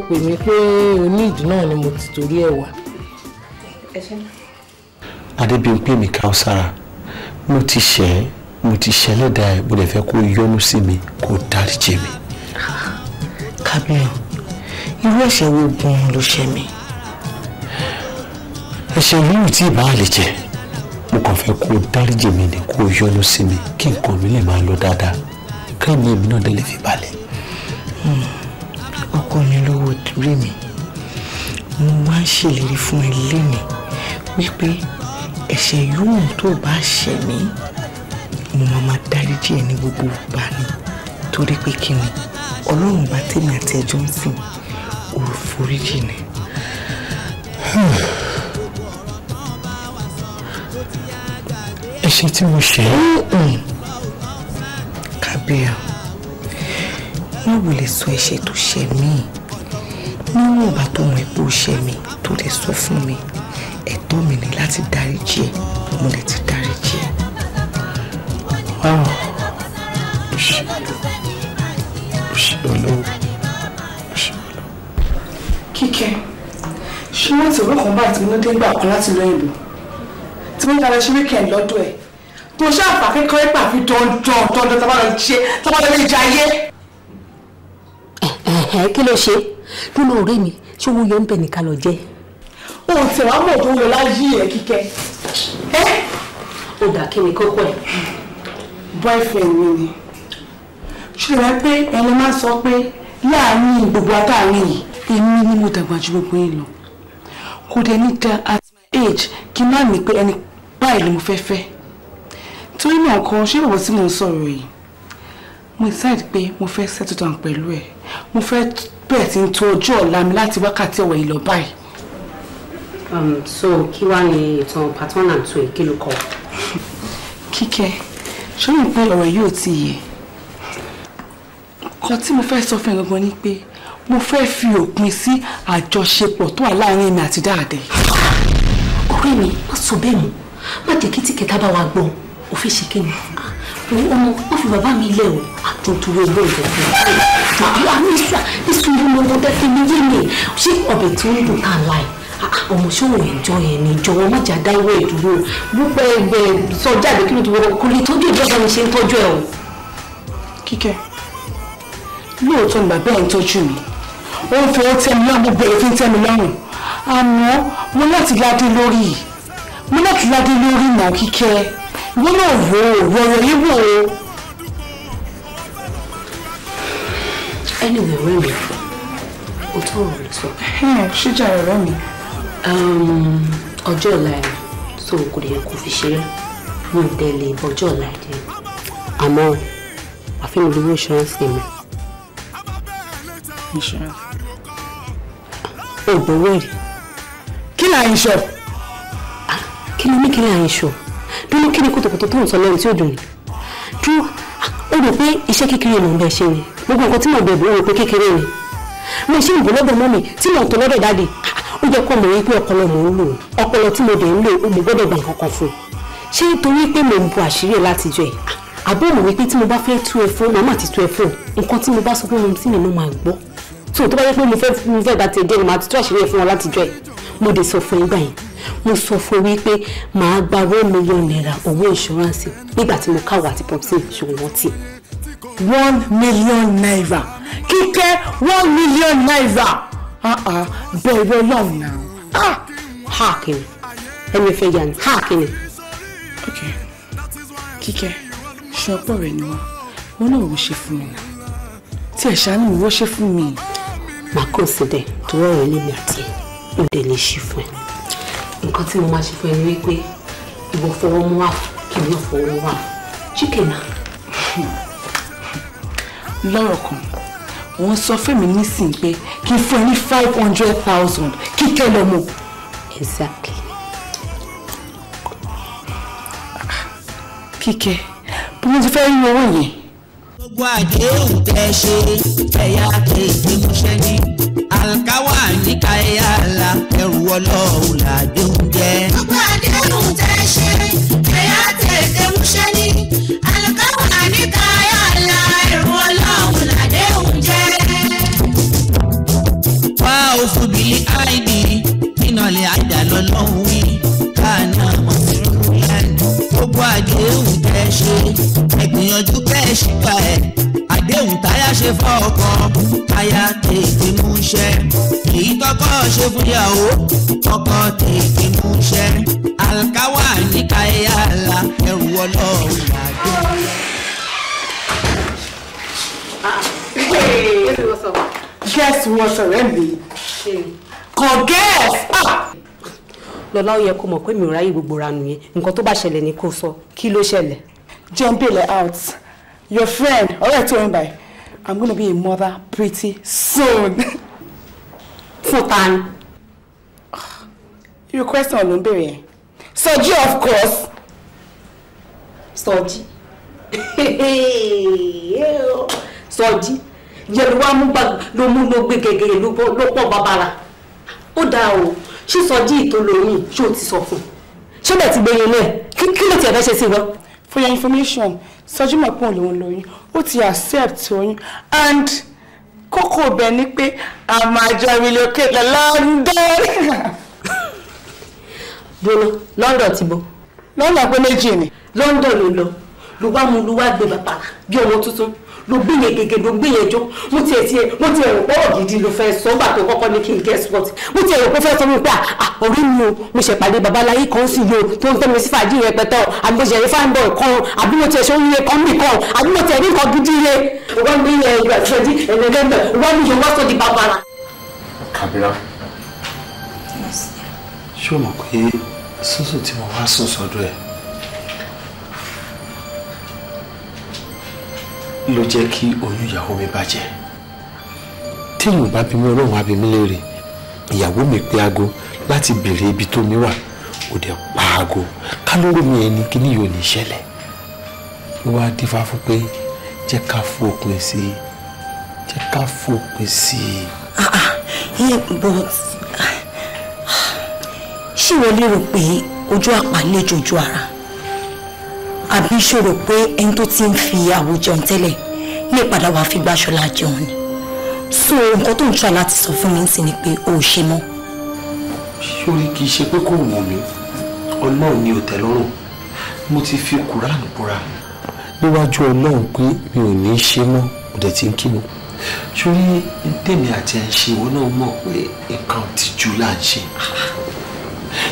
pè mí pé onídìí náà ni mo ti torí ẹ̀ wá. adébíyànpé mi ká ọ sára mo ti ṣẹ̀ ẹ́ mo ti ṣẹ̀ lẹ́dàá ẹ̀ mo lè fẹ́ kó yọ́nú sí mi kó dáríjì mi. kábíyàn irú ẹ̀ṣẹ̀ wo gan-an ló ṣẹ̀ mí. ẹ̀ṣẹ̀ yìí tí ì bá lè jẹ mo kàn fẹ́ kó dáríjì mi ni kó yọ́nú sí mi kí nǹkan mi lè máa lọ dáadáa kẹ́mi èmi náà dé lè fi balẹ̀. Hmm àdúrà mi mo wá ń ṣèlérí fún ẹ lẹ́nìí wípé ẹ̀ṣẹ̀ yóò tó bá ṣẹ̀ mí mo máa ma dáríjì ẹ ní gbogbo ìgbà ni torí pé kí ni ọlọ́run bá tèmi àti ẹjọ́ ń sìn òforíjì ni. ẹ̀ṣẹ̀ tí mo ṣe. kábíyà wọn wò lè sọ ẹ̀ṣẹ̀ tó ṣẹ̀ míì nínú ìgbà tó mọ epo ṣẹ mi tó lè sọ fún mi ẹ̀tọ́ mi ni láti dáríjì ẹ mo lè ti dáríjì ẹ. wáá ṣe ṣe olówó ṣe olówó. kíkẹ́ ṣé wọ́n ti rọ́ọ̀kan báyìí tí mo dé gbà kan láti lọ ìlú tí mo ń kalẹ̀ ṣe wíkẹ̀ǹd lọ́dọ̀ ẹ̀ tó ṣáà fàkẹ́kọ̀ọ́ ẹ̀pà fi dandan dandan tábàlọ́ ṣe tábàlọ́ lè jayé. kí ló ṣe nínú ọ̀rẹ́ mi ṣé owó yọ ń bẹ̀ nìkan lọ jẹ́. o ò tẹ̀wá mọ̀ tó lọ láyé ẹ̀ kíkẹ́ ẹ́ ó dà kí ni kókó ẹ̀. boyfriend mi ni ṣùgbọ́n pé ẹni máa sọ pé láàárín gbogbo àtàrin yìí èmi ni mo dàgbà ju gbogbo yín lọ kò dẹ̀ ní da at my age kí n má ní pé ẹni báyìí ni mo fẹ́ fẹ́ torí náà kan ṣé bàbá tí mo ń sọ̀rọ̀ yìí mo decide pé mo fẹ́ settle down pẹ̀lú ẹ̀ mo fẹ́ bẹ́ẹ̀ ti ń tún ọjọ́ ọ̀la mi láti wákàtí ọ̀wẹ̀ ìlọ báyìí. Um, so kí wàá ní ìtàn pattern and twin kí ló kọ. kíkẹ́ ṣọ́yìn pé ọ̀rọ̀ yóò ti yẹ nǹkan tí mo fẹ́ sọ fún ẹ gangan ni pé mo fẹ́ fi òpin sí àjọṣepọ̀ tó wà láàrin èmi àti dáadé. ọ̀rẹ́ mi má sọ bẹ́ẹ̀ mọ́ má jẹ́ kí tìkẹ́tà bá wa gbọ́n òfin ṣe kí ni ọmọ ó fi bàbá mi lẹ o àtúntúwé ọgbọ́n ìjọba tàbí amísà ìsú ìlú ọmọ tẹ́tí mi yé mi ṣé ọbẹ̀ tó ń dùn ká láì ọmọ ṣé òun ẹ̀jọ́ yẹn ni ìjọba má jà dáwọ́ ìdúró wípé ẹgbẹ́ sọ jáde kí ló ti wọ́n kó lè tọ́jú ìjọba mi ṣe ń tọ́jú ẹ̀ o. kíkẹ́ lóòótọ́ ni bàbá ẹ̀ ń tọ́jú mi ó ń fi owó tẹ́ mi lọ́rùn gbogbo èéfín tẹ́ mi lọ́rùn àmọ́ mo láti ládé lórí mo láti ládé lórí ìmọ̀ kíkẹ́ wọ́n náà wò ó wọ̀rọ̀ yìí wò ó. anyway ọ̀rẹ́ mi ò tó ọ̀rọ̀ lọ sọ. ṣíjà ọ̀rẹ́ mi. Um, ọjọ́ ọ̀la ẹ̀ so kò lè kó fi ṣeré mi ò tẹ̀lé ọjọ́ ọ̀la ẹ̀ jẹ́ àmọ́ àfihàn olówó insurance ni mi. insurance. ògbówó èrè. kí ni àyìnṣọ. Ah, kí ni mí kí ni àyìnṣọ bínú kí ni kòtòkòtò tó ń sọ lẹ́yìn tí ò dùn yìí dúró ó rò pé iṣẹ́ kékeré ló ń bẹ ṣe ni gbogbo nǹkan tí mo bẹ̀ bọ̀ ó rò pé kékeré ni mo ṣe ìbò lọ́dọ̀ mọ́ mi tí mo tó lọ́dọ̀ dáde ó jẹ́ kó mọ̀ wípé ọpọlọ mò ń lò ọpọlọ tí mo dẹ̀ ń lò mo gbọ́dọ̀ gbà nǹkan kan fún un ṣé nítorí pé mo ń bu àṣírí ẹ̀ látijọ́ ẹ̀ àbọ̀ mọ̀ wípé tí mo bá fẹ́ tú ẹ fún màmá ti tú ẹ fún nǹkan tí mo bá sọ fún mi tí mi ló máa gbọ́ tó tó bá yẹ pé mo fẹ́ mo fẹ́ gbà tẹ̀ dé ni màá ti tú àṣírí ẹ fún wọn látijọ́ ẹ̀ mo dẹ̀ sọ fún ẹ gbà yẹn mo sọ fún wípé màá gba one million naira owó insurance nígbà tí mo káwọ àti popsi ṣùgbọ́n tí. one million naira kíkẹ́ one million naira bẹ̀rù ọlọ́run náà ha ah, kìnnì ẹni fẹ́ yà ni ha kìnnì. ok kíkẹ́ ṣe ọ̀pọ̀ rẹ̀ ni wọ́n wọn náà wọ́n ṣe fún mi náà tí ẹ̀ ṣáà ni wọ́n ṣe fún mi. màá kàn sí dẹ̀ tó rọrùn lèmi àti ẹ̀ ń ṣí fún ẹ nǹkan tí mo máa ṣe fún ẹ ni wípé ìwọ fọwọ́ mú wà kí n fọwọ́ mú wà chikena. lọ́rọ̀ kan wọ́n sọ fẹ́mi nísìnyí pé kí n fún ẹ ní five hundred thousand kíkẹ́ lọ́mọ. exactly. kíkẹ́ bí mo ti fẹ́ rí owó yẹn. gbogbo àdéhùn tẹ ṣe ẹ̀yà kéde mọ́ṣẹ́ ní káwá níka ẹ̀yà la ẹrù ọlọ́run là gbé ń jẹ. gbogbo àdéhùn tẹ ṣe ẹ̀yà tètè múṣẹ́ ní àlùkáwà níka ẹ̀yà la ẹrù ọlọ́run là gbé ń jẹ. wá o fún bíi áìdì ìnàlẹ̀ àjà lọ́lọ́run wí káàná mọ̀sílùmí lẹ́nu gbogbo àdéhùn tẹ ṣe ẹ̀gbìyànjú kẹ́ ẹ̀ ṣípa ẹ̀ léwu táyà ṣe fọ́ ọkọ aya tètè múṣẹ́ èyí tọ́kọ ṣe fún yàwó ọkọ tètè múṣẹ́ alkawa níka ẹ̀yà àlà ẹrù ọlọ́run làjọ. guess what ọ̀rẹ́ mi kàn guess. Ah! lọ́lá ó yẹ kó mọ̀ pé mi ò ráyè gbogbo ranù yẹn nǹkan tó bá ṣẹlẹ̀ ni kó sọ kí ló ṣẹlẹ̀. jump bail out your friend all right tó ń báyìí i'm gonna be a mother pretty soon. fún ta ni. irú question ló ń béèrè Soji of course. Soji Soji yẹn ló wá mú ló mú ló gbé gègé no pọ̀ bàbàrà ó dáa o she Soji ìtòlóyìn ṣé o ti She fún un ṣé bẹ́ẹ̀ ti gbé yẹn náà kí ló tiẹ̀ fẹ́ ṣe sí for your information sọjúmọ̀ pọ̀ lòun lóyún ó ti accept oyún and kókó ibẹ̀ ni pé a máa jọ relocate lọ London. bolo London ti bo. London pé méjì ni. London ló lọ ló wá mú lu wá gbé bàbá bí ọmọ tuntun ló gbé yẹn gègé ló gbé yẹn jó mo tiẹ̀ tiẹ̀ mo tiẹ̀ rò pọ́rọ̀ gidi ló fẹ́ sọ gbà tó kọ́kọ́ ní kí n guest spot mo tiẹ̀ rò pé fẹ́ sọ mi pé ah, ah, ọ̀rẹ́ mi o mo ṣẹ̀ pàdé babaláyé kan sì yo tó ń tẹ́ mi sí fàájì yẹn pẹ́tọ́ àbí mo ṣẹ̀ rí fáńbọ̀ kan àbí mo tiẹ̀ ṣe oríire kan mi kan àbí mo tiẹ̀ rí nǹkan gidi yẹn wọ́n mi yẹn ìlú àtijọ́dí ẹ̀lẹ́lẹ́mẹ̀ wọ́n mi wọ́n sọ o mọ̀ ló jẹ́ kí oyún ìyàwó mi bàjẹ́ tí mo bá bí mi ọlọ́run á bí mi léèrè ìyàwó mi pé aago láti béèrè ibi tó mi wà ó dẹ̀ pa aago kálórò mi ẹni kíní yóò ní ṣẹlẹ̀ ló wá dífá fún pé jẹ́ ká fòpin sí i jẹ́ ká fòpin sí i. Ah, ah, ah, ṣé ìwọ lérò pé ojú àpá lè jojú ara àbí ṣòro pé ẹni tó ti ń fi àwo tẹ́lẹ̀ lè padà wàá fi gbàṣọlá jẹun ni so nǹkan tó ń ṣọ́ láti sọ fún mi sí ni pé o ò ṣe mọ́. sórí kì í ṣe pé kò wọ̀n mí ọlọ́run ni ò tẹ́ mo ti fi kùránù búra níwájú ọlọ́run pé mi ò ní í ṣe mọ́ mo dẹ̀ ti ń kírun sórí tèmi àti ẹ̀ ń ṣe ìwọ náà mọ̀ pé nǹkan tìjú là ń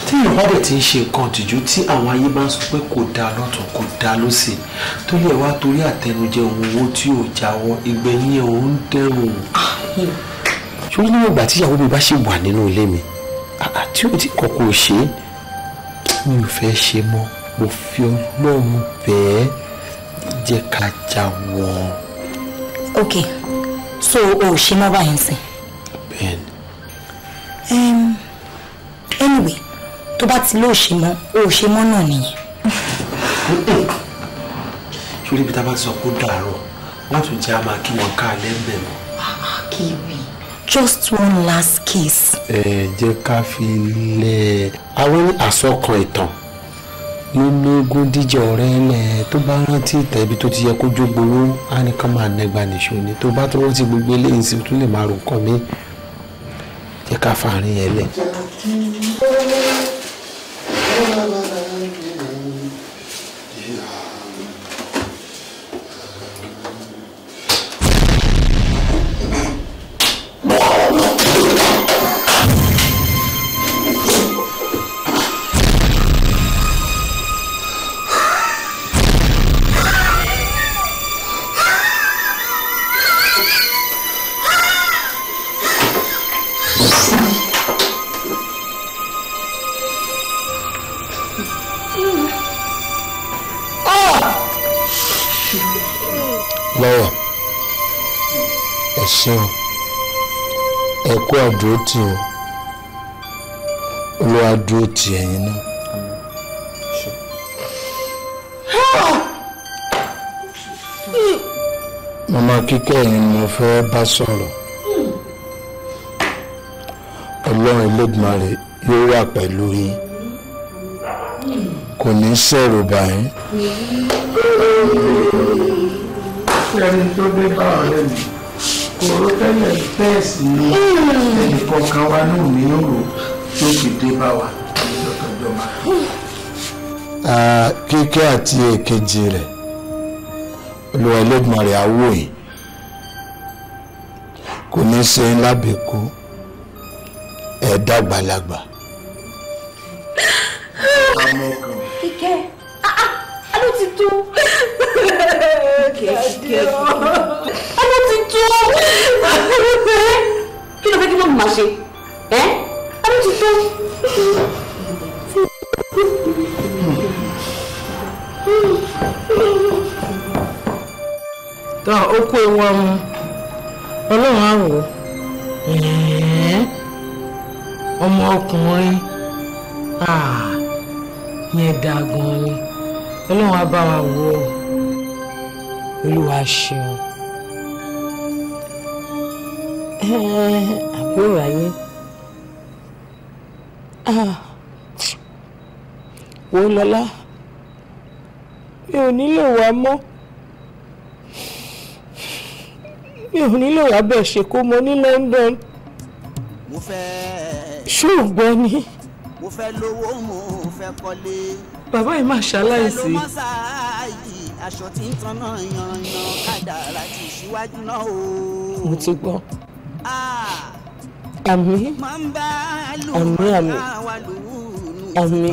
tí yorùbá dẹ̀ ti ń ṣe nǹkan ìtìjú tí àwọn ayé bá ń sọ pé kò dáa lọ́tún kò dáa lọ́sì tó lè wá torí àtẹnujẹ òun owó tí ò jáwọ́ ìgbẹ̀yìn òun dẹ̀rùn. ṣùgbọ́n níwọ̀n ìgbà tí ìyàwó mi bá ṣì wà nínú ilé mi tí ò ti kọ̀kọ̀ ṣe mi ò fẹ́ ṣe mọ́ mo fi ọlọ́run bẹ́ẹ̀ jẹ́ ká jáwọ́. ok so o ò ṣe mọ́ báyìí sìn. bẹ́ẹ̀ni. anyway tó bá ti lóò ṣe mọ́ o ò ṣe mọ́ náà nìyẹn. sórí ibi tá a bá ti sọ kó dàárọ̀ wọ́n tún jẹ́ a kí wọn ká lẹ́gbẹ̀ẹ́ mọ́. Ah, kiwi just one last kiss. ẹ jẹ́ ká fi lẹ̀ àwọn àsọkàn ìtàn lólógún díjẹ ọ̀rẹ́ ẹlẹ tó bá rántí ìtàn ibi tó ti yẹ kó jógbowó á ní ká máa nẹgba nìṣó ni tó bá tó rántí gbogbo eléyìí sí tún lè máa rò kàn mí jẹ́ ká fàárín yẹn lẹ̀. Thank you. ó dúró tì ọ́ olúwa dúró tì ẹ̀yin náà. màmá kíkẹ́ yìí ni mo fẹ́ bá sọ̀rọ̀ ọlọ́run Elédùmarè yóò wà pẹ̀lú yín kò ní sẹ̀rù báyìí. ṣé ẹni tó dé bá ọ̀rẹ́ mi ọ̀rọ̀ tẹ́lẹ̀ bẹ́ẹ̀ sì ni ẹnìkan kan wa náà ní òrò tí ó fi dé bá wa lọ́tọ̀ọ̀jọ́ máa. kíkẹ́ àti èkejì rẹ̀ olùwà ẹlẹ́gbọ̀n rẹ̀ awòye kò ní ṣe lábẹ́kú ẹ̀ẹ́dàgbàlagbà. kíkẹ́ a ah, ah, ló ti tó. kíkẹ́ kíkẹ́ kí ló fẹ́ kí mọ́mí máa ṣe ẹ́ adé ti tó. tán ó kó ewu ọmọ ọlọ́run á wò ọmọ ọkùnrin ah, yẹn dáa gan ni ọlọ́run á bá wa wò ó olúwa ṣeun àbúrò ayé ah. wo lọ́lá mi ò nílò wá mọ́ mi ò nílò wá bẹ̀ ṣe kó mọ ní London ṣùgbọ́n ni mo fẹ́ lówó mo fẹ́ kọ́lé. bàbá yìí máa ṣaláìsí. mo fẹ́ mo ti gbọ́ àmì àmì àmì àmì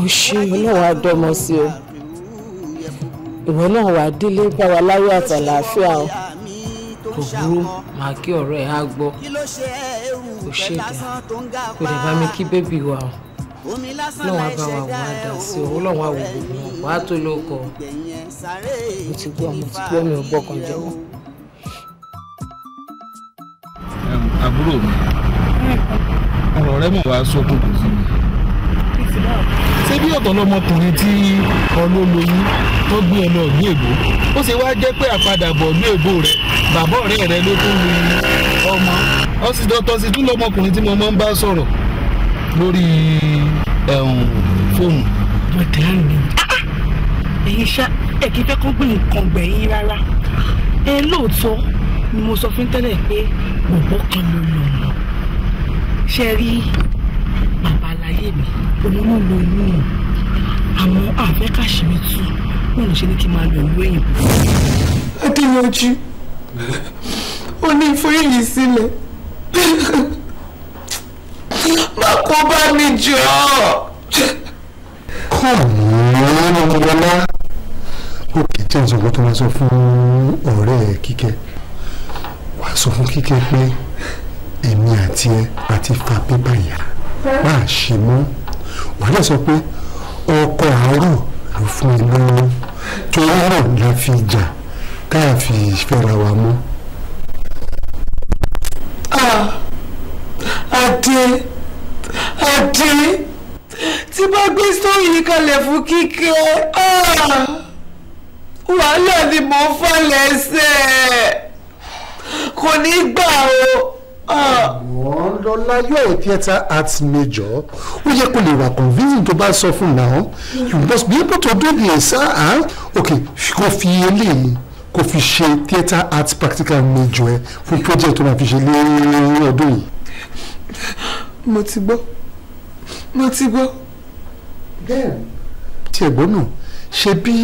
òṣè ọlọ́wà dọ́mọ sí o ìwọ náà wà délé bá wa láyé àtàlàáfíà o kò burú màá kí ọ̀rọ̀ ẹ̀ á gbọ́ kò ṣèdá kò lè bá mi kí bébì wa o lọ́wọ́n á bá wa wọ́n á dà sí o lọ́wọ́n á wò gbogbo wọn wàá tó lóko mo ti gbọ́ mi ò gbọ́kànjẹ́ wọn. àbúrò mi ọ̀rọ̀ rẹ mọ̀ wá sọ́kùn kò sí mi. ṣé bí ọ̀tọ̀ lọmọkùnrin tí ọlọ́ lóyún tó gbé ẹ lọ ní èbó ó ṣe wá jẹ́ pé àpadàbọ̀ ní èbó rẹ bàbá ọ̀rẹ́ rẹ ló tó lu ọmọ ọ̀sìdọ̀tọ̀ sì tún lọmọkùnrin tí mo máa ń bá sọ̀rọ̀ lórí fóònù. bọ̀dá mi ẹ̀yin ṣá ẹ̀ fẹ́ kó gbé nǹkan gbẹ̀yìn rárá ẹ lóòótọ́ ni mo sọ fún tẹ́lẹ̀ pé bọ̀bọ̀ kan ló lọ lọ ṣe rí bàbá aláyé mi òun náà lo inú ọ̀ àmọ́ àfẹ́kàṣírí tú wọn ló ṣe ní kí n máa lọ ìlú èyìnbó. akíyanjú ó ní fóyìlì sílẹ̀ má kó bá mi jọ. kọ́ọ̀nù ọ̀nà ọ̀gbọ́n náà ó kì tó máa sọ fún ọ̀rẹ́ kíkẹ́ sọ fún kíkẹ́ pé èmi àti ẹ àti fa pépà yà má a ṣe mọ́ wàá dẹ̀ sọ pé ọkọ àárọ̀ ló fún mi lọ́wọ́ torí náà la fi jà káà fi fẹ́ra wa mọ́. adé adé tí bá gbé sóyìn yìí kalẹ̀ fún kíkẹ́ wàhálà ni mò ń falẹ̀ kò ní gbà o. Ah. wọ́n lọ́la yóò theatre arts major ó yẹ kó lè wà convincing tó bá sọ fún now you must be able to do this ah ok kò fi eléyìí kò fi ṣe theatre arts practical major ẹ fún project tó máa fi ṣe ní ọdún yìí. mo ti gbọ́ mo ti gbọ́. bẹ́ẹ̀ tí ẹ̀gbọ́n náà ṣe bí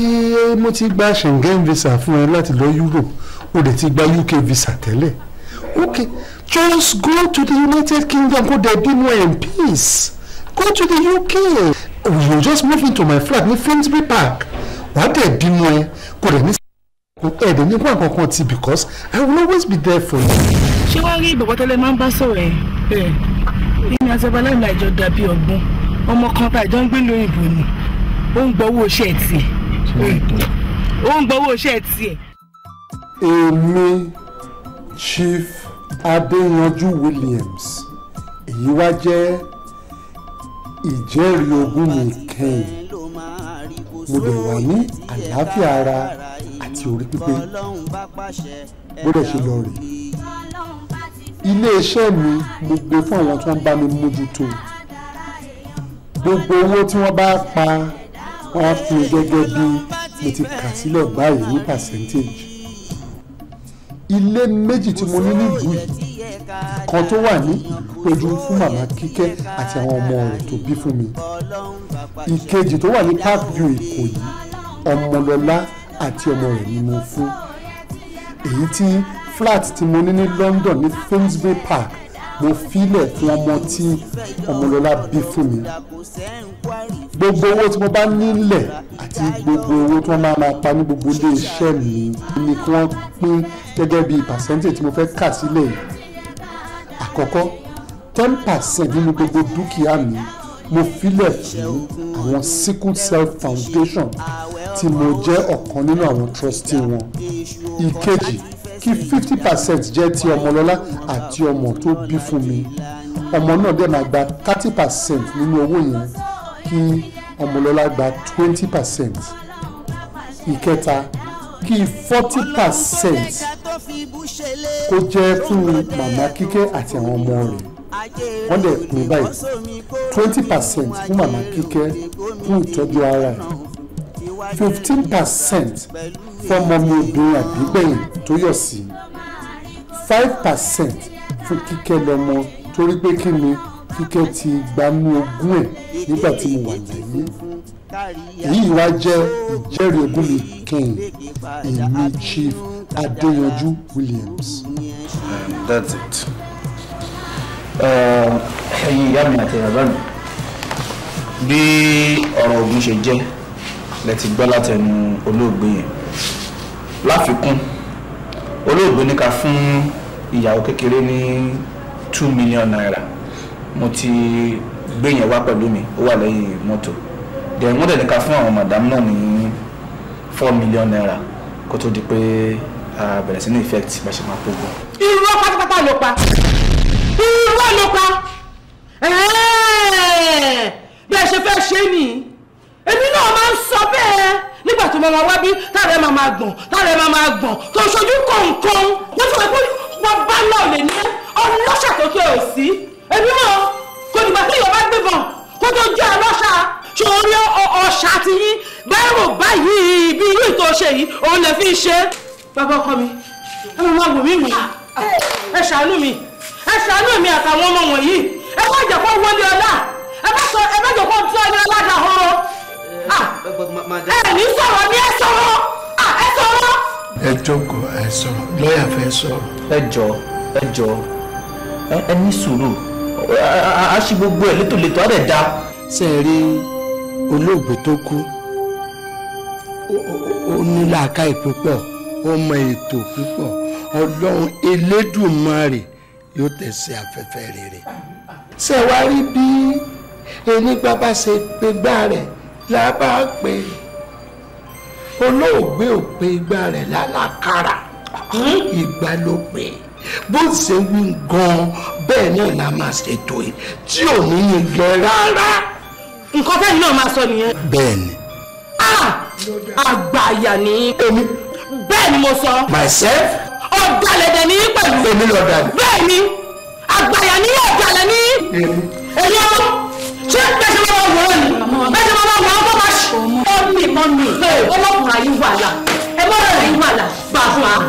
mo ti gba Schengen visa fún ẹ láti lọ Europe o lè ti gba UK visa tẹ́lẹ̀ ok just go to the United Kingdom kó dẹ̀ bímọ in peace go to the UK you just move into my flat ní Finsbury Park wàá dẹ̀ bímọ ẹ kó dẹ̀ ní ẹ̀dẹ̀ nígbà kankan ti because I will always be there for you. ṣé wàá rí ìbọ̀kọ́tẹ́lẹ̀ máa ń bá sọ̀rọ̀ ẹ̀ bẹ́ẹ̀ èmi àti ọbalẹ́nu àìjọ dàbí ọ̀gbun ọmọ kan tá àjọ ń gbé lóyìnbó ni ó ń gbowó iṣẹ́ tiẹ̀ ó ń gbowó iṣẹ́ tiẹ̀ èmi Chief Adéyanjú Williams èyí wá jẹ́ ìjẹ́rìí ogún mi kẹ́yìn mo lè wà ní àlàáfíà ara àti orí pípé gbọ́dọ̀ ṣe lọ rè iléeṣẹ́ mi mo gbé fún àwọn tí wọ́n bá mi mójútó gbogbo owó tí wọ́n bá pa wọ́n á fún mi gẹ́gẹ́ bí mo ti kà sílẹ̀ báyìí ní percentage ilé méjì tí mo ní nílùú yìí kan tó wà ní ìpéjú fún màmá kíkẹ́ àti àwọn ọmọ rẹ̀ tó bí fún mi ìkejì tó wà ní park view ìkòyí ọmọlọlá àti ọmọ rẹ̀ ni mo fún èyí tí flat tí mo ní ní London ní Finsbury Park mo filẹ̀ fún ọmọ tí ọmọlọ́lá bí fún mi gbogbo owó tí mo bá nílẹ̀ àti gbogbo owó tí wọ́n máa ma pa ní gbogbo ilé iṣẹ́ mi ni kí wọ́n pín gẹ́gẹ́ bí percentage tí mo fẹ́ kà sílẹ̀ àkọ́kọ́ ten percent nínú gbogbo dúkìá mi mo filẹ̀ fún àwọn sickle cell foundation tí mo jẹ́ ọ̀kan nínú àwọn trustee wọn ìkejì kí fifty percent jẹ́ ti ọmọlọ́lá àti ọmọ tó bí fún mi ọmọ náà dẹ̀ máa gba thirty percent nínú owó yẹn kí ọmọlọ́lá gba twenty percent ìkẹta kí forty percent kó jẹ́ fún màmá kíkẹ́ àti àwọn ọmọ rẹ̀ wọ́n dẹ̀ pín báyìí twenty percent fún màmá kíkẹ́ fún ìtọ́jú ara ẹ̀ fifteen percent fọmọ mi obìnrin àbígbẹ̀yìn tó yọ̀ sí five percent fún kíkẹ́ lọ́mọ torí pé kí ni kíkẹ́ ti gbanú ogún ẹ̀ nígbà tí mo wà láyé èyí wá jẹ́ ìjẹ́rìí ogún mi kẹ́yìn èmi Chief Adéyanjú Williams. Um, that's it. ẹ̀yin ìyá mi àti ìyá bá mi bí ọ̀rọ̀ ògùn ṣe jẹ́ lẹ ti gbọ́ látẹnu olóògbé yẹn láfikún olóògbé ní ká fún ìyàwó kékeré ní two million naira mo ti gbé yẹn wá pẹ̀lú mi ó wà lẹ́yìn mọ́tò then wọ́n dẹ̀ ní ká fún àwọn madam náà ní four million naira kó tó di pé bẹ̀rẹ̀ sí ní effect bá ṣe máa pogun. irọ́ pátápátá ló pa irọ́ ló pa bẹ́ẹ̀ ṣe fẹ́ ṣe nìyí èmi náà máa ń sọ bẹ́ẹ̀ nígbà tó máa wá bí táàrẹ̀ máa máa gbọ̀n táàrẹ̀ máa máa gbọ̀n tó ṣojú kọ̀ọ̀kan wọ́n ti wọ́n pé wọ́n bá náà lè ní ọlọ́ṣà tó tó ò sí èmi náà kò nígbà tí Yorùbá gbébọn kó tó jẹ́ ọlọ́ṣà sórí ọ̀ṣà ti yín bẹ́ẹ̀rù báyìí bí irú ìtò ṣe yìí òun lè fi ṣe. bàbá ọkọ mi ẹ máa wò mí mú ẹ ṣàánú mi ẹ ṣàánú mi àtàwọn ọmọ wọ̀nyí ẹ má jẹ́ kó wọlé ọlá ẹ má jẹ́ kó tún ọlá ọlá dà họ́rọ́. Ah! ẹ ní sọ̀rọ̀ ni ẹ sọ̀rọ̀ ah, ẹ sọ̀rọ̀. ẹ jókòó ẹ sọ̀rọ̀ lọ́ọ̀yà fẹ́ sọ̀rọ̀. ẹ jọ ẹ jọ ẹ ní sùúrù a ṣe gbogbo ẹ létòlétò á dẹ̀ da. ṣe é rí olóògbé tó kú ó ní làákàyè púpọ̀ ó mọ ètò púpọ̀ ọlọ́run elédùnmarè yóò tẹ̀sí afẹ́fẹ́ rere ṣe wá rí bí enígbà bá ṣe pe gbá rẹ̀ la bá pè olóògbé ò pe igba rẹ̀ lálàkàrà hmm? ìgbà ló pè bó ṣe wí gan bẹ́ẹ̀ náà la máa ṣètò ẹ̀ tí ò ní yín lọ rárá. nǹkan tẹ́yìn náà máa sọ nìyẹn. bẹ́ẹ̀ ni. Ah! àgbàyà ni. èmi. bẹ́ẹ̀ ni mo sọ. myself. ọ̀dàlẹ̀ dẹ̀ ní pẹ̀lú. èmi lọ dàlẹ̀. bẹ́ẹ̀ ni àgbàyà ni ọ̀dàlẹ̀ ní. èmi. èmi ọmọ ṣé bẹ́ẹ̀ ṣe máa wọ̀ ọ́ ni bẹ́ẹ̀ ṣe máa nìkan ni ọlọ́kùnrin ayé wà là ẹ bá rẹ̀ ayé wà là bàbá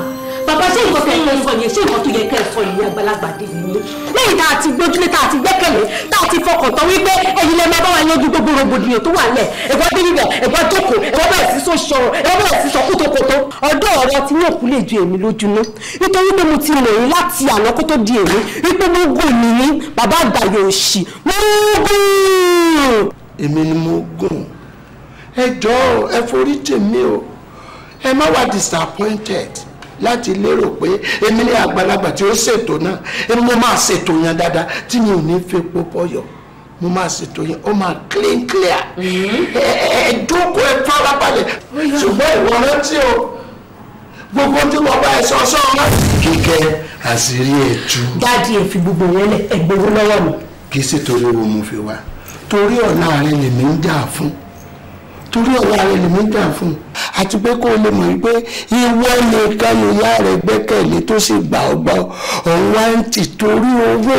bàbá ṣé nǹkan tẹ̀ ẹ sọ yẹn ṣé nǹkan tó yẹ kẹ́ ẹ sọ yẹn àgbàlagbà dé nìyẹn lẹ́yìn tá a ti gbójúlé tá a ti gbẹ́kẹ̀lé tá a ti fọkàn tán wípé ẹ̀yin lẹ́ẹ̀ bá wa yanjú gbogbo rògbòdìyàn tó wà lẹ̀ ẹ̀gbọ́n dé níbọ̀ ẹ̀gbọ́n jókòó ẹ̀gbọ́n bẹ̀rẹ̀ sí sọ ṣọ̀rọ̀ ẹ̀gbọ́n bẹ̀rẹ̀ sí sọ kótókótó. ọ̀dọ́ ọ̀rọ̀ tí yóò kú lè ju èmi lójú ná nítorí pé mo ti mọ̀ yín láti àná kó tó di èmi wípé mo gùn nìyí bàbá àgbà yóò ṣì mo gùn. èmi ni mo gùn ẹ jọ̀ọ́ ẹ forí jì mí o ẹ má wà disappointed láti lérò pé èmi ní àgbàlagbà tí ó ṣètò náà èmi mo máa ṣètò yẹn dáadáa tí mi ò ní fepo bọyọ mo máa ṣètò yẹn ó máa clean clear mm-hmm. ẹ jókòó ẹ farabalẹ̀ ṣùgbọ́n ìwọ rántí o gbogbo tí wọn bá ẹ sọ sọ ọ. kíkẹ́ àṣírí ẹ̀ tú. dáàdi ẹ fi gbogbo yẹn lẹ ẹ gbowó lọ́wọ́ mi. kì í ṣètò owó mo fi wá torí ọ̀la rẹ lèmi ń dà fún torí ọ̀la rẹ̀ lèmi ń dà fún un àti pé kó o lè mọ̀ wípé ìwọ nìkan nìyá rẹ̀ gbẹ́kẹ̀lé tó sì gbà ọ́ gbọ́ òun wá ń tì torí owó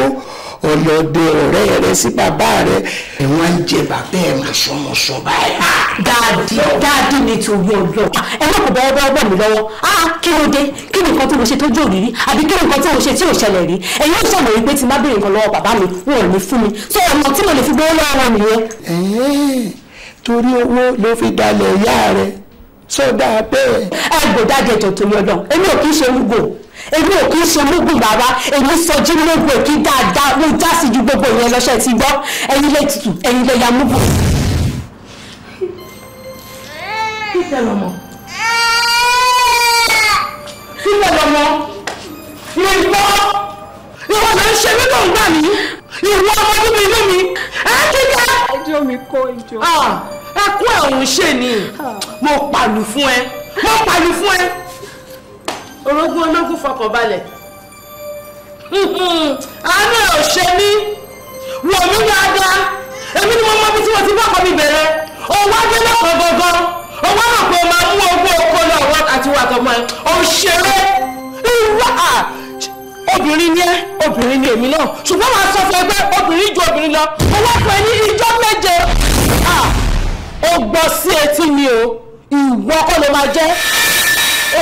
ọlọ́dẹ ọ̀rẹ́ rẹ sí bàbá rẹ ẹ̀wọ̀n ń jẹ bàbá ẹ̀ máa sọmọsọ báyìí. dáàdì dáàdì nítorí ọlọ ah, ẹ má kò bá ọgbà ọgbà mi lọ́wọ́ á ah, kí ló dé kí ni nǹkan tó mo ṣe tó jò rírí àbí kí ni nǹkan tó mo ṣe tí ò ṣẹlẹ̀ rí ẹ̀yin ò ṣàlàyé pé tí n bá nǹkan lọ́wọ́ bàbá mi wọn ò ní fún mi sọ ọ̀nà tí mo lè fi gbowó lọ́wọ́ nìyẹn torí owó ló fi dalẹ̀ ìyá rẹ̀ sọ́dà bẹ́ẹ̀. ẹ gbọ́dọ̀ àjẹjọ tó yọ náà èmi ò kì í ṣe olúgbò èmi ò kì í ṣe olúgbò bàbá èmi sọjí lóògùn èkí dáadáa mo já sí ju gbogbo ìyẹn lọ́sẹ̀ ti gbọ́ ẹ̀yin lè tutù ẹ̀yin lè ya múbù. kíkẹ́ lọ́mọ kíkẹ́ lọ́mọ mi gbọ́ ìwọ ló ń ṣe mí lóun gbà ìwọ ọmọdún mi inú mi ẹ kíkẹ́. ẹjọ́ mi kọ́ ìjọ. ẹkún ẹ̀ òun ṣe ni mo pàlù fún ẹ mo pàlù fún ẹ. orogún ológun fọkàn balẹ̀ àánú ẹ̀ ò ṣe mí wọ̀ mí dáadáa èmi ni mo mọ ibi tí mo ti bá ọkọ mi bẹ̀rẹ̀ òun adé lọ́kọ̀ gangan òun á mọ̀ pé o máa mú ogún oko lọ àti wàtọ̀ mọ́ ẹ òun ṣeré ìwà obìnrin ni ẹ obìnrin ni èmi náà ṣùgbọ́n màá sọ fún ẹ pé obìnrin ju obìnrin lọ owó fún ẹ ní ijọ́ méje ó gbọ́ sí etí mi o ìwọ kọ́ ló máa jẹ́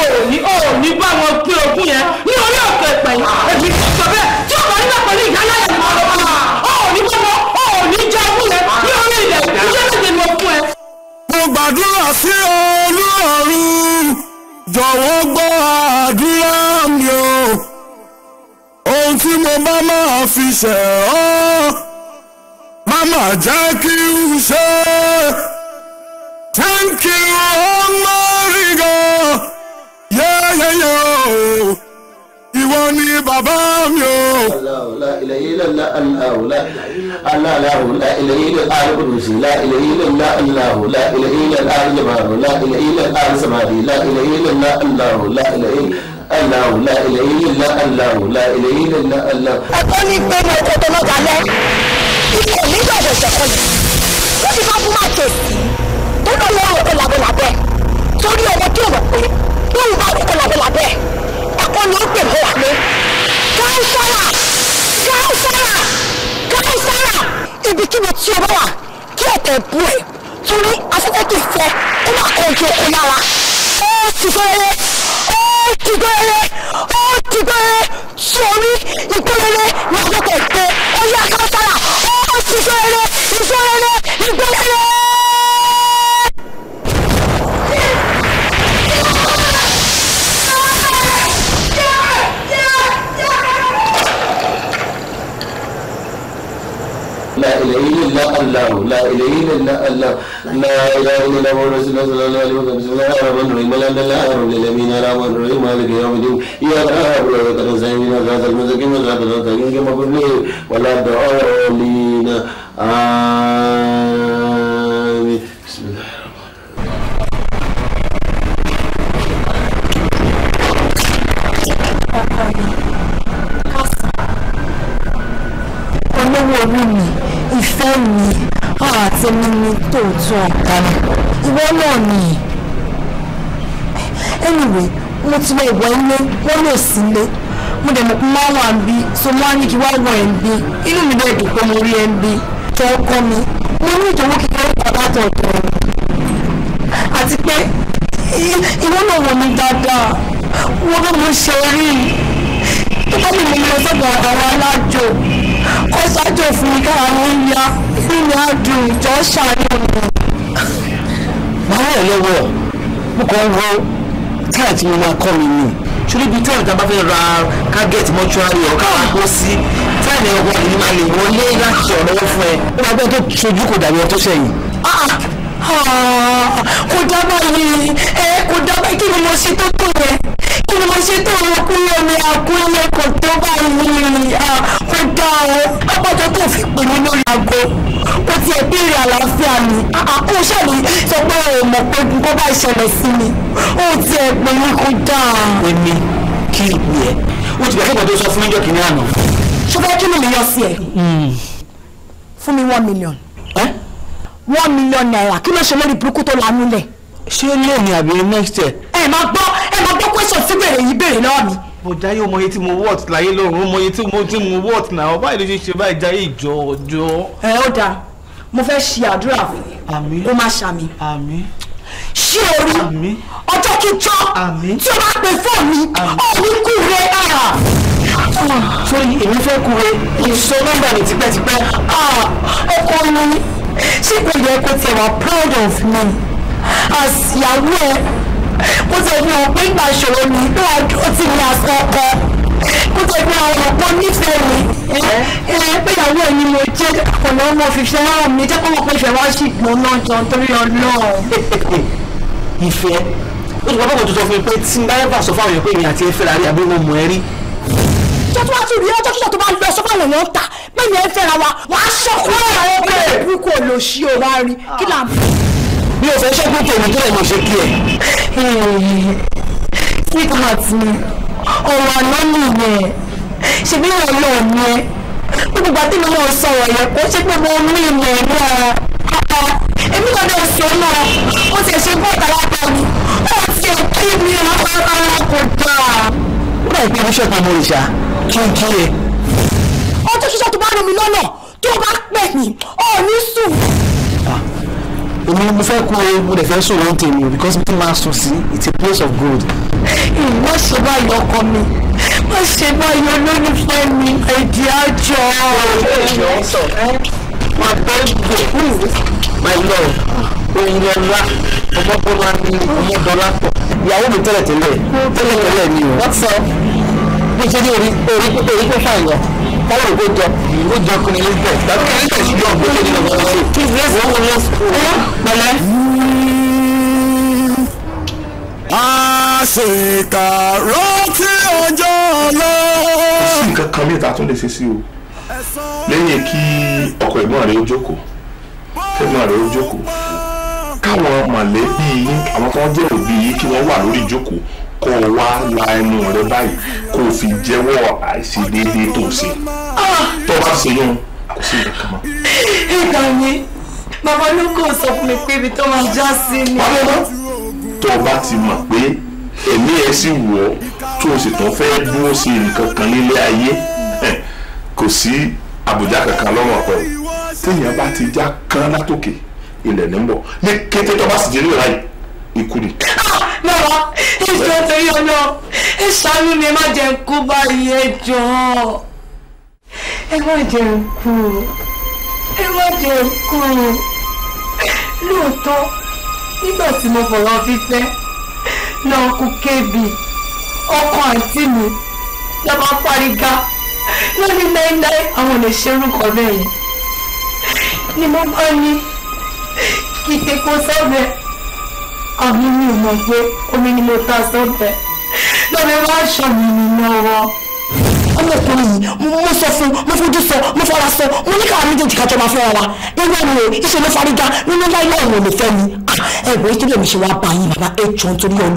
òní òní bá wọn gbé ogún yẹn ní orí òkè pẹ̀lú èmi kò sọ bẹ́ẹ̀ tí ọ̀gá nígbà pẹ̀lú ìyálà ẹ̀ máa lọ bá òní bọ́ òní jẹ́ ogún yẹn ní orí ilẹ̀ ìjẹ́ méje ni mo fún ẹ. mo gbàdúrà sí Olúwa jọ̀wọ́ gbọ́ àdúrà mi o tí mo bá máa fi ṣẹ̀ ọ́ má má jẹ́ kí n ṣe. Thank you, Almighty God. Yeah, yeah, yeah. Ìwọ ni bàbá mi o. Aláwòlá ilẹ̀ yìí lọ́la aláwòlá aláwòlá ilẹ̀ yìí lọ́la alùpùpùsì lá ilẹ̀ yìí lọ́la aláwòlá ilẹ̀ yìí lọ́la alùpùpùsì lá ilẹ̀ yìí lọ́la alùpùpùsì lá ilẹ̀ yìí lọ́la alùpùpùsì lá ilẹ̀ yìí lọ́la alùpùpùsì lá ilẹ̀ yìí lọ́la alùpùpùsì lá aláwò la ilẹ̀ yìí lè la aláwò la ilẹ̀ yìí lè la aláwò. ẹ̀kọ́ ní pé mo kò tó lọ́gàá lẹ́ ikọ̀ nígbà ìbẹ̀jẹ̀ kan yìí ó ti bá fún àkèsí tó lọ́ lọ́rùn ọkọ̀ làbẹ̀làbẹ̀ torí ọmọ tí ò mọ̀ pé lóun bá ọkọ̀ làbẹ̀làbẹ̀ ẹ̀kọ́ ni ó pè mọ́ wa pé káúsára káúsára káúsára ibikíbi tí o bá wà kí ẹ̀tẹ̀ bú ẹ̀ torí afẹ́fẹ́ kìí fẹ́ kó má kọjú ọkọ̀ lára ó ti fẹ́rẹ́ Otigere, Otigere, Sori, Igberere, Nyagbokete, Oya Kansala, Otigere, Igberere, Igberere. لا إله إلا الله لا إله إلا الله لا إله إلا هو رسول الله صلى الله عليه وسلم الرحمن الرحيم لا لله رب العالمين الرحمن الرحيم مالك يوم الدين إياك نعبد وإياك نستعين من صراط المستقيم صراط الذين أنعمت عليهم غير المغضوب عليهم ولا آمين tèmi ni tòótọ́ ọ̀tá ìwọ náà ni anyway mo ti lọ ìwọ ilé wọn lè sílé mo dẹ̀ mọ̀ pé máa wà ń bí so mo á ní kí wá wọ̀ ẹ̀ ń bí inú mi dẹ̀ dùn pé mo rí ẹ̀ ń bí tọ́ ọkọ mi mo ní ìdánwò kékeré kan látọ̀dọ̀ rẹ̀ àti pé ìwọ náà wọ̀ mí dáadáa wọ́n bí mo ṣe rí i tó bá lè mú mi lọ sọ́dọ̀ àwọn alájò kó ṣáájò fún mi kára ló ń yá ẹbí mi á dùn ìjọ ṣàánú mi. màá wọ̀ lọ́wọ́ mo kàn wọ táyà tí mo máa kọ́ mi nù ṣùgbọ́n ibi táyà tá a bá fẹ́ ra target mọ́túárì ọ̀ká wà kó sí táyà ní ọgbà yìí máa lè wọlé láti sọ̀rọ̀ lọ́wọ́ fún ẹ. ó máa bẹ́ẹ̀ tó ṣojú kò dàbí ọ tó ṣẹ̀yìn ah, ah, ah, kò dábàá yìí ẹ kò dábàá kí ni mo ṣe tó tó yẹ kí ni mo ṣe tó wọn kú omi àkú ilé kò tó báyìí ó dá o ọpọjọ tó fi pè mí lórí aago kò tiẹ̀ béèrè àlàáfíà mi àkó sàmì sọ pé o mọ̀ pé kó bá ìṣẹ̀lẹ̀ sí mi ó tiẹ̀ pè mí kó dáa. èmi kí ìpè ẹ ó ti bẹ kí ìpàdé sọ fún mi jọ kìnìún àná. ṣé fẹ́ kí mi yọ sí ẹ. Hmm. fún mi one million. one million naira kí ló ṣe lórí burúkú tó lanú lẹ̀. ṣé lónìí àbí next question tí bèrè yìí bèrè lọ́wọ́ mi. mo jayé o mọye tí mo wọ́ọ̀t láyé lọ́rùn o mọye tí mo tí mo wọ́ọ̀t náà báyìí ló ṣe ṣe báyìí jayé ìjọ ọjọ́. ẹ ó dáa mo fẹ́ ṣe àdúrà fún yín ó má ṣàmì ṣé o rí ọjọ́ kíjọ́ tí o bá pe fóònù mi ò ara. sórí èmi fẹ́ kú re ìṣó nọ́mbà mi tipẹ́tipẹ́ ọkọ mi ṣé kò yẹ kó tiẹ̀ wá proud of me as ìyàwó ẹ kó tó fi hàn pé ìgbà ìṣòro mi tó àdúró tì mí àsọ ọkọ kó tó fi hàn ọ̀pọ̀ nífẹ̀ẹ́ mi ẹ pé ìyàwó ẹ̀ ni mo jẹ́ ọ̀nà ọmọ òfìfẹ́ hàn mi jẹ́ kó mọ̀ pé ìfẹ́ wá sí ìgbóná jọ torí ọlọ́ọ̀. ìfẹ́ ó ti bàbá kan tó sọ fún mi pé tí n bá yẹ́fà sọ fáwọn èèyàn pé èmi àti ẹ fẹ́ra rí àbí mo mọ̀ ẹ́ rí. ìjọ tó bá ti rí ọjọ́ kíjọ tó bá lọ sọ fáwọn èèyàn ta bẹ́ẹ̀ ni ẹ fẹ́ra wa wàá ṣọ̀kọ́ ẹ̀ àwọn ọmọ ẹ̀ burúkú ò lò sí o wá rí kí là ń bọ̀ mi ò fẹ́ ṣẹ́gun tèmi tó lè mọ̀ ṣe kí ẹ. sweetheart mi ọ̀rọ̀ àná nìyẹn ṣebí wọn lọ mi ẹ gbogbo àti mi náà sọ̀rọ̀ yẹn kó ṣe pé mo mú ìmọ̀ ẹ̀mí ara èmi kan náà sọ náà ó ti ṣe bọ́ọ̀tà lápapọ̀ ó ti kí mi rárá kò dáa. ó dà bí irúṣẹ́ kan mo lè ṣá kí n kí ẹ. ọjọ́ ṣíṣe tó bá rìn mí lọ́nà tó bá pè mí ò ní sùn. Ah èmi mo fẹ́ kú o mo dẹ̀ fẹ́ sùn lọ́n tèmi o because mi ti máa sùn it's a place of gold. ìwọ ṣe báyọ̀ ọkọ mi má ṣe báyọ̀ olólùfẹ́ mi èdè àjọ. my baby my love oyinlọla ọmọbọlá ni ọmọdọlá pọ ìyàwó mi tẹ́lẹ̀ tẹ́lẹ̀ tẹ́lẹ̀ tẹ́lẹ̀ mi o. wọ́n sọ bí ṣe ní orí orí pé fàyàn káwọn òkú jọ ó jọ kún ilé bẹ̀ tàbí kí ilé ìṣúná ọ̀gbọ́n tó nínú ọ̀gbọ́n tó kí ilé ìṣúná ọ̀gbọ́n tó kú. pẹ̀lẹ́. àṣìkà rántí ọjọ́ lọ. kò sí nǹkan kan mẹ́ta tó lè ṣe sí o lẹ́yìn kí ọkọ ẹ̀gbọ́n rẹ̀ ó jókòó ẹ̀gbọ́n rẹ̀ ó jókòó káwọn mọ̀lẹ́bí àwọn tó ń jẹ́ òbí yìí kí wọ́n wà lórí ìjókòó kó o wá la ẹnu rẹ báyìí kó o fi jẹ́wọ́ àìṣedéédéé tó o ṣe ah! tó o bá ṣe yún kò sí ìdàkà mọ́. ìgbà mi bàbá ló kò sọ fún mi pé ibi tó máa já sí ni. tó o bá ti mọ̀ pé ẹ̀mí ẹ sì wọ̀ ọ́ tó o sì tún fẹ́ dúró sí nǹkan kan nílé ayé kò sí àbùjá kankan lọ́rùn ọ̀pẹ o téèyàn bá ti já kán látòkè ilẹ̀ ní ń bọ̀ ní kété tó bá sì jẹ́ níwèé láyìí ikú ni. bàbá ìjọ torí ọ̀nà ẹ ṣàánú mi ẹ má jẹ́ n kú báyìí ẹ jọ ẹ má jẹ́ n kú ẹ má jẹ́ n lóòótọ́ nígbà tí mo fọ̀rọ̀ fífẹ́ náà kú kébì ọkọ àǹtí mi lọ́ba paríga lórí láíláí àwọn lè ṣe orúkọ bẹ́ẹ̀ ni mo bá ní kí n ṣe kó sábẹ́ àmì mi ò mọ̀ pé omi ni mo ta sọ́tẹ̀ lọ́dẹ bá ṣọ mi ní lọ́wọ́. ọmọkùnrin yìí mo sọ fún mo fojú sọ mo fara sọ mo ní káwọn méjèèjì kájọ máa fẹ́ra wa ewé mi ò iṣẹ́ ló fárígá nínú láyé ọ̀run ò lè fẹ́ mi. ẹ̀rọ ìtúlẹ̀ mi ṣe wá bá yín bàbá ẹ̀jọ̀ nítorí ọlọ́ọ̀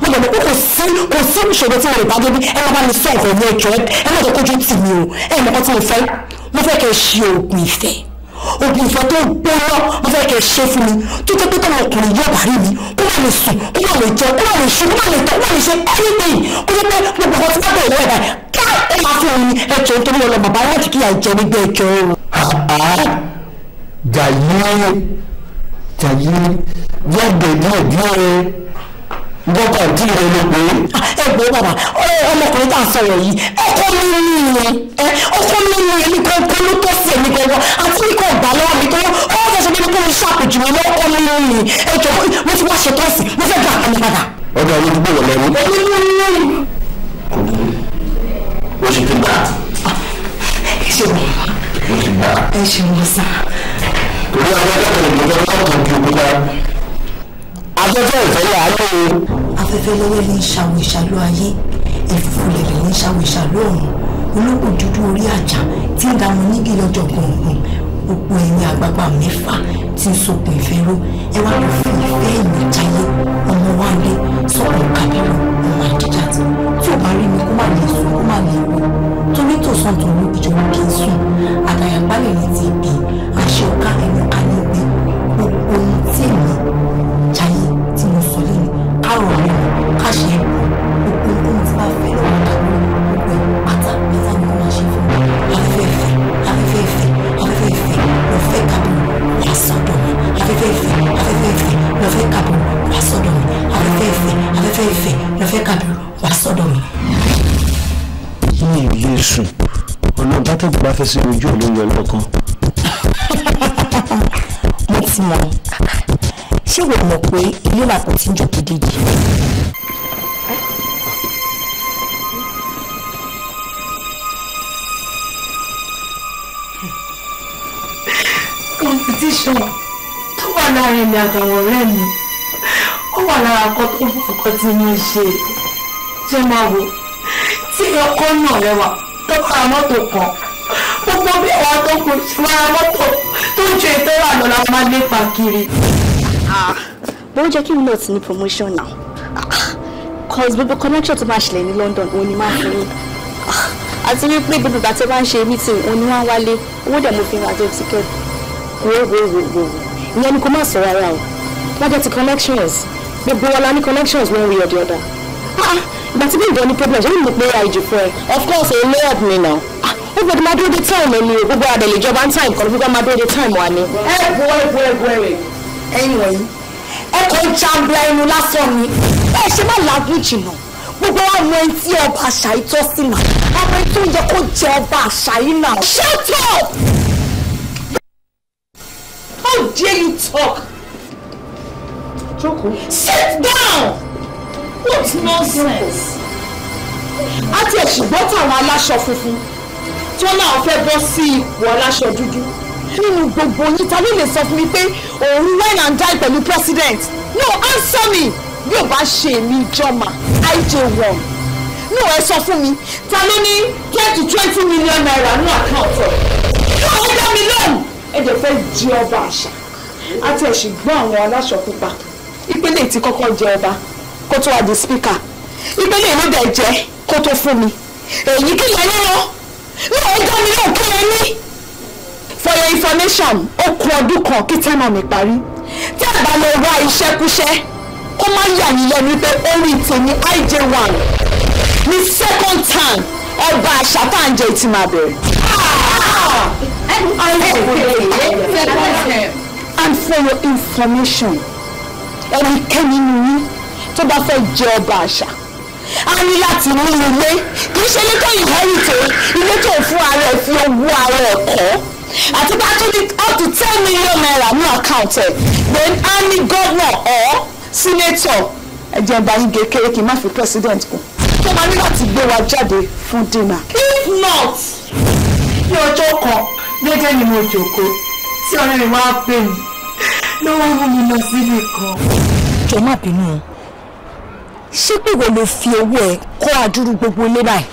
mo lọ mọ̀ kò sí kò sí ìṣòro tí mo lè bá bí ẹ bá mi sọ ọ̀rọ̀ ní ẹ̀jọ̀ ẹ má jẹ́ kójú tì mí o ẹ̀ mọ̀kọ́ tí mo fẹ́ mo fẹ́ kẹ́ ṣe oògùn ìfẹ́ oògùn ìfẹ́ tó gbóná mo fẹ́ kẹ́ ṣe fún mi tó jẹ́ pé táwọn ọkùnrin yóò bá rí mi kó má lè sùn kó má lè jẹ kó má lè ṣe kó má lè tọ́ kó má lè ṣe everything kó jẹ́ pé gbogbo ọkọ̀ tí wọ́n bẹ̀rẹ̀ wẹ̀ ká ó máa fún mi ẹ̀jọ̀ nítorí ọlọ bàbá láti kí àìjẹ nígbà ẹ̀jọ̀ o. jàyé jàyé jẹ́ gbẹ̀díẹ̀ díẹ̀ bọ́bà díì rẹ ló pé. Ah, ẹ gbọ́ bàbá ọmọkùnrin tá a sọ̀rọ̀ yìí ọkọ mi ní ìyẹn ọkọ mi ní ìyẹn ní ló tọ́ sí ẹ̀mí gbọ́ngàn àti ní kò gbà lọ́wọ́ mi tó ó fẹ́ sọ pé kó mi ṣàpèjì mi lọ́kọ mi ní ẹ jọ mo ti wá ṣe tọ́sí mo fẹ́ gbà kàn padà. ọjọ́ àwọn olùgbò wọlé mi. èmi ní kò ní o ṣe ti gbà. Ah, ẹ ṣe wọ. ẹ ṣe wọ sá afẹ́fẹ́ ìfẹ́ là o lóye. afẹ́fẹ́ lọ́wọ́ ní ìṣàwò ìṣàlù ayé ìfúnlẹ̀lẹ̀ ní ìṣàwò ìṣàlù ọ̀run olókùn dúdú orí àjà tí ń dààmú nígi lọ́jọ́ gbọ̀ngàn òpó ẹ̀yìn àgbààgbà mẹ́fà tí ń sokùn ìfẹ́ ró ẹ wá lọ fún ìfẹ́ ìlú jayé ọmọ wa lé sọ̀rọ̀ kábírù ọmọ àdìjà tí ò bá rí mi kó má lè sùn kó má lè wò torí tòsán tòun ìjọba kì í sùn àtàyàpá lè ní ti bì àṣẹ ọ̀ká ẹni ká ní gbé gbogbo ohun tí èmi lọ fẹ́ kàbọ̀ wá sọ́dọ̀ mi afẹ́fẹ́ ìfẹ́ afẹ́fẹ́ ìfẹ́ lọ fẹ́ kàbọ̀ wá sọ́dọ̀ mi. mi ò lè sùn ọ̀nà dátẹ́gùn bá fẹ́ sí ojú ò ló ń yọ lọ́kàn. mo ti mọ ṣé wo mọ̀ pé ilé làpọ̀ tí ń jọ gidigidi. competition láàrin èmi àtàwọn ọ̀rẹ́ mi ó wà lára ọkọ tó fún ọkọ tí mo ṣe ṣé máa wò tí ọkọ náà rẹwà tó ká mọ́tò kan gbogbo bí ẹ̀wà tó kù ṣe máa mọ́tò tó ju ètò ìwà lọ la máa gbé pa kiri. bó ah, jẹ́ kí mi náà ti ní promotion now cause gbogbo connection tó máa ṣẹlẹ̀ ní London òun ni máa fi yín àti wípé gbogbo ìgbà tó bá ń ṣe meeting òun ni wọ́n wálé owó dẹ̀ mo fi ń ra tó ticket wo wo wo wo ìyẹn ni kò má sọ rárá o wọ́n jẹ́ ti connections gbogbo wọn la ní connections one way or the other ah, ìgbà tí bíi ìdán ní problem ṣé mo pé àìjù fún ẹ. of course o lay up me now. Ah, ó gbọ́dọ̀ máa dúró de time ẹni o gbogbo adẹ̀ lè jọba ń time kan gbogbo máa dúró de time wa ni. ẹ bu ẹ bu ẹ bu ẹ rẹ ẹ̀yin wọ̀nyí ẹ kò ń jambla ẹnu lásán ni ẹ ṣe má làágùn jìnnà gbogbo wa mọ ẹni tí ọba àṣà yìí tọ́ sí mà ọmọ ẹni tó yẹ kó jẹ ọba àṣà yìí náà. shut up dare you talk? Jókòó. Sit down! What nonsense! A ti ẹ̀sùn gbọ́ tàwọn aláṣọ funfun tí wọ́n náà fẹ́ bọ́ sí ipò aláṣọ dúdú. Nínú gbogbo yín ta ló lè sọ fún mi pé òun wine and dine pẹ̀lú president? No answer me! Bí o bá ṣe èmi ìjọ́mà, IJ1. No ẹ sọ fún mi, ta ló ní ten to twenty million naira ní àkáǹtì? Yóò wọ́n dá mi lóhùn! Ẹ jẹ́ fẹ́ di ọba àṣà àti ẹ̀sìn gbọ́ àwọn aláṣọ pupa ìpele ti kọ́kọ́ jẹ ọba kó tó wá di spíkà ìpele ìlú dẹ̀ jẹ kó tó fún mi èyí kí lọ lọ́wọ́ náà ó dá mi náà kí ẹ ní. for your information ó kù ọdún kan kí tẹ́nà mi parí tí a bá lọ wá iṣẹ́kúṣẹ́ kó má yà yín lẹ́nu pé orí tèmi IJ1 ní second time ọba àṣà tá à ń jẹ ìtìmọ̀ àbẹ̀rẹ̀. second time and for your information ẹnikẹ́ni ni yín tó bá fẹ́ jẹ ọba àṣà a ní láti ní ilé kì í ṣe ilé tó ìhẹ́rìtì ilé tó fún ara ẹ̀ fi owó ara ẹ̀ kọ́ àti bá tó ní up to ten million naira ní account ẹ̀ then a ní governor or senator ẹ̀jẹ̀ ìbáyé kékeré kì í má fi president kù tó máa ní láti gbé wa jáde fún dinner. if not ní ọjọ́ kan déédéé ni mo jòkó tí ọ̀rẹ́ mi wá pè mí ló wá mú mi lọ síbi kan. jọ má bínú o ṣé pé wo ló fi owó ẹ kọ́ àdúrú gbogbo ilé báyìí.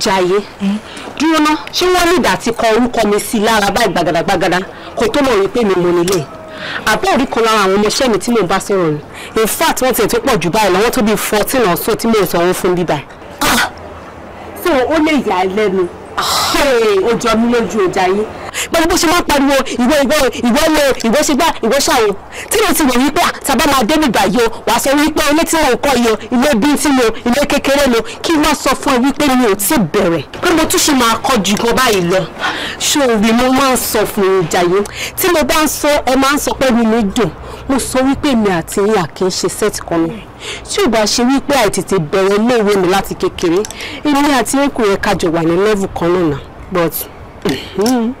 jàyé dúró ná ṣé wọ́n ní ìdá ti kọ orúkọ mi sí i lára báyìí gbàgàdàgbàgàdà kò tó mọ̀ wípé mi mo nílé àbọ̀ orí kan lára àwọn ọmọọṣẹ́ mi tí mò ń bá sọ̀rọ̀ ni in fact wọ́n tiẹ̀ tó pọ̀ jù báyìí lọ́wọ́ tó bíi fourteen or so tí mò ń sanwó fún bíbá. so ah! ó lè yà á lẹ́nu ah, ó jọ mí lójú ọjà yín pẹ̀lú bó ṣe máa ń pariwo ìwọ ìwọ ìwọ lọ ìwọ ṣe gbá ìwọ ṣàwọn tí mo ti wò wípé tàbá máa dé nígbà yìí o wà á sọ wípé ilé tí wọn kọ yìí o ilé bí tí mo ilé kékeré lọ kí wọn sọ fún ẹ wípé mi ò tí bẹ̀rẹ̀ pé mo tún ṣe máa kọ jù gan báyìí lọ ṣé òwe mo máa ń sọ fún ìjà yìí tí mo bá ń sọ ẹ máa ń sọ pé mi mi dùn mo sọ wípé mi àti yín àkì ń ṣe set kan mi tí ò bá ṣe wípé àìtètè bẹ̀rẹ̀ iléèwé mi láti kékeré èmi àti yín kò yẹ ká jọ wà ní level kan náà but. Mm-hmm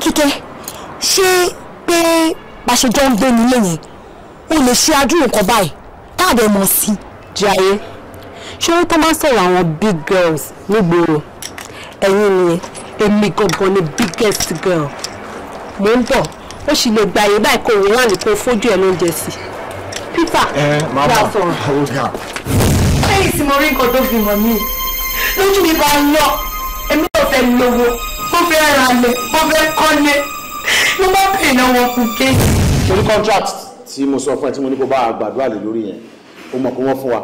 kíkẹ́ ṣé pé bá ṣe jọ ń gbé nílé yẹn o lè ṣe adúrò nǹkan báyìí táàdé mọ̀ sí. jaiye ṣé wọ́n tó máa ń sọ̀rọ̀ àwọn big girls nígboro ẹ̀yin ni èmi gangan ni biggest girl mo ń bọ̀ ó sì lè gba àyè báyìí kó wòran ní kó fojú ẹ̀ lóúnjẹ sí peter bá a sọ̀rọ̀. lẹ́yìn tí mo rí nǹkan tó fi hàn mí lójú mi bá ń lọ èmi ò fẹ́ lówó ó fẹ́ ra lẹ̀ ó fẹ́ kọ́lé ló má bèèrè lọ́wọ́ kù kéèkì. torí contract tí mo sọ fún ẹ tí mo ní kó bá àgbàdo àlè lórí yẹn ó mọ̀ pé wọ́n fún wa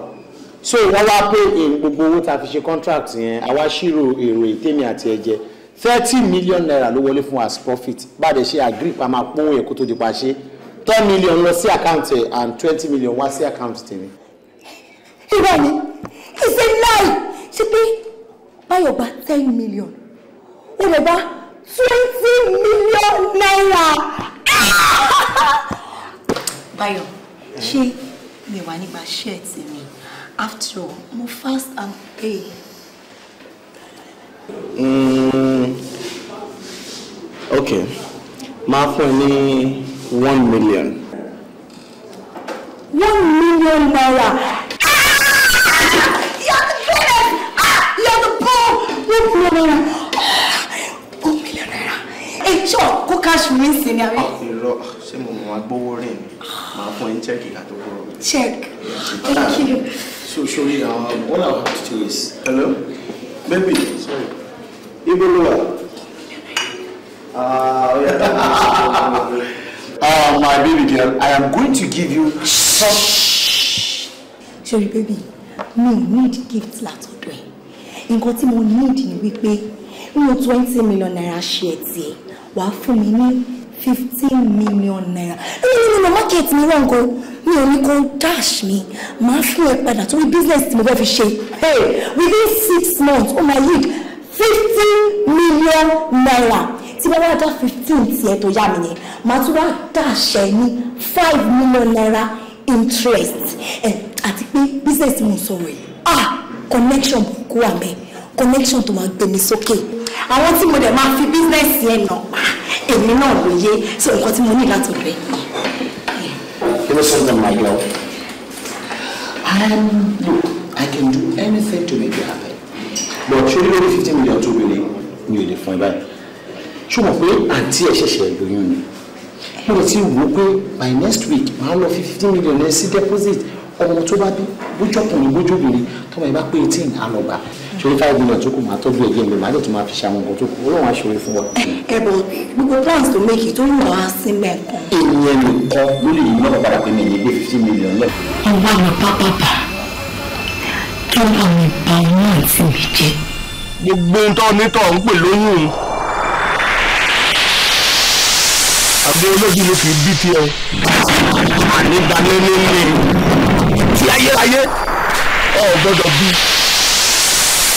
so wọ́n wá pé gbogbo owó tá a fi ṣe contract yẹn àwa ṣírò èrò ètèmi àti ẹ̀jẹ̀ thirty million naira ló wọlé fún as profit bá a dẹ̀ ṣe agree pa máa pọ́n èkó tó di pa ṣe ten million lọ sí àkáǹtì ẹ̀ and twenty million wá sí àkáǹtì tèmi. ìwọ ni ìṣe láì ṣe pé báyọ̀ gba ten million ó lè gba twenty million naira. Báyọ̀ ṣé mi wà nígbà shirt mi after all mo fast and pay. Mm, okay máa fún ẹ ní one million. one million naira. cash mi sí ni àbí. irọ́ ṣé mo mọ̀ wá gbówó rìn máa fún ẹni check ìgbà tó kúrò. check thank you. so sorry um, all our house to is. hello baby sorry ibo ló wà. Uh, my baby girl, I am going to give you some. Sorry, baby, mi need gift látọ̀dọ̀ ẹ̀. Nǹkan tí mo need ni wípé mi ò twenty million naira ṣe ẹ̀ tiẹ̀ wàá fún mi ní fifteen million naira no no no no market mi wọ́n go mi ò ní kó dash mi máa fún ẹ padà torí business tí mo fẹ́ fi ṣe hey within six months oh my lead fifteen million naira tí bá wá dá fifteen tiẹ̀ tó yá mi yẹn màá tún wá dash ẹ ní five million naira interest ẹ àti pé business mi sọ̀rọ̀ yìí ah connection kó wà mẹ́ connection tó máa gbé mi sókè. Okay àwọn tí mo dẹ̀ máa fi bísínẹ́sì ẹ̀ nà pa èmi náà ló yé so nǹkan tí mo ní láti rẹ̀ yẹn. listen to my girl I'm, look I can do anything to make you happy but ṣé lórí fifteen million tó wele ni o lè fún ẹ báyìí ṣé o mọ̀ pé àǹtí ẹ̀ ṣẹ̀ṣẹ̀ lóyún ni mo lè ti wò pé by next week màá lọ fi fifteen million ẹ sí deposit ọmọ tó bá bí bójú ọkùnrin bójú obìnrin tọmọ ẹ bá pé eighteen àlọ́gbà ṣorí five million tó kù máa tọ́jú ẹ̀gẹ́ mi máa tẹ̀tún máa fi ṣàwọn nǹkan tó kù ọlọ́run aṣọre fún wa. ẹ̀bùn gbogbo plans tó méjì tó yàn wá sí mẹ́ẹ̀kan. ènìyàn nìkan ló lè yí mọ́tò padà pé mi ní gbé fifty million lẹ̀. ọwọ́ mi pápápá tó bá mi bá wọn àti mi jẹ. gbogbo ń tọ́ nítọ̀ ń pè lóyún un. àbí olójú ló fi bí tiẹ̀. àníbalẹ̀ ní ní ti ayérayé ọ̀ gbọ́dọ̀ bí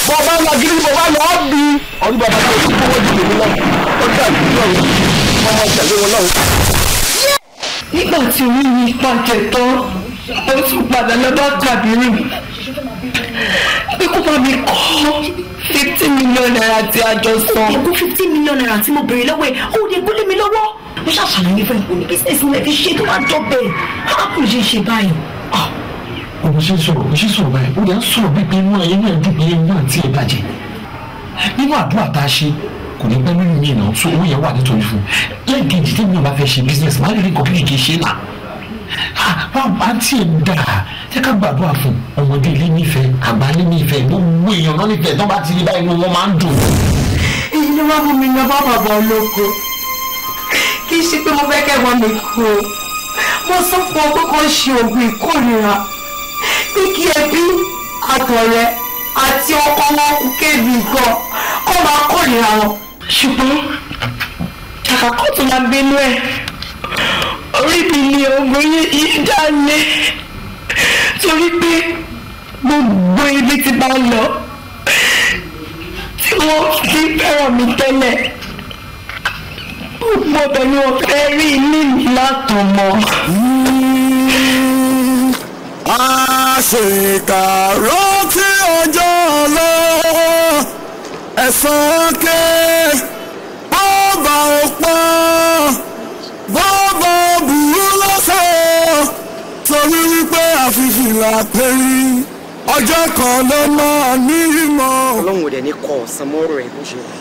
bọ́ bá ń lọ gidi bọ́ bá lọ bí ọdún bàbá tó ti kówó di èmi náà ó dà bí lọ́rùn ọmọ tẹ̀lé wọn náà. nígbà tí orí mi pàjẹ́ tán ó tún padà lọ́dọ̀ Kàbírù pé bá mi kọ́ fifty million naira tí a jọ sọ. ẹ̀gbọ́n fifty million naira tí mo béèrè lọ́wọ́ ẹ̀ ó lè gbólé mi lọ́wọ́. mo ṣàṣàlàyé fún ní bísíǹsì mi fi ṣe tó bá jọ bẹ́ẹ̀ á kò ọ̀rọ̀ ṣe ń sọ̀rọ̀ ṣe ń sọ̀rọ̀ báyìí ó yà ń sọ̀rọ̀ bíi pé inú ayé náà dùn pé inú àti ẹ̀ bàjẹ́ nínú àdúrà tá a ṣe kò ní pẹ́ nínú mi náà so owó yẹn wà nítorí fún lẹ́ẹ̀kejì tí mi ò bá fẹ́ ṣe business máa rí nǹkan kékeré ṣe là àǹtí ẹ̀ dà jẹ́ ká gbàdúrà fún ọmọdé ilé nífẹ̀ẹ́ àgbà ilé nífẹ̀ẹ́ gbogbo èèyàn náà nífẹ̀ẹ́ tó bá ti rí báyìí wọn máa ń dùn. èyí ni wọ́n mú mi lọ bá bàbá olóko kì í ṣe pé mo fẹ́ kẹ́wọ́n mi kú mo sọ fún ọ pé kò ń ṣe oògùn ìkórìíra ní kí ẹbí àtọ̀rẹ́ àti ọkọ wọn kú kébì gan kọ́ máa kórìíra wọn. ṣùgbọ́n kàkàkọ́ máa ẹ̀ orí ni yìí torí pé gbogbo ibi bá lọ tí wọ́n ti fẹ́ràn mi tẹ́lẹ̀ gbogbo ọbẹ̀ ni wọ́n fẹ́ rí àṣìkàró tí ọjọ́ lọ ẹ̀sán ké bọ́ọ̀bà òpó bọ́ọ̀bà burú lọ́sọ̀ torí wípé àfihìlà péri ọjọ́ kan ló máa ní ìmọ̀. ọlọ́run ò dẹ̀ ní kọ ọ̀sán mọ́rọ̀ ẹ̀ bó ṣe wà.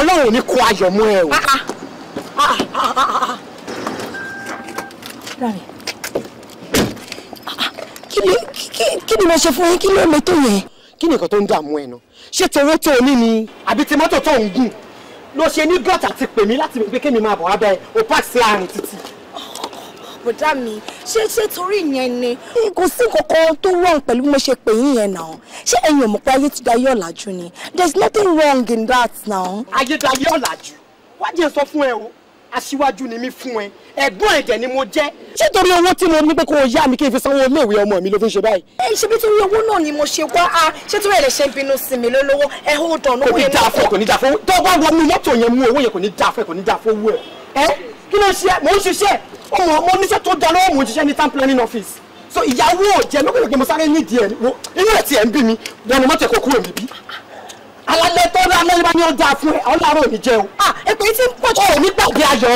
ọlọ́run ò ní kọ ayọ̀ mọ́ ẹ o. Ah, ah, ah, láàrin kí ni mo ṣe fún yín kí ló le tó yẹn. kí ni nǹkan tó ń dààmú ẹ náà ṣé tèrè tó o ní ni àbí ti mọ́tò tó ń gùn ló ṣe ní gọ́tà ti pè mí láti pé kémi máa bọ̀ wá bẹ́ẹ̀ o park sí àárín títì. bùdá mi ṣé ṣé torí ìyẹn ni kò sí kankan tó wrong pẹ̀lú mo ṣe pè yín yẹn náà ṣé ẹ̀yin ò mọ̀ pé ayé ọ̀làjú ni there is nothing wrong in that now. ayé dayé ọ̀làjú wájú ẹ sọ fún ẹ o aṣíwájú ni mí fún ẹ ẹ̀gbọ́n ẹ̀jẹ̀ ni mo jẹ́. ṣé torí owó tí mo ní pé kó o yá mi kí n fi sanwó iléèwé ọmọ mi ló fi ṣe báyìí. ẹ ṣe bí torí owó náà ni mo ṣe wá a ṣé torí ẹ lè ṣe bínú sí mi lólówó ẹ ó dànù. kò ní dáa fún ẹ kò ní dáa fún ẹ tó o bá wọnú owó yẹn kò ní dáa fún kò ní dáa fún owó ẹ. ẹ kí ló ṣe mò ń ṣiṣẹ́ ọmọ mo níṣẹ́ tó da lọ́wọ́ mò ń ṣiṣẹ́ ní town planning office so ìyàwó ò jẹ lókèlókè mo sáré nídìí ẹ inú ẹ̀ tiẹ̀ ń bí mi wọn ni mọ́tò ẹ̀kọ́ kúrò níbí alalẹ tó rí alẹ́ bá ní ó dáa fún ẹ ọlọ́run ò ní jẹun. èpè tí ń pọ̀ jù. o ò ní gbàgbé ayọ̀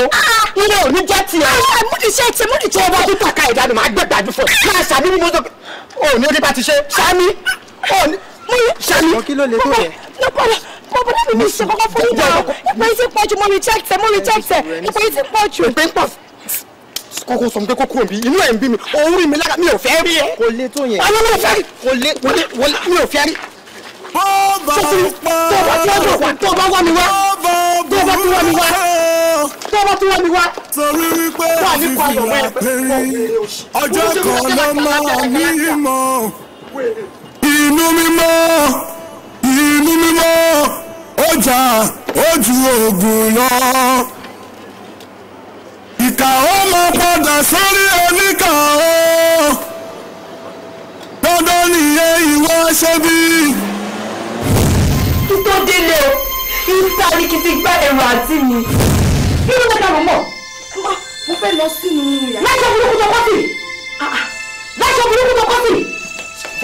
o ilé ò ní jẹ́ tiẹ̀. múdi ṣe ti múdi ṣe. tó o bá tún tàka ìdánù máa gbẹ̀gbàjú fún ẹ máa ṣàmì ní mọ́tò o ò ní orí bá ti ṣe ṣàmì o ò ní ṣàmì. ọkọ kí ló lè tó rẹ. bọ́bọ́lá mi ní ṣe kọ́kọ́ fún ìgbà èpè tí ń pọ̀ jù mo reject ẹ mo reject ẹ èpè tí ń pọ̀ jù. èpè ń pọ̀ kókó sọ pé kókó òbí inú ẹ̀ ń bí mi òun rí mi lára mi ò fẹ́ rí ẹ. kò le tó yẹn. ọlọ́run ò fẹ́ rí. kò le wọlé wọlé mi ò fẹ́ rí sọ́sì tó bá tí wọ́n wà tó bá wà mí wá tó bá tí wà mí wá tó bá tí wà mí wá. torí wípé fífi wà péré ọjọ́ kan ló máa ní ìmọ̀ inú mímọ́ inú mímọ́ ọjà ojú ogun lọ ìkà ó máa padà sórí oníkà ó dandan nìyẹn ìwọ ṣe bí kí tó délé o ìta ni kí ti gbá ẹrù àti mi kí ló dẹ́ka mọ̀ mọ̀. mo fẹ́ lọ sínú yàrá. láṣọ burúkú tó kọ́sì ah, ah. láṣọ burúkú tó kọ́sì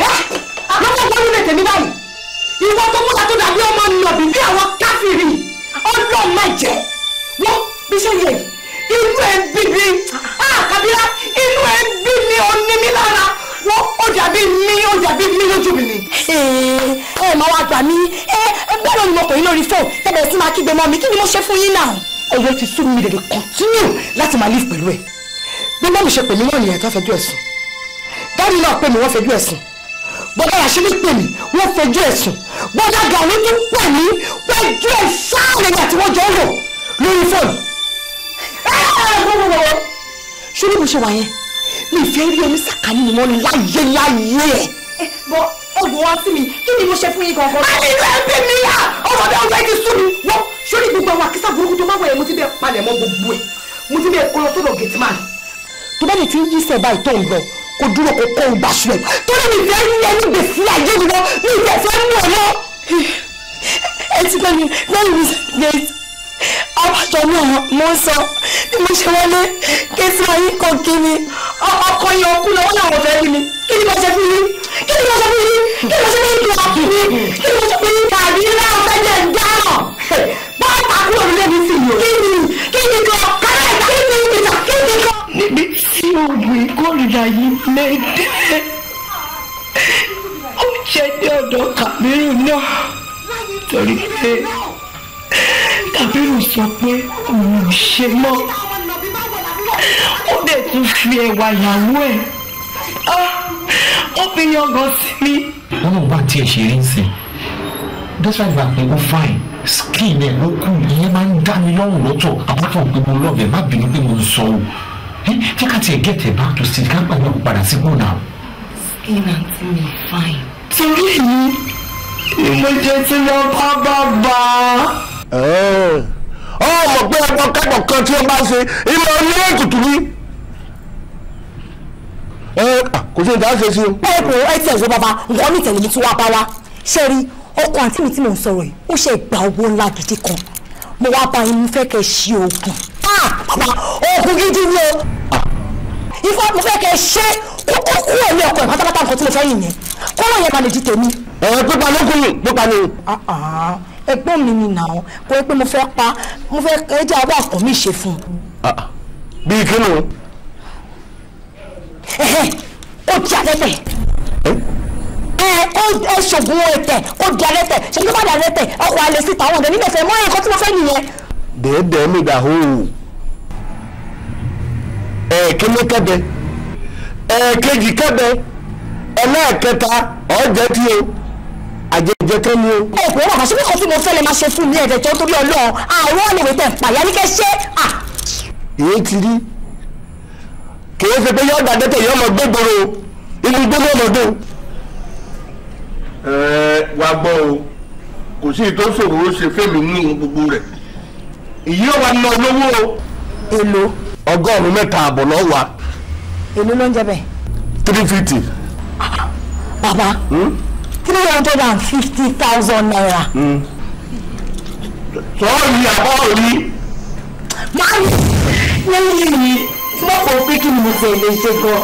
lọ́wọ́ ah. gbọ́dọ̀ lè tèmi báyìí ìwọ tó mú sàtúndà bí ọmọ nìyọ̀bì bí àwọn káfíìrì ọlọ́ọ̀ má jẹ́ wọ́n bí ṣe yẹ inú ẹ̀ ń bí mi àkàbíyá inú ẹ̀ ń bí mi ò ní mi lára wọ́n ó dàbí mi ó dàbí mi lójú mi ni. ẹ eh, ẹ eh, máa wá gbà mí ẹ eh, bẹ́ẹ̀ ni mo pè yín lórí fóònù tẹ́lẹ̀ sí máa kígbe mọ́ mi kí ni mo ṣe fún yín náà. ọ̀rọ̀ ti sún mi lè continue láti máa live pẹ̀lú ẹ̀ bí mọ́mí ṣe pè mí náà nìyẹn tó fẹjú ẹ̀sùn dárí náà pè mí wọ́n fẹjú ẹ̀sùn bọ́dá àṣírí pè mí wọ́n fẹjú ẹ̀sùn bọ́dá gàwé tún pè mí fẹjú ẹ̀ sáà lẹ́yìn àti wọ́n jọ ń rò lórí fóònù. ẹ ẹ gbogbo ṣé bí mo ṣe wà yẹn mi fẹ́ rí omi sàkání ni wọ́n láyé láyé ẹ̀. Eh, ẹ bọ ọgbọ̀n wá sí mi kí ni mo ṣe fún yín gangan. a nílò ẹbí mi yá ọmọ bẹ́ẹ̀ ọgbẹ́ ti sún mi wọ́n sórí gbogbo àwọn àkísà burúkú tó máa wọ̀ ẹ́ mo ti bẹ́ẹ̀ palẹ̀ mọ́ gbogbo ẹ̀ mo ti bẹ́ẹ̀ kọ́ lọ sọ́dọ̀ gateman. tó bá lè ti ń yí sẹ́ báyìí ń lọ kó dúró kó kó gbà sùn ẹ̀ torí mi fẹ́ rí ẹni gbèsè ayé mi wọ́n mi fẹ́ fẹ́ mú ọ lọ. Eh, ẹ ti gbẹ́ mi gbẹ́ mi abájọ náà mo ń sọ bí mo ṣe wọlé kí n sinmi yín kan kí ni ọkọ yẹn ọkú lọ wọn làwọn fẹẹ bí mi kí ni mo ṣe fi yín kí ni mo ṣe fi yín kí ni mo ṣe fi yín kí ni mo ṣe fi yín kí ni mo ṣe fi yín tàbí náà fẹjẹ ń dáná báyìí tàbí òun lè mi sì yọ kí ni kí ni kọ kára ìta kí ni ìta kí ni kọ. níbi tí oògùn ìkórìíra yìí lè dé ó jẹ́ ní ọ̀dọ̀ Kàbírù náà torí pé. Kábírù sọ pé òun ò ṣe mọ́ ó dẹ̀ tún fi ẹwà ìyàwó ẹ̀ ah, ó fi yangàn sí mi. wọn náà bá tiẹ̀ ṣe rí sí despite that pé ó fine skin ẹ̀ ló kù ìyẹn máa ń dá mi lọ́rùn lọ́tọ̀ àwọn kan pé mo lọ́ọ̀bẹ̀ má bínú pé mo ń sọ o jẹ́ ká tiẹ̀ get ẹ̀ back to still ká gbàgbé ọ̀pọ̀ padà sí kúrò náà. skin àti mi fine. torí èyí ni mo jẹ tí lọ bá bá bá a ọmọ oh. oh, pé ẹ̀kọ́ kẹ́kọ̀ọ́ kan tí wọ́n bá ṣe ìmọ̀ ní ètùtù ni kò sí ìdáhùn ṣe sí o. báyìí kò ẹ tiẹ̀ ṣe bàbá nǹkan mi tẹ̀lé mi tí wàá bá wa ṣe rí ọkọ àǹtí mi tí mò ń sọ̀rọ̀ yìí ó ṣe gba owó ńlá gidi kan mo wá bá yín fẹ́ kẹ́ ṣe oògùn ah, bàbá oògùn gidi ni o ifá mo fẹ́ kẹ́ ṣe kókó kúrò ní ọkọ ẹ̀ pátápátá nǹkan tí mo fẹ́ yìn yẹn kọ́lọ́ yẹn balẹ̀ di tèmi. ẹ pípa ẹ̀gbọ́n mi ni nà án kò yẹ pé mo fẹ́ pa mo fẹ́ ẹjẹ́ abọ́ àkọ́ mi ṣe fún un. Ah, ah. bíi kí ló. ó ti àtẹ́tẹ̀ ẹ ṣògùn ẹ̀tẹ̀ ó di àtẹ́tẹ̀ ṣe tó bá di àtẹ́tẹ̀ ọkọ̀ alẹ́ síta àwọn ọ̀dẹ̀ nígbẹ̀fẹ̀ mọ́ ẹ̀kọ́ tí mo fẹ́ nìyẹn. dẹ́ẹ̀dẹ́ mi dà hó ẹ̀ẹ́kẹ́lẹ́ kẹ́bẹ ẹ̀ẹ́kẹ́jì kẹ́bẹ ẹlẹ́ẹ̀kẹta ọ̀jẹ̀ ti o àjẹjẹ kan ni o. ẹ kò wọ́n kà sí kókò tí mo fẹ́ lè máa ṣe fún mi ẹ̀dẹ̀ tó torí ọlọ́run àwọn olùwé tẹ̀ pàyà ní kẹ́ ṣe. èyí ti rí kìí ṣe pé yọ̀ọ́ dàdẹ́tẹ̀ yọ̀ọ́ mọ̀ gbẹ́gbọ̀rọ̀ inú gbẹ́gbọ̀ mọ̀ dùn. ẹ wá gbọ́ o kò sí ìtò ṣòro ó ṣe fẹ́mi ní gbogbo rẹ̀ ìyí ò wá ná lówó o. èlò. ọgọ́rùn-ún mẹ́ta àbọ̀ náà wà. èlò ló ń jẹ bẹ́ẹ̀. three fifty. bàbá. Hmm? three hundred and fifty thousand naira. sọ́ọ́ ni àbọ̀ rí. máa ń lẹ́yìn mi mo kò pé kí ni mo fẹ́ lè ṣe gan.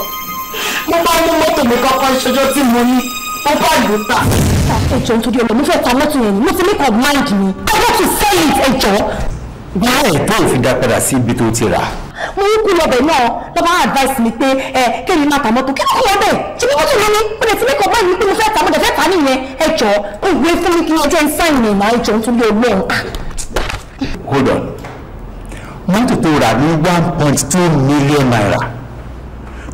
mo bá mú mọ́tò mi kọ́kọ́ ṣojú tí mo ní mo bá lù tà. ẹjọ nítorí ọmọ mi fẹ́ ta mọ́tò yẹn ni mo ti make up mind mi. i want to sell it ẹjọ. báyìí tó fi dá padà sí ibi tó ti rà á mo ń kú lọ́bẹ̀ náà lọ́ba advice mi pé ẹ kéèmí máa tà mọ́tò kí ló kọ́ ọbẹ̀ ṣe bí mọ́tò lóní mo lè ti lè kọ́ báyìí pé mo fẹ́ tà mo dẹ̀ fẹ́ tà nìyẹn ẹ jọ ó ìwé fún mi kí ọjọ́ ń ní ìmọ̀ ẹjọ́ tún lé ọgbọ́n. Ah. hold on mọ́tò tó rà ní one point two million naira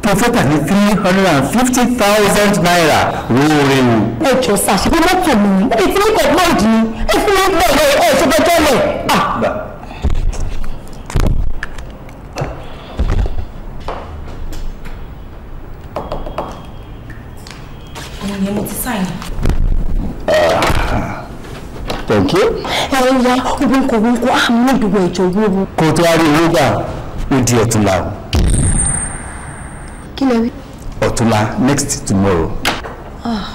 tó fẹ́ tà ní three hundred and fifty thousand naira wóore o. ẹ jọ sà ṣe bí mọ́tò mi mo lè ti lè kọ́ báyìí ẹ fún mi bẹ́ẹ̀ ẹ ṣe bẹ́ẹ̀ nìyẹn mo ti sign. thank you. ẹ ẹ ya wonko wonko àmì ìdúgbò ìjọ wíwo. kò tó a rí owó gbà ó di ọ̀túnla kí lè wí. ọ̀túnla next tomorrow. Ah.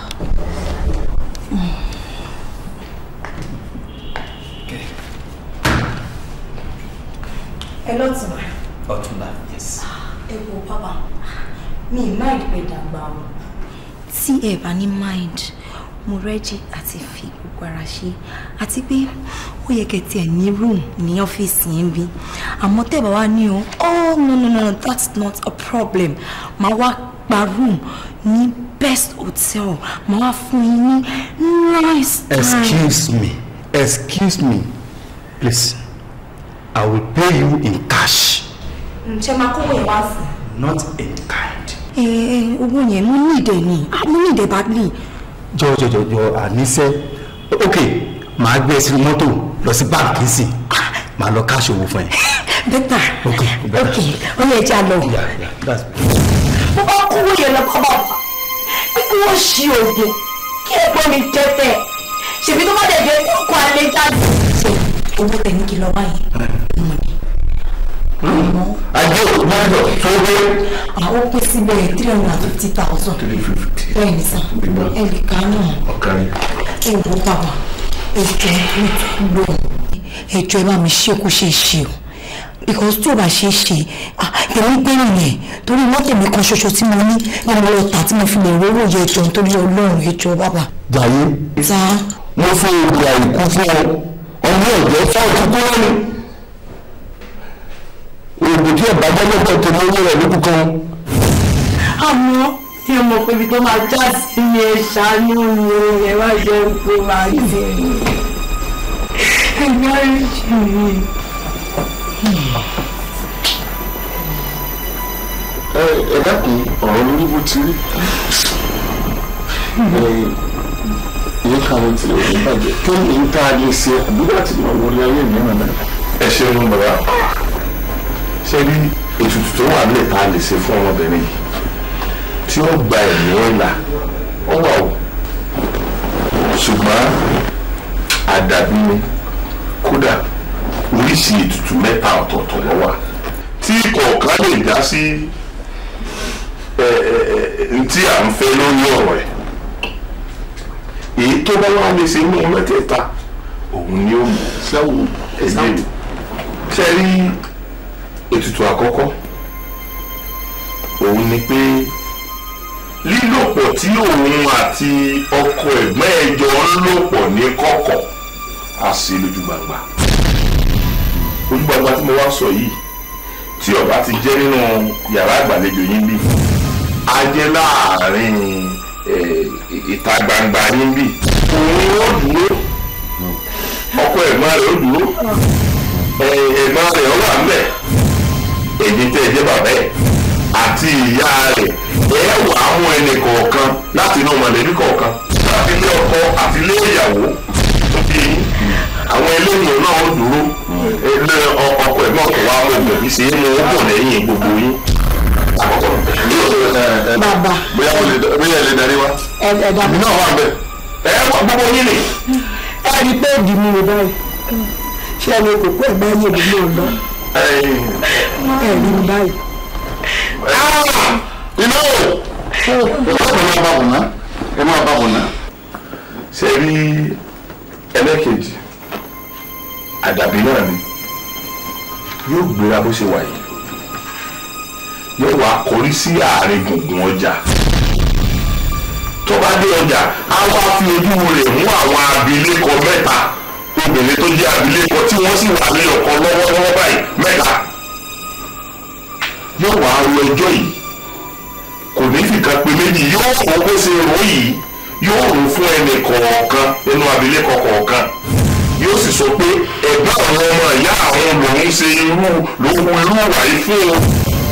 Hello, Tuma. Ọ̀túnla, yes. Ẹ wo bàbá, mi ì máa ìpè dàgbà o tí ẹ bá ní mind mo rẹ́jì àti fi gbogbo ara ṣe àti pé ó yẹ kẹ́ tiẹ̀ ní room ní ọ́fíìsì yín bí àmọ́ tẹ́ bá wá ní o oh no no no that's not a problem màá wá gba room ní best hotel màá wá fún yín ní nice time. excuse me excuse me please i will pay you in cash. ǹjẹ́ máa kó wẹ̀ wá sí. not in kind owó yẹn mo ní ìdẹ ni ah, mo ní ìdẹ badly. jọ jọ jọ jọ àníṣe ok màá gbé ẹ sínú mọ́tò lọ sí báńkì sí ah, màá lọ káṣí owó fún ẹ. bẹ́tà ok ok ó yẹ kí a lọ. mo bá kúrò yẹn lọ bàbá kí wọ́n ṣe oògùn kí ẹ̀gbọ́n mi tẹ́tẹ́ ṣèbí tó bá dẹ̀ dé ọkọ̀ àlejò àti owó tẹ̀ ní kí lọ́ọ́ báyìí. Hmm ajé òkúmọ́jọ tó dé. àwọn pín síbẹ̀ three hundred and fifty thousand. three fifty. bẹ́ẹ̀ ni sá ẹ lè ká náà. ọ̀kàrin. ẹ wò bàbá ẹjọ́ gbọ́ ẹjọ́ ẹ bá mi ṣe kó ṣe ṣe o because tí o bá ṣe ṣe tèmi pé nìyẹn torí mọ́tò mi kan ṣoṣo tí mo ní ni mo lọ tà tí mo fi lè rówó yẹ ẹjọ́ nítorí ọlọ́run ẹjọ́ bàbá. jàyé. sá. mo fẹ́ ìgbà ìkú fún ọ ọmọ ọ̀jẹ̀ fún ọtún kúrò ni oògùn tí ẹ̀bá jẹ́ lọ́pọ̀ tó mọ́ owó rẹ̀ lókù kan. àmọ́ tí mo pe ibi tó máa já sí ni ẹ ṣàánú mi ẹ má jẹ́ pé máa dé ẹgbẹ́ ìṣe mi. ẹ ẹ dákun ọ̀rọ̀ mi níbo ti rí ìyẹn kan ló ti lè wọlé bàjẹ́ kí ni n ta lè ṣe àbúrò àti ìmọ̀ wọlé ayé mi náà. ẹ ṣeun bàbá ṣe rí ètùtù tó wà nílẹ̀ tá a lè ṣe fún ọmọbìnrin yìí tí ó gba ẹ̀mí ọ̀la ó wà ó ṣùgbọ́n àdàbí kódà oríṣi ètùtù mẹ́ta ọ̀tọ̀ọ̀tọ̀ ló wà tí kọ̀ọ̀kan lè dá sí tí à ń fẹ́ lórí ọ̀rọ̀ ẹ̀ èyí tó bá wà lè ṣe mú mẹ́tẹ̀ẹ̀ta òun ni ó mú ẹ̀yẹ́ ṣe rí ètùtù àkọ́kọ́ òun ni pé lílòpọ̀ tí òun àti ọkọ ẹ̀gbọ́n ẹ̀ jọ ń lòpọ̀ ní kọ̀kọ̀ á sí lójú gbangba lójú gbangba tí mo wá sọ yìí tí ọba ti jẹ́ nínú yàrá ìgbàlejò yín bí a jẹ́ láàárín ìta gbangba yín bí òun ó dúró ọkọ ẹ̀gbọ́n rẹ̀ ó dúró ẹ̀gbọ́n rẹ̀ ó wà nílẹ̀. èyí tẹ́ ẹ jẹ́ àti ìyá rẹ̀ ẹ wà á mú ẹnì kọ̀ọ̀kan láti inú mọ̀lẹ́bí kọ̀ọ̀kan láti ilé ọkọ àti ilé ìyàwó tó bí àwọn eléyìí náà ó dúró ilé ọkọ mú ẹgbẹ́ fi ṣe é mú ó lẹ́yìn gbogbo yín. bàbá bóyá bóyá darí wa náà wà ẹ wà gbogbo yín ni. ẹ rí pé mi báyìí ṣé ẹ rí mi báyìí. iná o ẹ máa bá bùnà ẹ máa bá bùnà ṣe rí ẹlẹ́kejì àdàbí ni yóò gbéra bó ṣe wà yìí yóò wá kọrí sí àárín gbùngbùn ọjà tó bá dé ọjà á wá fi ojú rẹ̀ mú àwọn abilékọ mẹ́ta obìnrin tó jẹ́ abilékọ tí wọ́n sì wà lé ọkọ lọ́wọ́lọ́wọ́ báyìí mẹ́ta yóò wá ro ẹjọ́ yìí kò ní fìkan pé méjì yóò fún bó ṣe rò yìí yóò rò fún ẹnì kọ̀ọ̀kan nínú abilékọ kọ̀ọ̀kan yóò sì sọ pé ẹ̀gbọ́n àwọn ọmọ ìyá àwọn lòún ṣe irú lòún irú wàyí fún un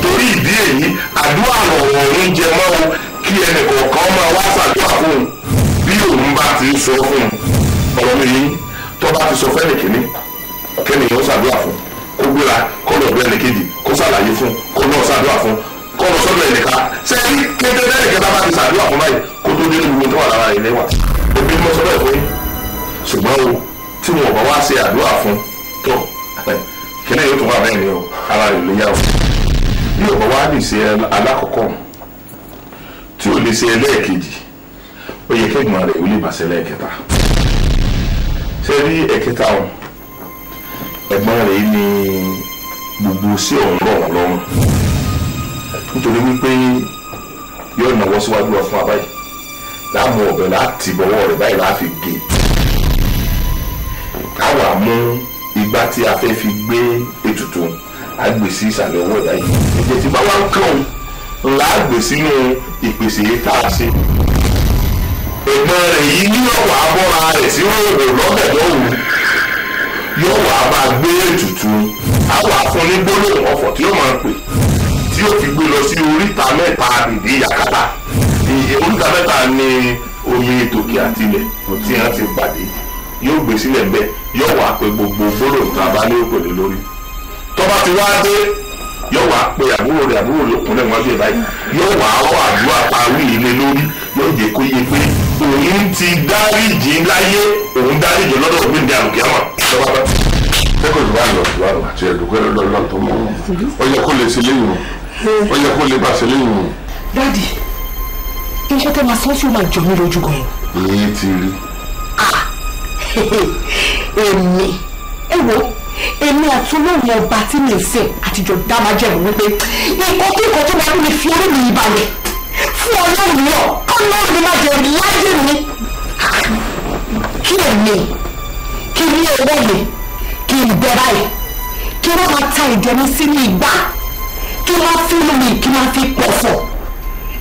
torí ìdí èyí àdúrà ọ̀rọ̀ òun jẹ mọ́ o kí ẹnì kọ̀ọ̀kan máa wá ṣàdúrà fún un bí òun bá ti sọ fún un ọ̀rọ̀ yìí tó bá ti sọ fẹ́ ní kínní kẹ́ni yóò ṣàdúrà fún kó gbéra kó lọ bí ẹnì kejì kó ṣàlàyé fún kó náà ṣàdúrà fún kó lọ sọ́dọ̀ ẹnì kan ṣé kí kété lẹ́yìn kẹta bá ti ṣàdúrà fún báyìí kó tó dé gbogbo tó wà lára ilé wa ebi mọ sọ́dọ̀ ẹ̀fọ́ yìí ṣùgbọ́n o tí wọn bá wá ṣe àdúrà fún tó kíní yóò tún wà bẹ́ẹ̀ ni o ara rẹ̀ ló yá o bí o bá wá lè ṣe alákọ̀ọ́kọ́ tí o lè ṣe ẹlẹ́ẹ̀kejì ó yẹ kẹ́gbọ̀n rẹ̀ ó lè bàṣẹ́ lẹ́ẹ̀kẹta ṣe rí ẹ̀kẹta ọ̀hún ẹ̀gbọ́n rẹ̀ ní gbogbo sí ọ̀hún rọ̀ wọ́n lọ́rùn nítorí wípé yóò náwó síwájú lọ fún wa báyìí láàmú ọ̀bẹ láti bọ̀wọ́ rẹ̀ báyìí láàfi gé káwa mú igbá tí a fẹ́ fi gbé ètùtù agbèsí ìsàlẹ̀ ọwọ́ ìyá yìí ẹ̀jẹ̀ tí bá wá ń kàn ń láàgbèsí ní ìpèsè tá a ṣe. ìpín rẹ̀ yìí ní ọ̀pọ̀ abọ́ra rẹ̀ tí ó rò lọ́gẹ̀dẹ̀ yóò wá bá gbé ètùtù àwọn gbólóhùn ọ̀fọ̀ tí ó máa ń pè fi gbé lọ sí oríta mẹ́ta oríta mẹ́ta ni omi tòkè tí wọ́n ti pàdé yóò gbé sílẹ̀ yóò pe gbogbo gbólóhùn tó a bá òpèlè lórí ti wá dé yóò wá pe àbúrò rẹ̀ àbúrò rẹ̀ òkúnlẹ̀ wọn ẹ̀ báyìí yóò wá ọ òun ti dáríjì láyé òun dáríjì lọ́dọ̀ òun ní àlùkìyàmọ̀ lọ́wọ́ bá. kókò ìwà lọ ìwà lọ àti ẹ̀dùnkún ẹ̀rọ lọ́dọ̀ tó mọ̀ ó kó lè ṣe léyìn o ó kó lè bá ṣe léyìn o. dádì iṣẹ́ tẹ́ máa sọ́ọ́ fún jọ mí lójú gan. èyí ti rí. èmi ẹ èmi àtúnlọ́wọ́ ọba tí mi ń sìn àtijọ́ dá máa jẹ̀rù wípé nǹkan kíkan máa ń mi fi orí mi ìbalẹ̀ fún ọlọ́run náà ọlọ́run mi máa jẹun láyé mi kí èmi kí ní owó mi kí n bẹ báyìí kí wọ́n máa ta ìjọ mi sínú igbá kí wọ́n fi inú mi kí wọ́n fi pọ̀fọ̀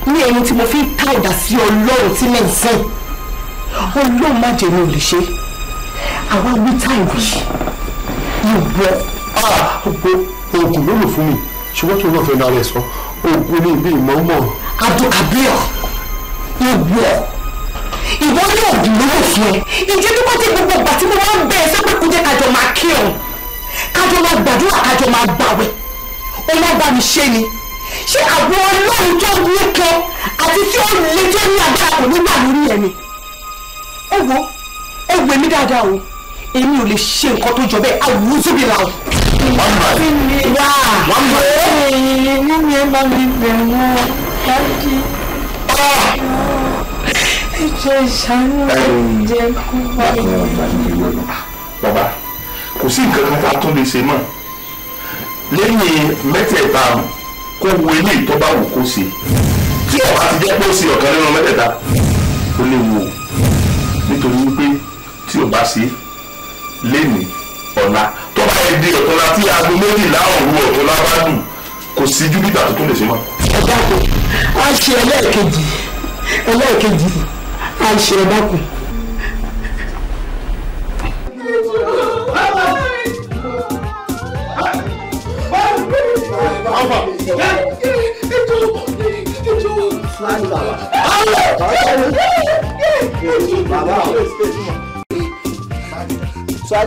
ní ẹni tí mo fi ń ta ìdá sí ọlọ́run tí mi ń sìn ọlọ́run má jẹun ò lè ṣe àwa wí tá ìwé ìwọ gbogbo oògùn ló lò fún mi ṣùgbọ́n tó náà fẹ́ náà rẹ̀ sọ oògùn ní ìbí ìmọ̀ọ́mọ̀. Abdulkabir ìwọ ìwọ yóò dúró fún ẹ ìjẹ́ tó bá jẹ́ gbogbo ìgbà tí mo máa ń bẹ ẹ sọ́pẹ́ kó jẹ́ kájọ máa kírun kájọ máa gbàdúrà kájọ máa gbàwẹ̀ ó má bá mi ṣe ni ṣé àbọ̀ ọlọ́run tó lékè àti tí ó lè jẹ́ ní agbára kò ní wà lórí ẹ̀mí ẹ wo ẹ wo èmi dáadáa o èmi ò lè ṣe nǹkan tó jọ bẹ́ẹ̀ àwùjọ sóbì ra o. wọ́n mọ̀ ẹ́ wọ́n mọ̀ ẹ́ wọ́n mọ̀ ẹ́ dájú bàbá kò sí nǹkan kan tá a tún lè ṣe mọ́ lẹ́yìn mẹ́tẹ̀ẹ̀ta kó wo ilé ìtọ́ba wò kó ṣe tí ọ̀ka ti jẹ́ pé ó ṣe ọ̀kan nínú mẹ́tẹ̀ẹ̀ta ó lè wò nítorí wípé tí ò ṣe lẹ́nìí ọ̀la tó bá yẹ di ọ̀tọ̀la tí aago méjìlá òru ọ̀tọ̀la bá dùn kò sí júbítà tó tún lè ṣe mọ́ ẹ dákun á ṣe ẹlẹ́ẹ̀kejì ẹlẹ́ẹ̀kejì á ṣe ẹ dákun.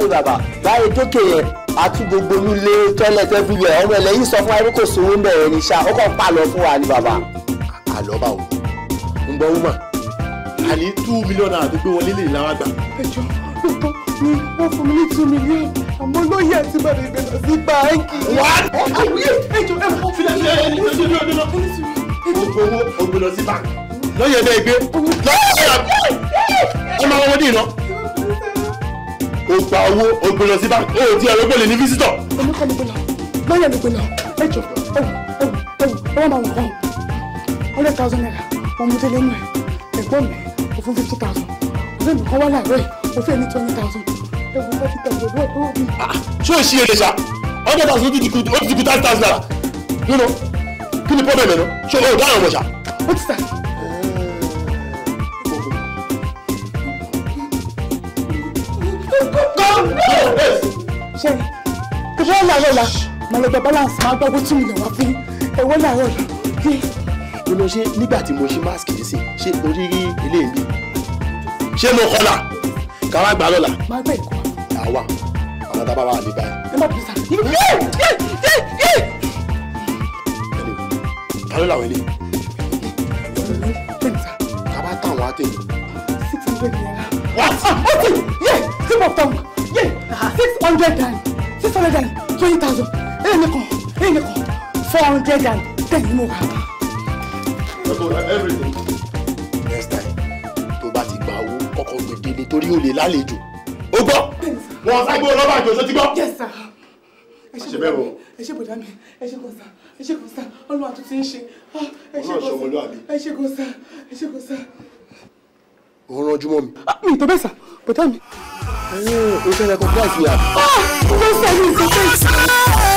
Bàbá báyìí dókè yẹn àti gbogbo olúlé toilet everywhere ọmọ ẹlẹ́yìn sọ fún arúgbó sòwò ń bẹ̀rẹ̀ ní ṣá ó kàn pààlọ́ fún wa ni bàbá. àlọ́ bá wo ń gbọ́ wúmà àní two million naira tó gbé wọlé lè lára gbà. ẹjọ́ lóòótọ́ ni wọ́n fún mi ní two million àmọ́ lóye àti bàbá ìgbẹ́ lọ sí báńkì. wà á ẹjọ́ ẹ fọ́ fi lẹ́sẹ̀ ẹ̀ ní ojú ìlú ọdún náà. gbogbo owó ògbé lọ sí báńkì lọ́yẹ̀dẹ̀ ìgbé lọ́yẹ̀ o gba owó o gbé lọ sí báńkì o ò tí ẹ̀rọ gbèlè ní físítọ̀. èmi kọ́ mi gbé lọ lọ́yọ̀ mi gbé lọ ẹ̀jọ̀ ọ̀hún ọ̀hún ọ̀hún ọ̀hún ọ̀hún ọ̀hún hundred thousand naira wọn mú délé mú ẹ ẹ̀gbọ́n mi kò fifty thousand ọ̀rẹ́ mi kan wá láàárọ̀ yìí kò fún twenty thousand ẹ̀gbọ́n mi fifty thousand ọ̀rẹ́ mi kò wọ́n. ṣé o ṣí ele ṣá hundred thousand ó ti kú ó ti kú thirty thousand naira kí ni problem ẹ̀ náà ṣé o dáhùn ọmọ ṣá. ó ti sà ṣe ìwọ làárọ̀ la màá lọ gba balance máa gbọ́ two million wá fún ẹ̀wọ́ làárọ̀ la. mo lọ ṣe nígbà tí mo ṣe mask yìí sí ṣé orí rí ilé mi ṣé mo kọ́ la káwá gbà lọ́la. máa gbẹ ìkọ́. àwa àwọn tá a bá wà ní báyìí. ẹ má bìí sá. ta ló làwọn ilé. káwá táwọn á tẹ̀lé. six hundred naira. wá. Ah, ó yóò bọ̀ tọ̀wé yé six hundred naira six hundred naira twenty thousand ẹ̀yìn nìkan ẹ̀yìn nìkan four hundred naira ten ni mo wà. next time tó bá ti gba owó kọ́kọ́ gbé délé torí ó lè lálejò ó gbọ́ wọn ságbó ọlọ́ba àjọ ṣó ti gbọ́. yes sir ṣe bẹ́ẹ̀ o. ẹ ṣe bọ̀dá mi ẹ ṣe kò sá ẹ ṣe kò sá ọlọ́run àtúntì ń ṣe ah, ẹ ṣe kò sá ẹ ṣe kò sá ẹ ṣe kò sá. òun ranjú mọ́ mi. Ah, mi ì bẹ́ẹ̀ sà bọ̀dá mi. Uh, usted la ¡Ah!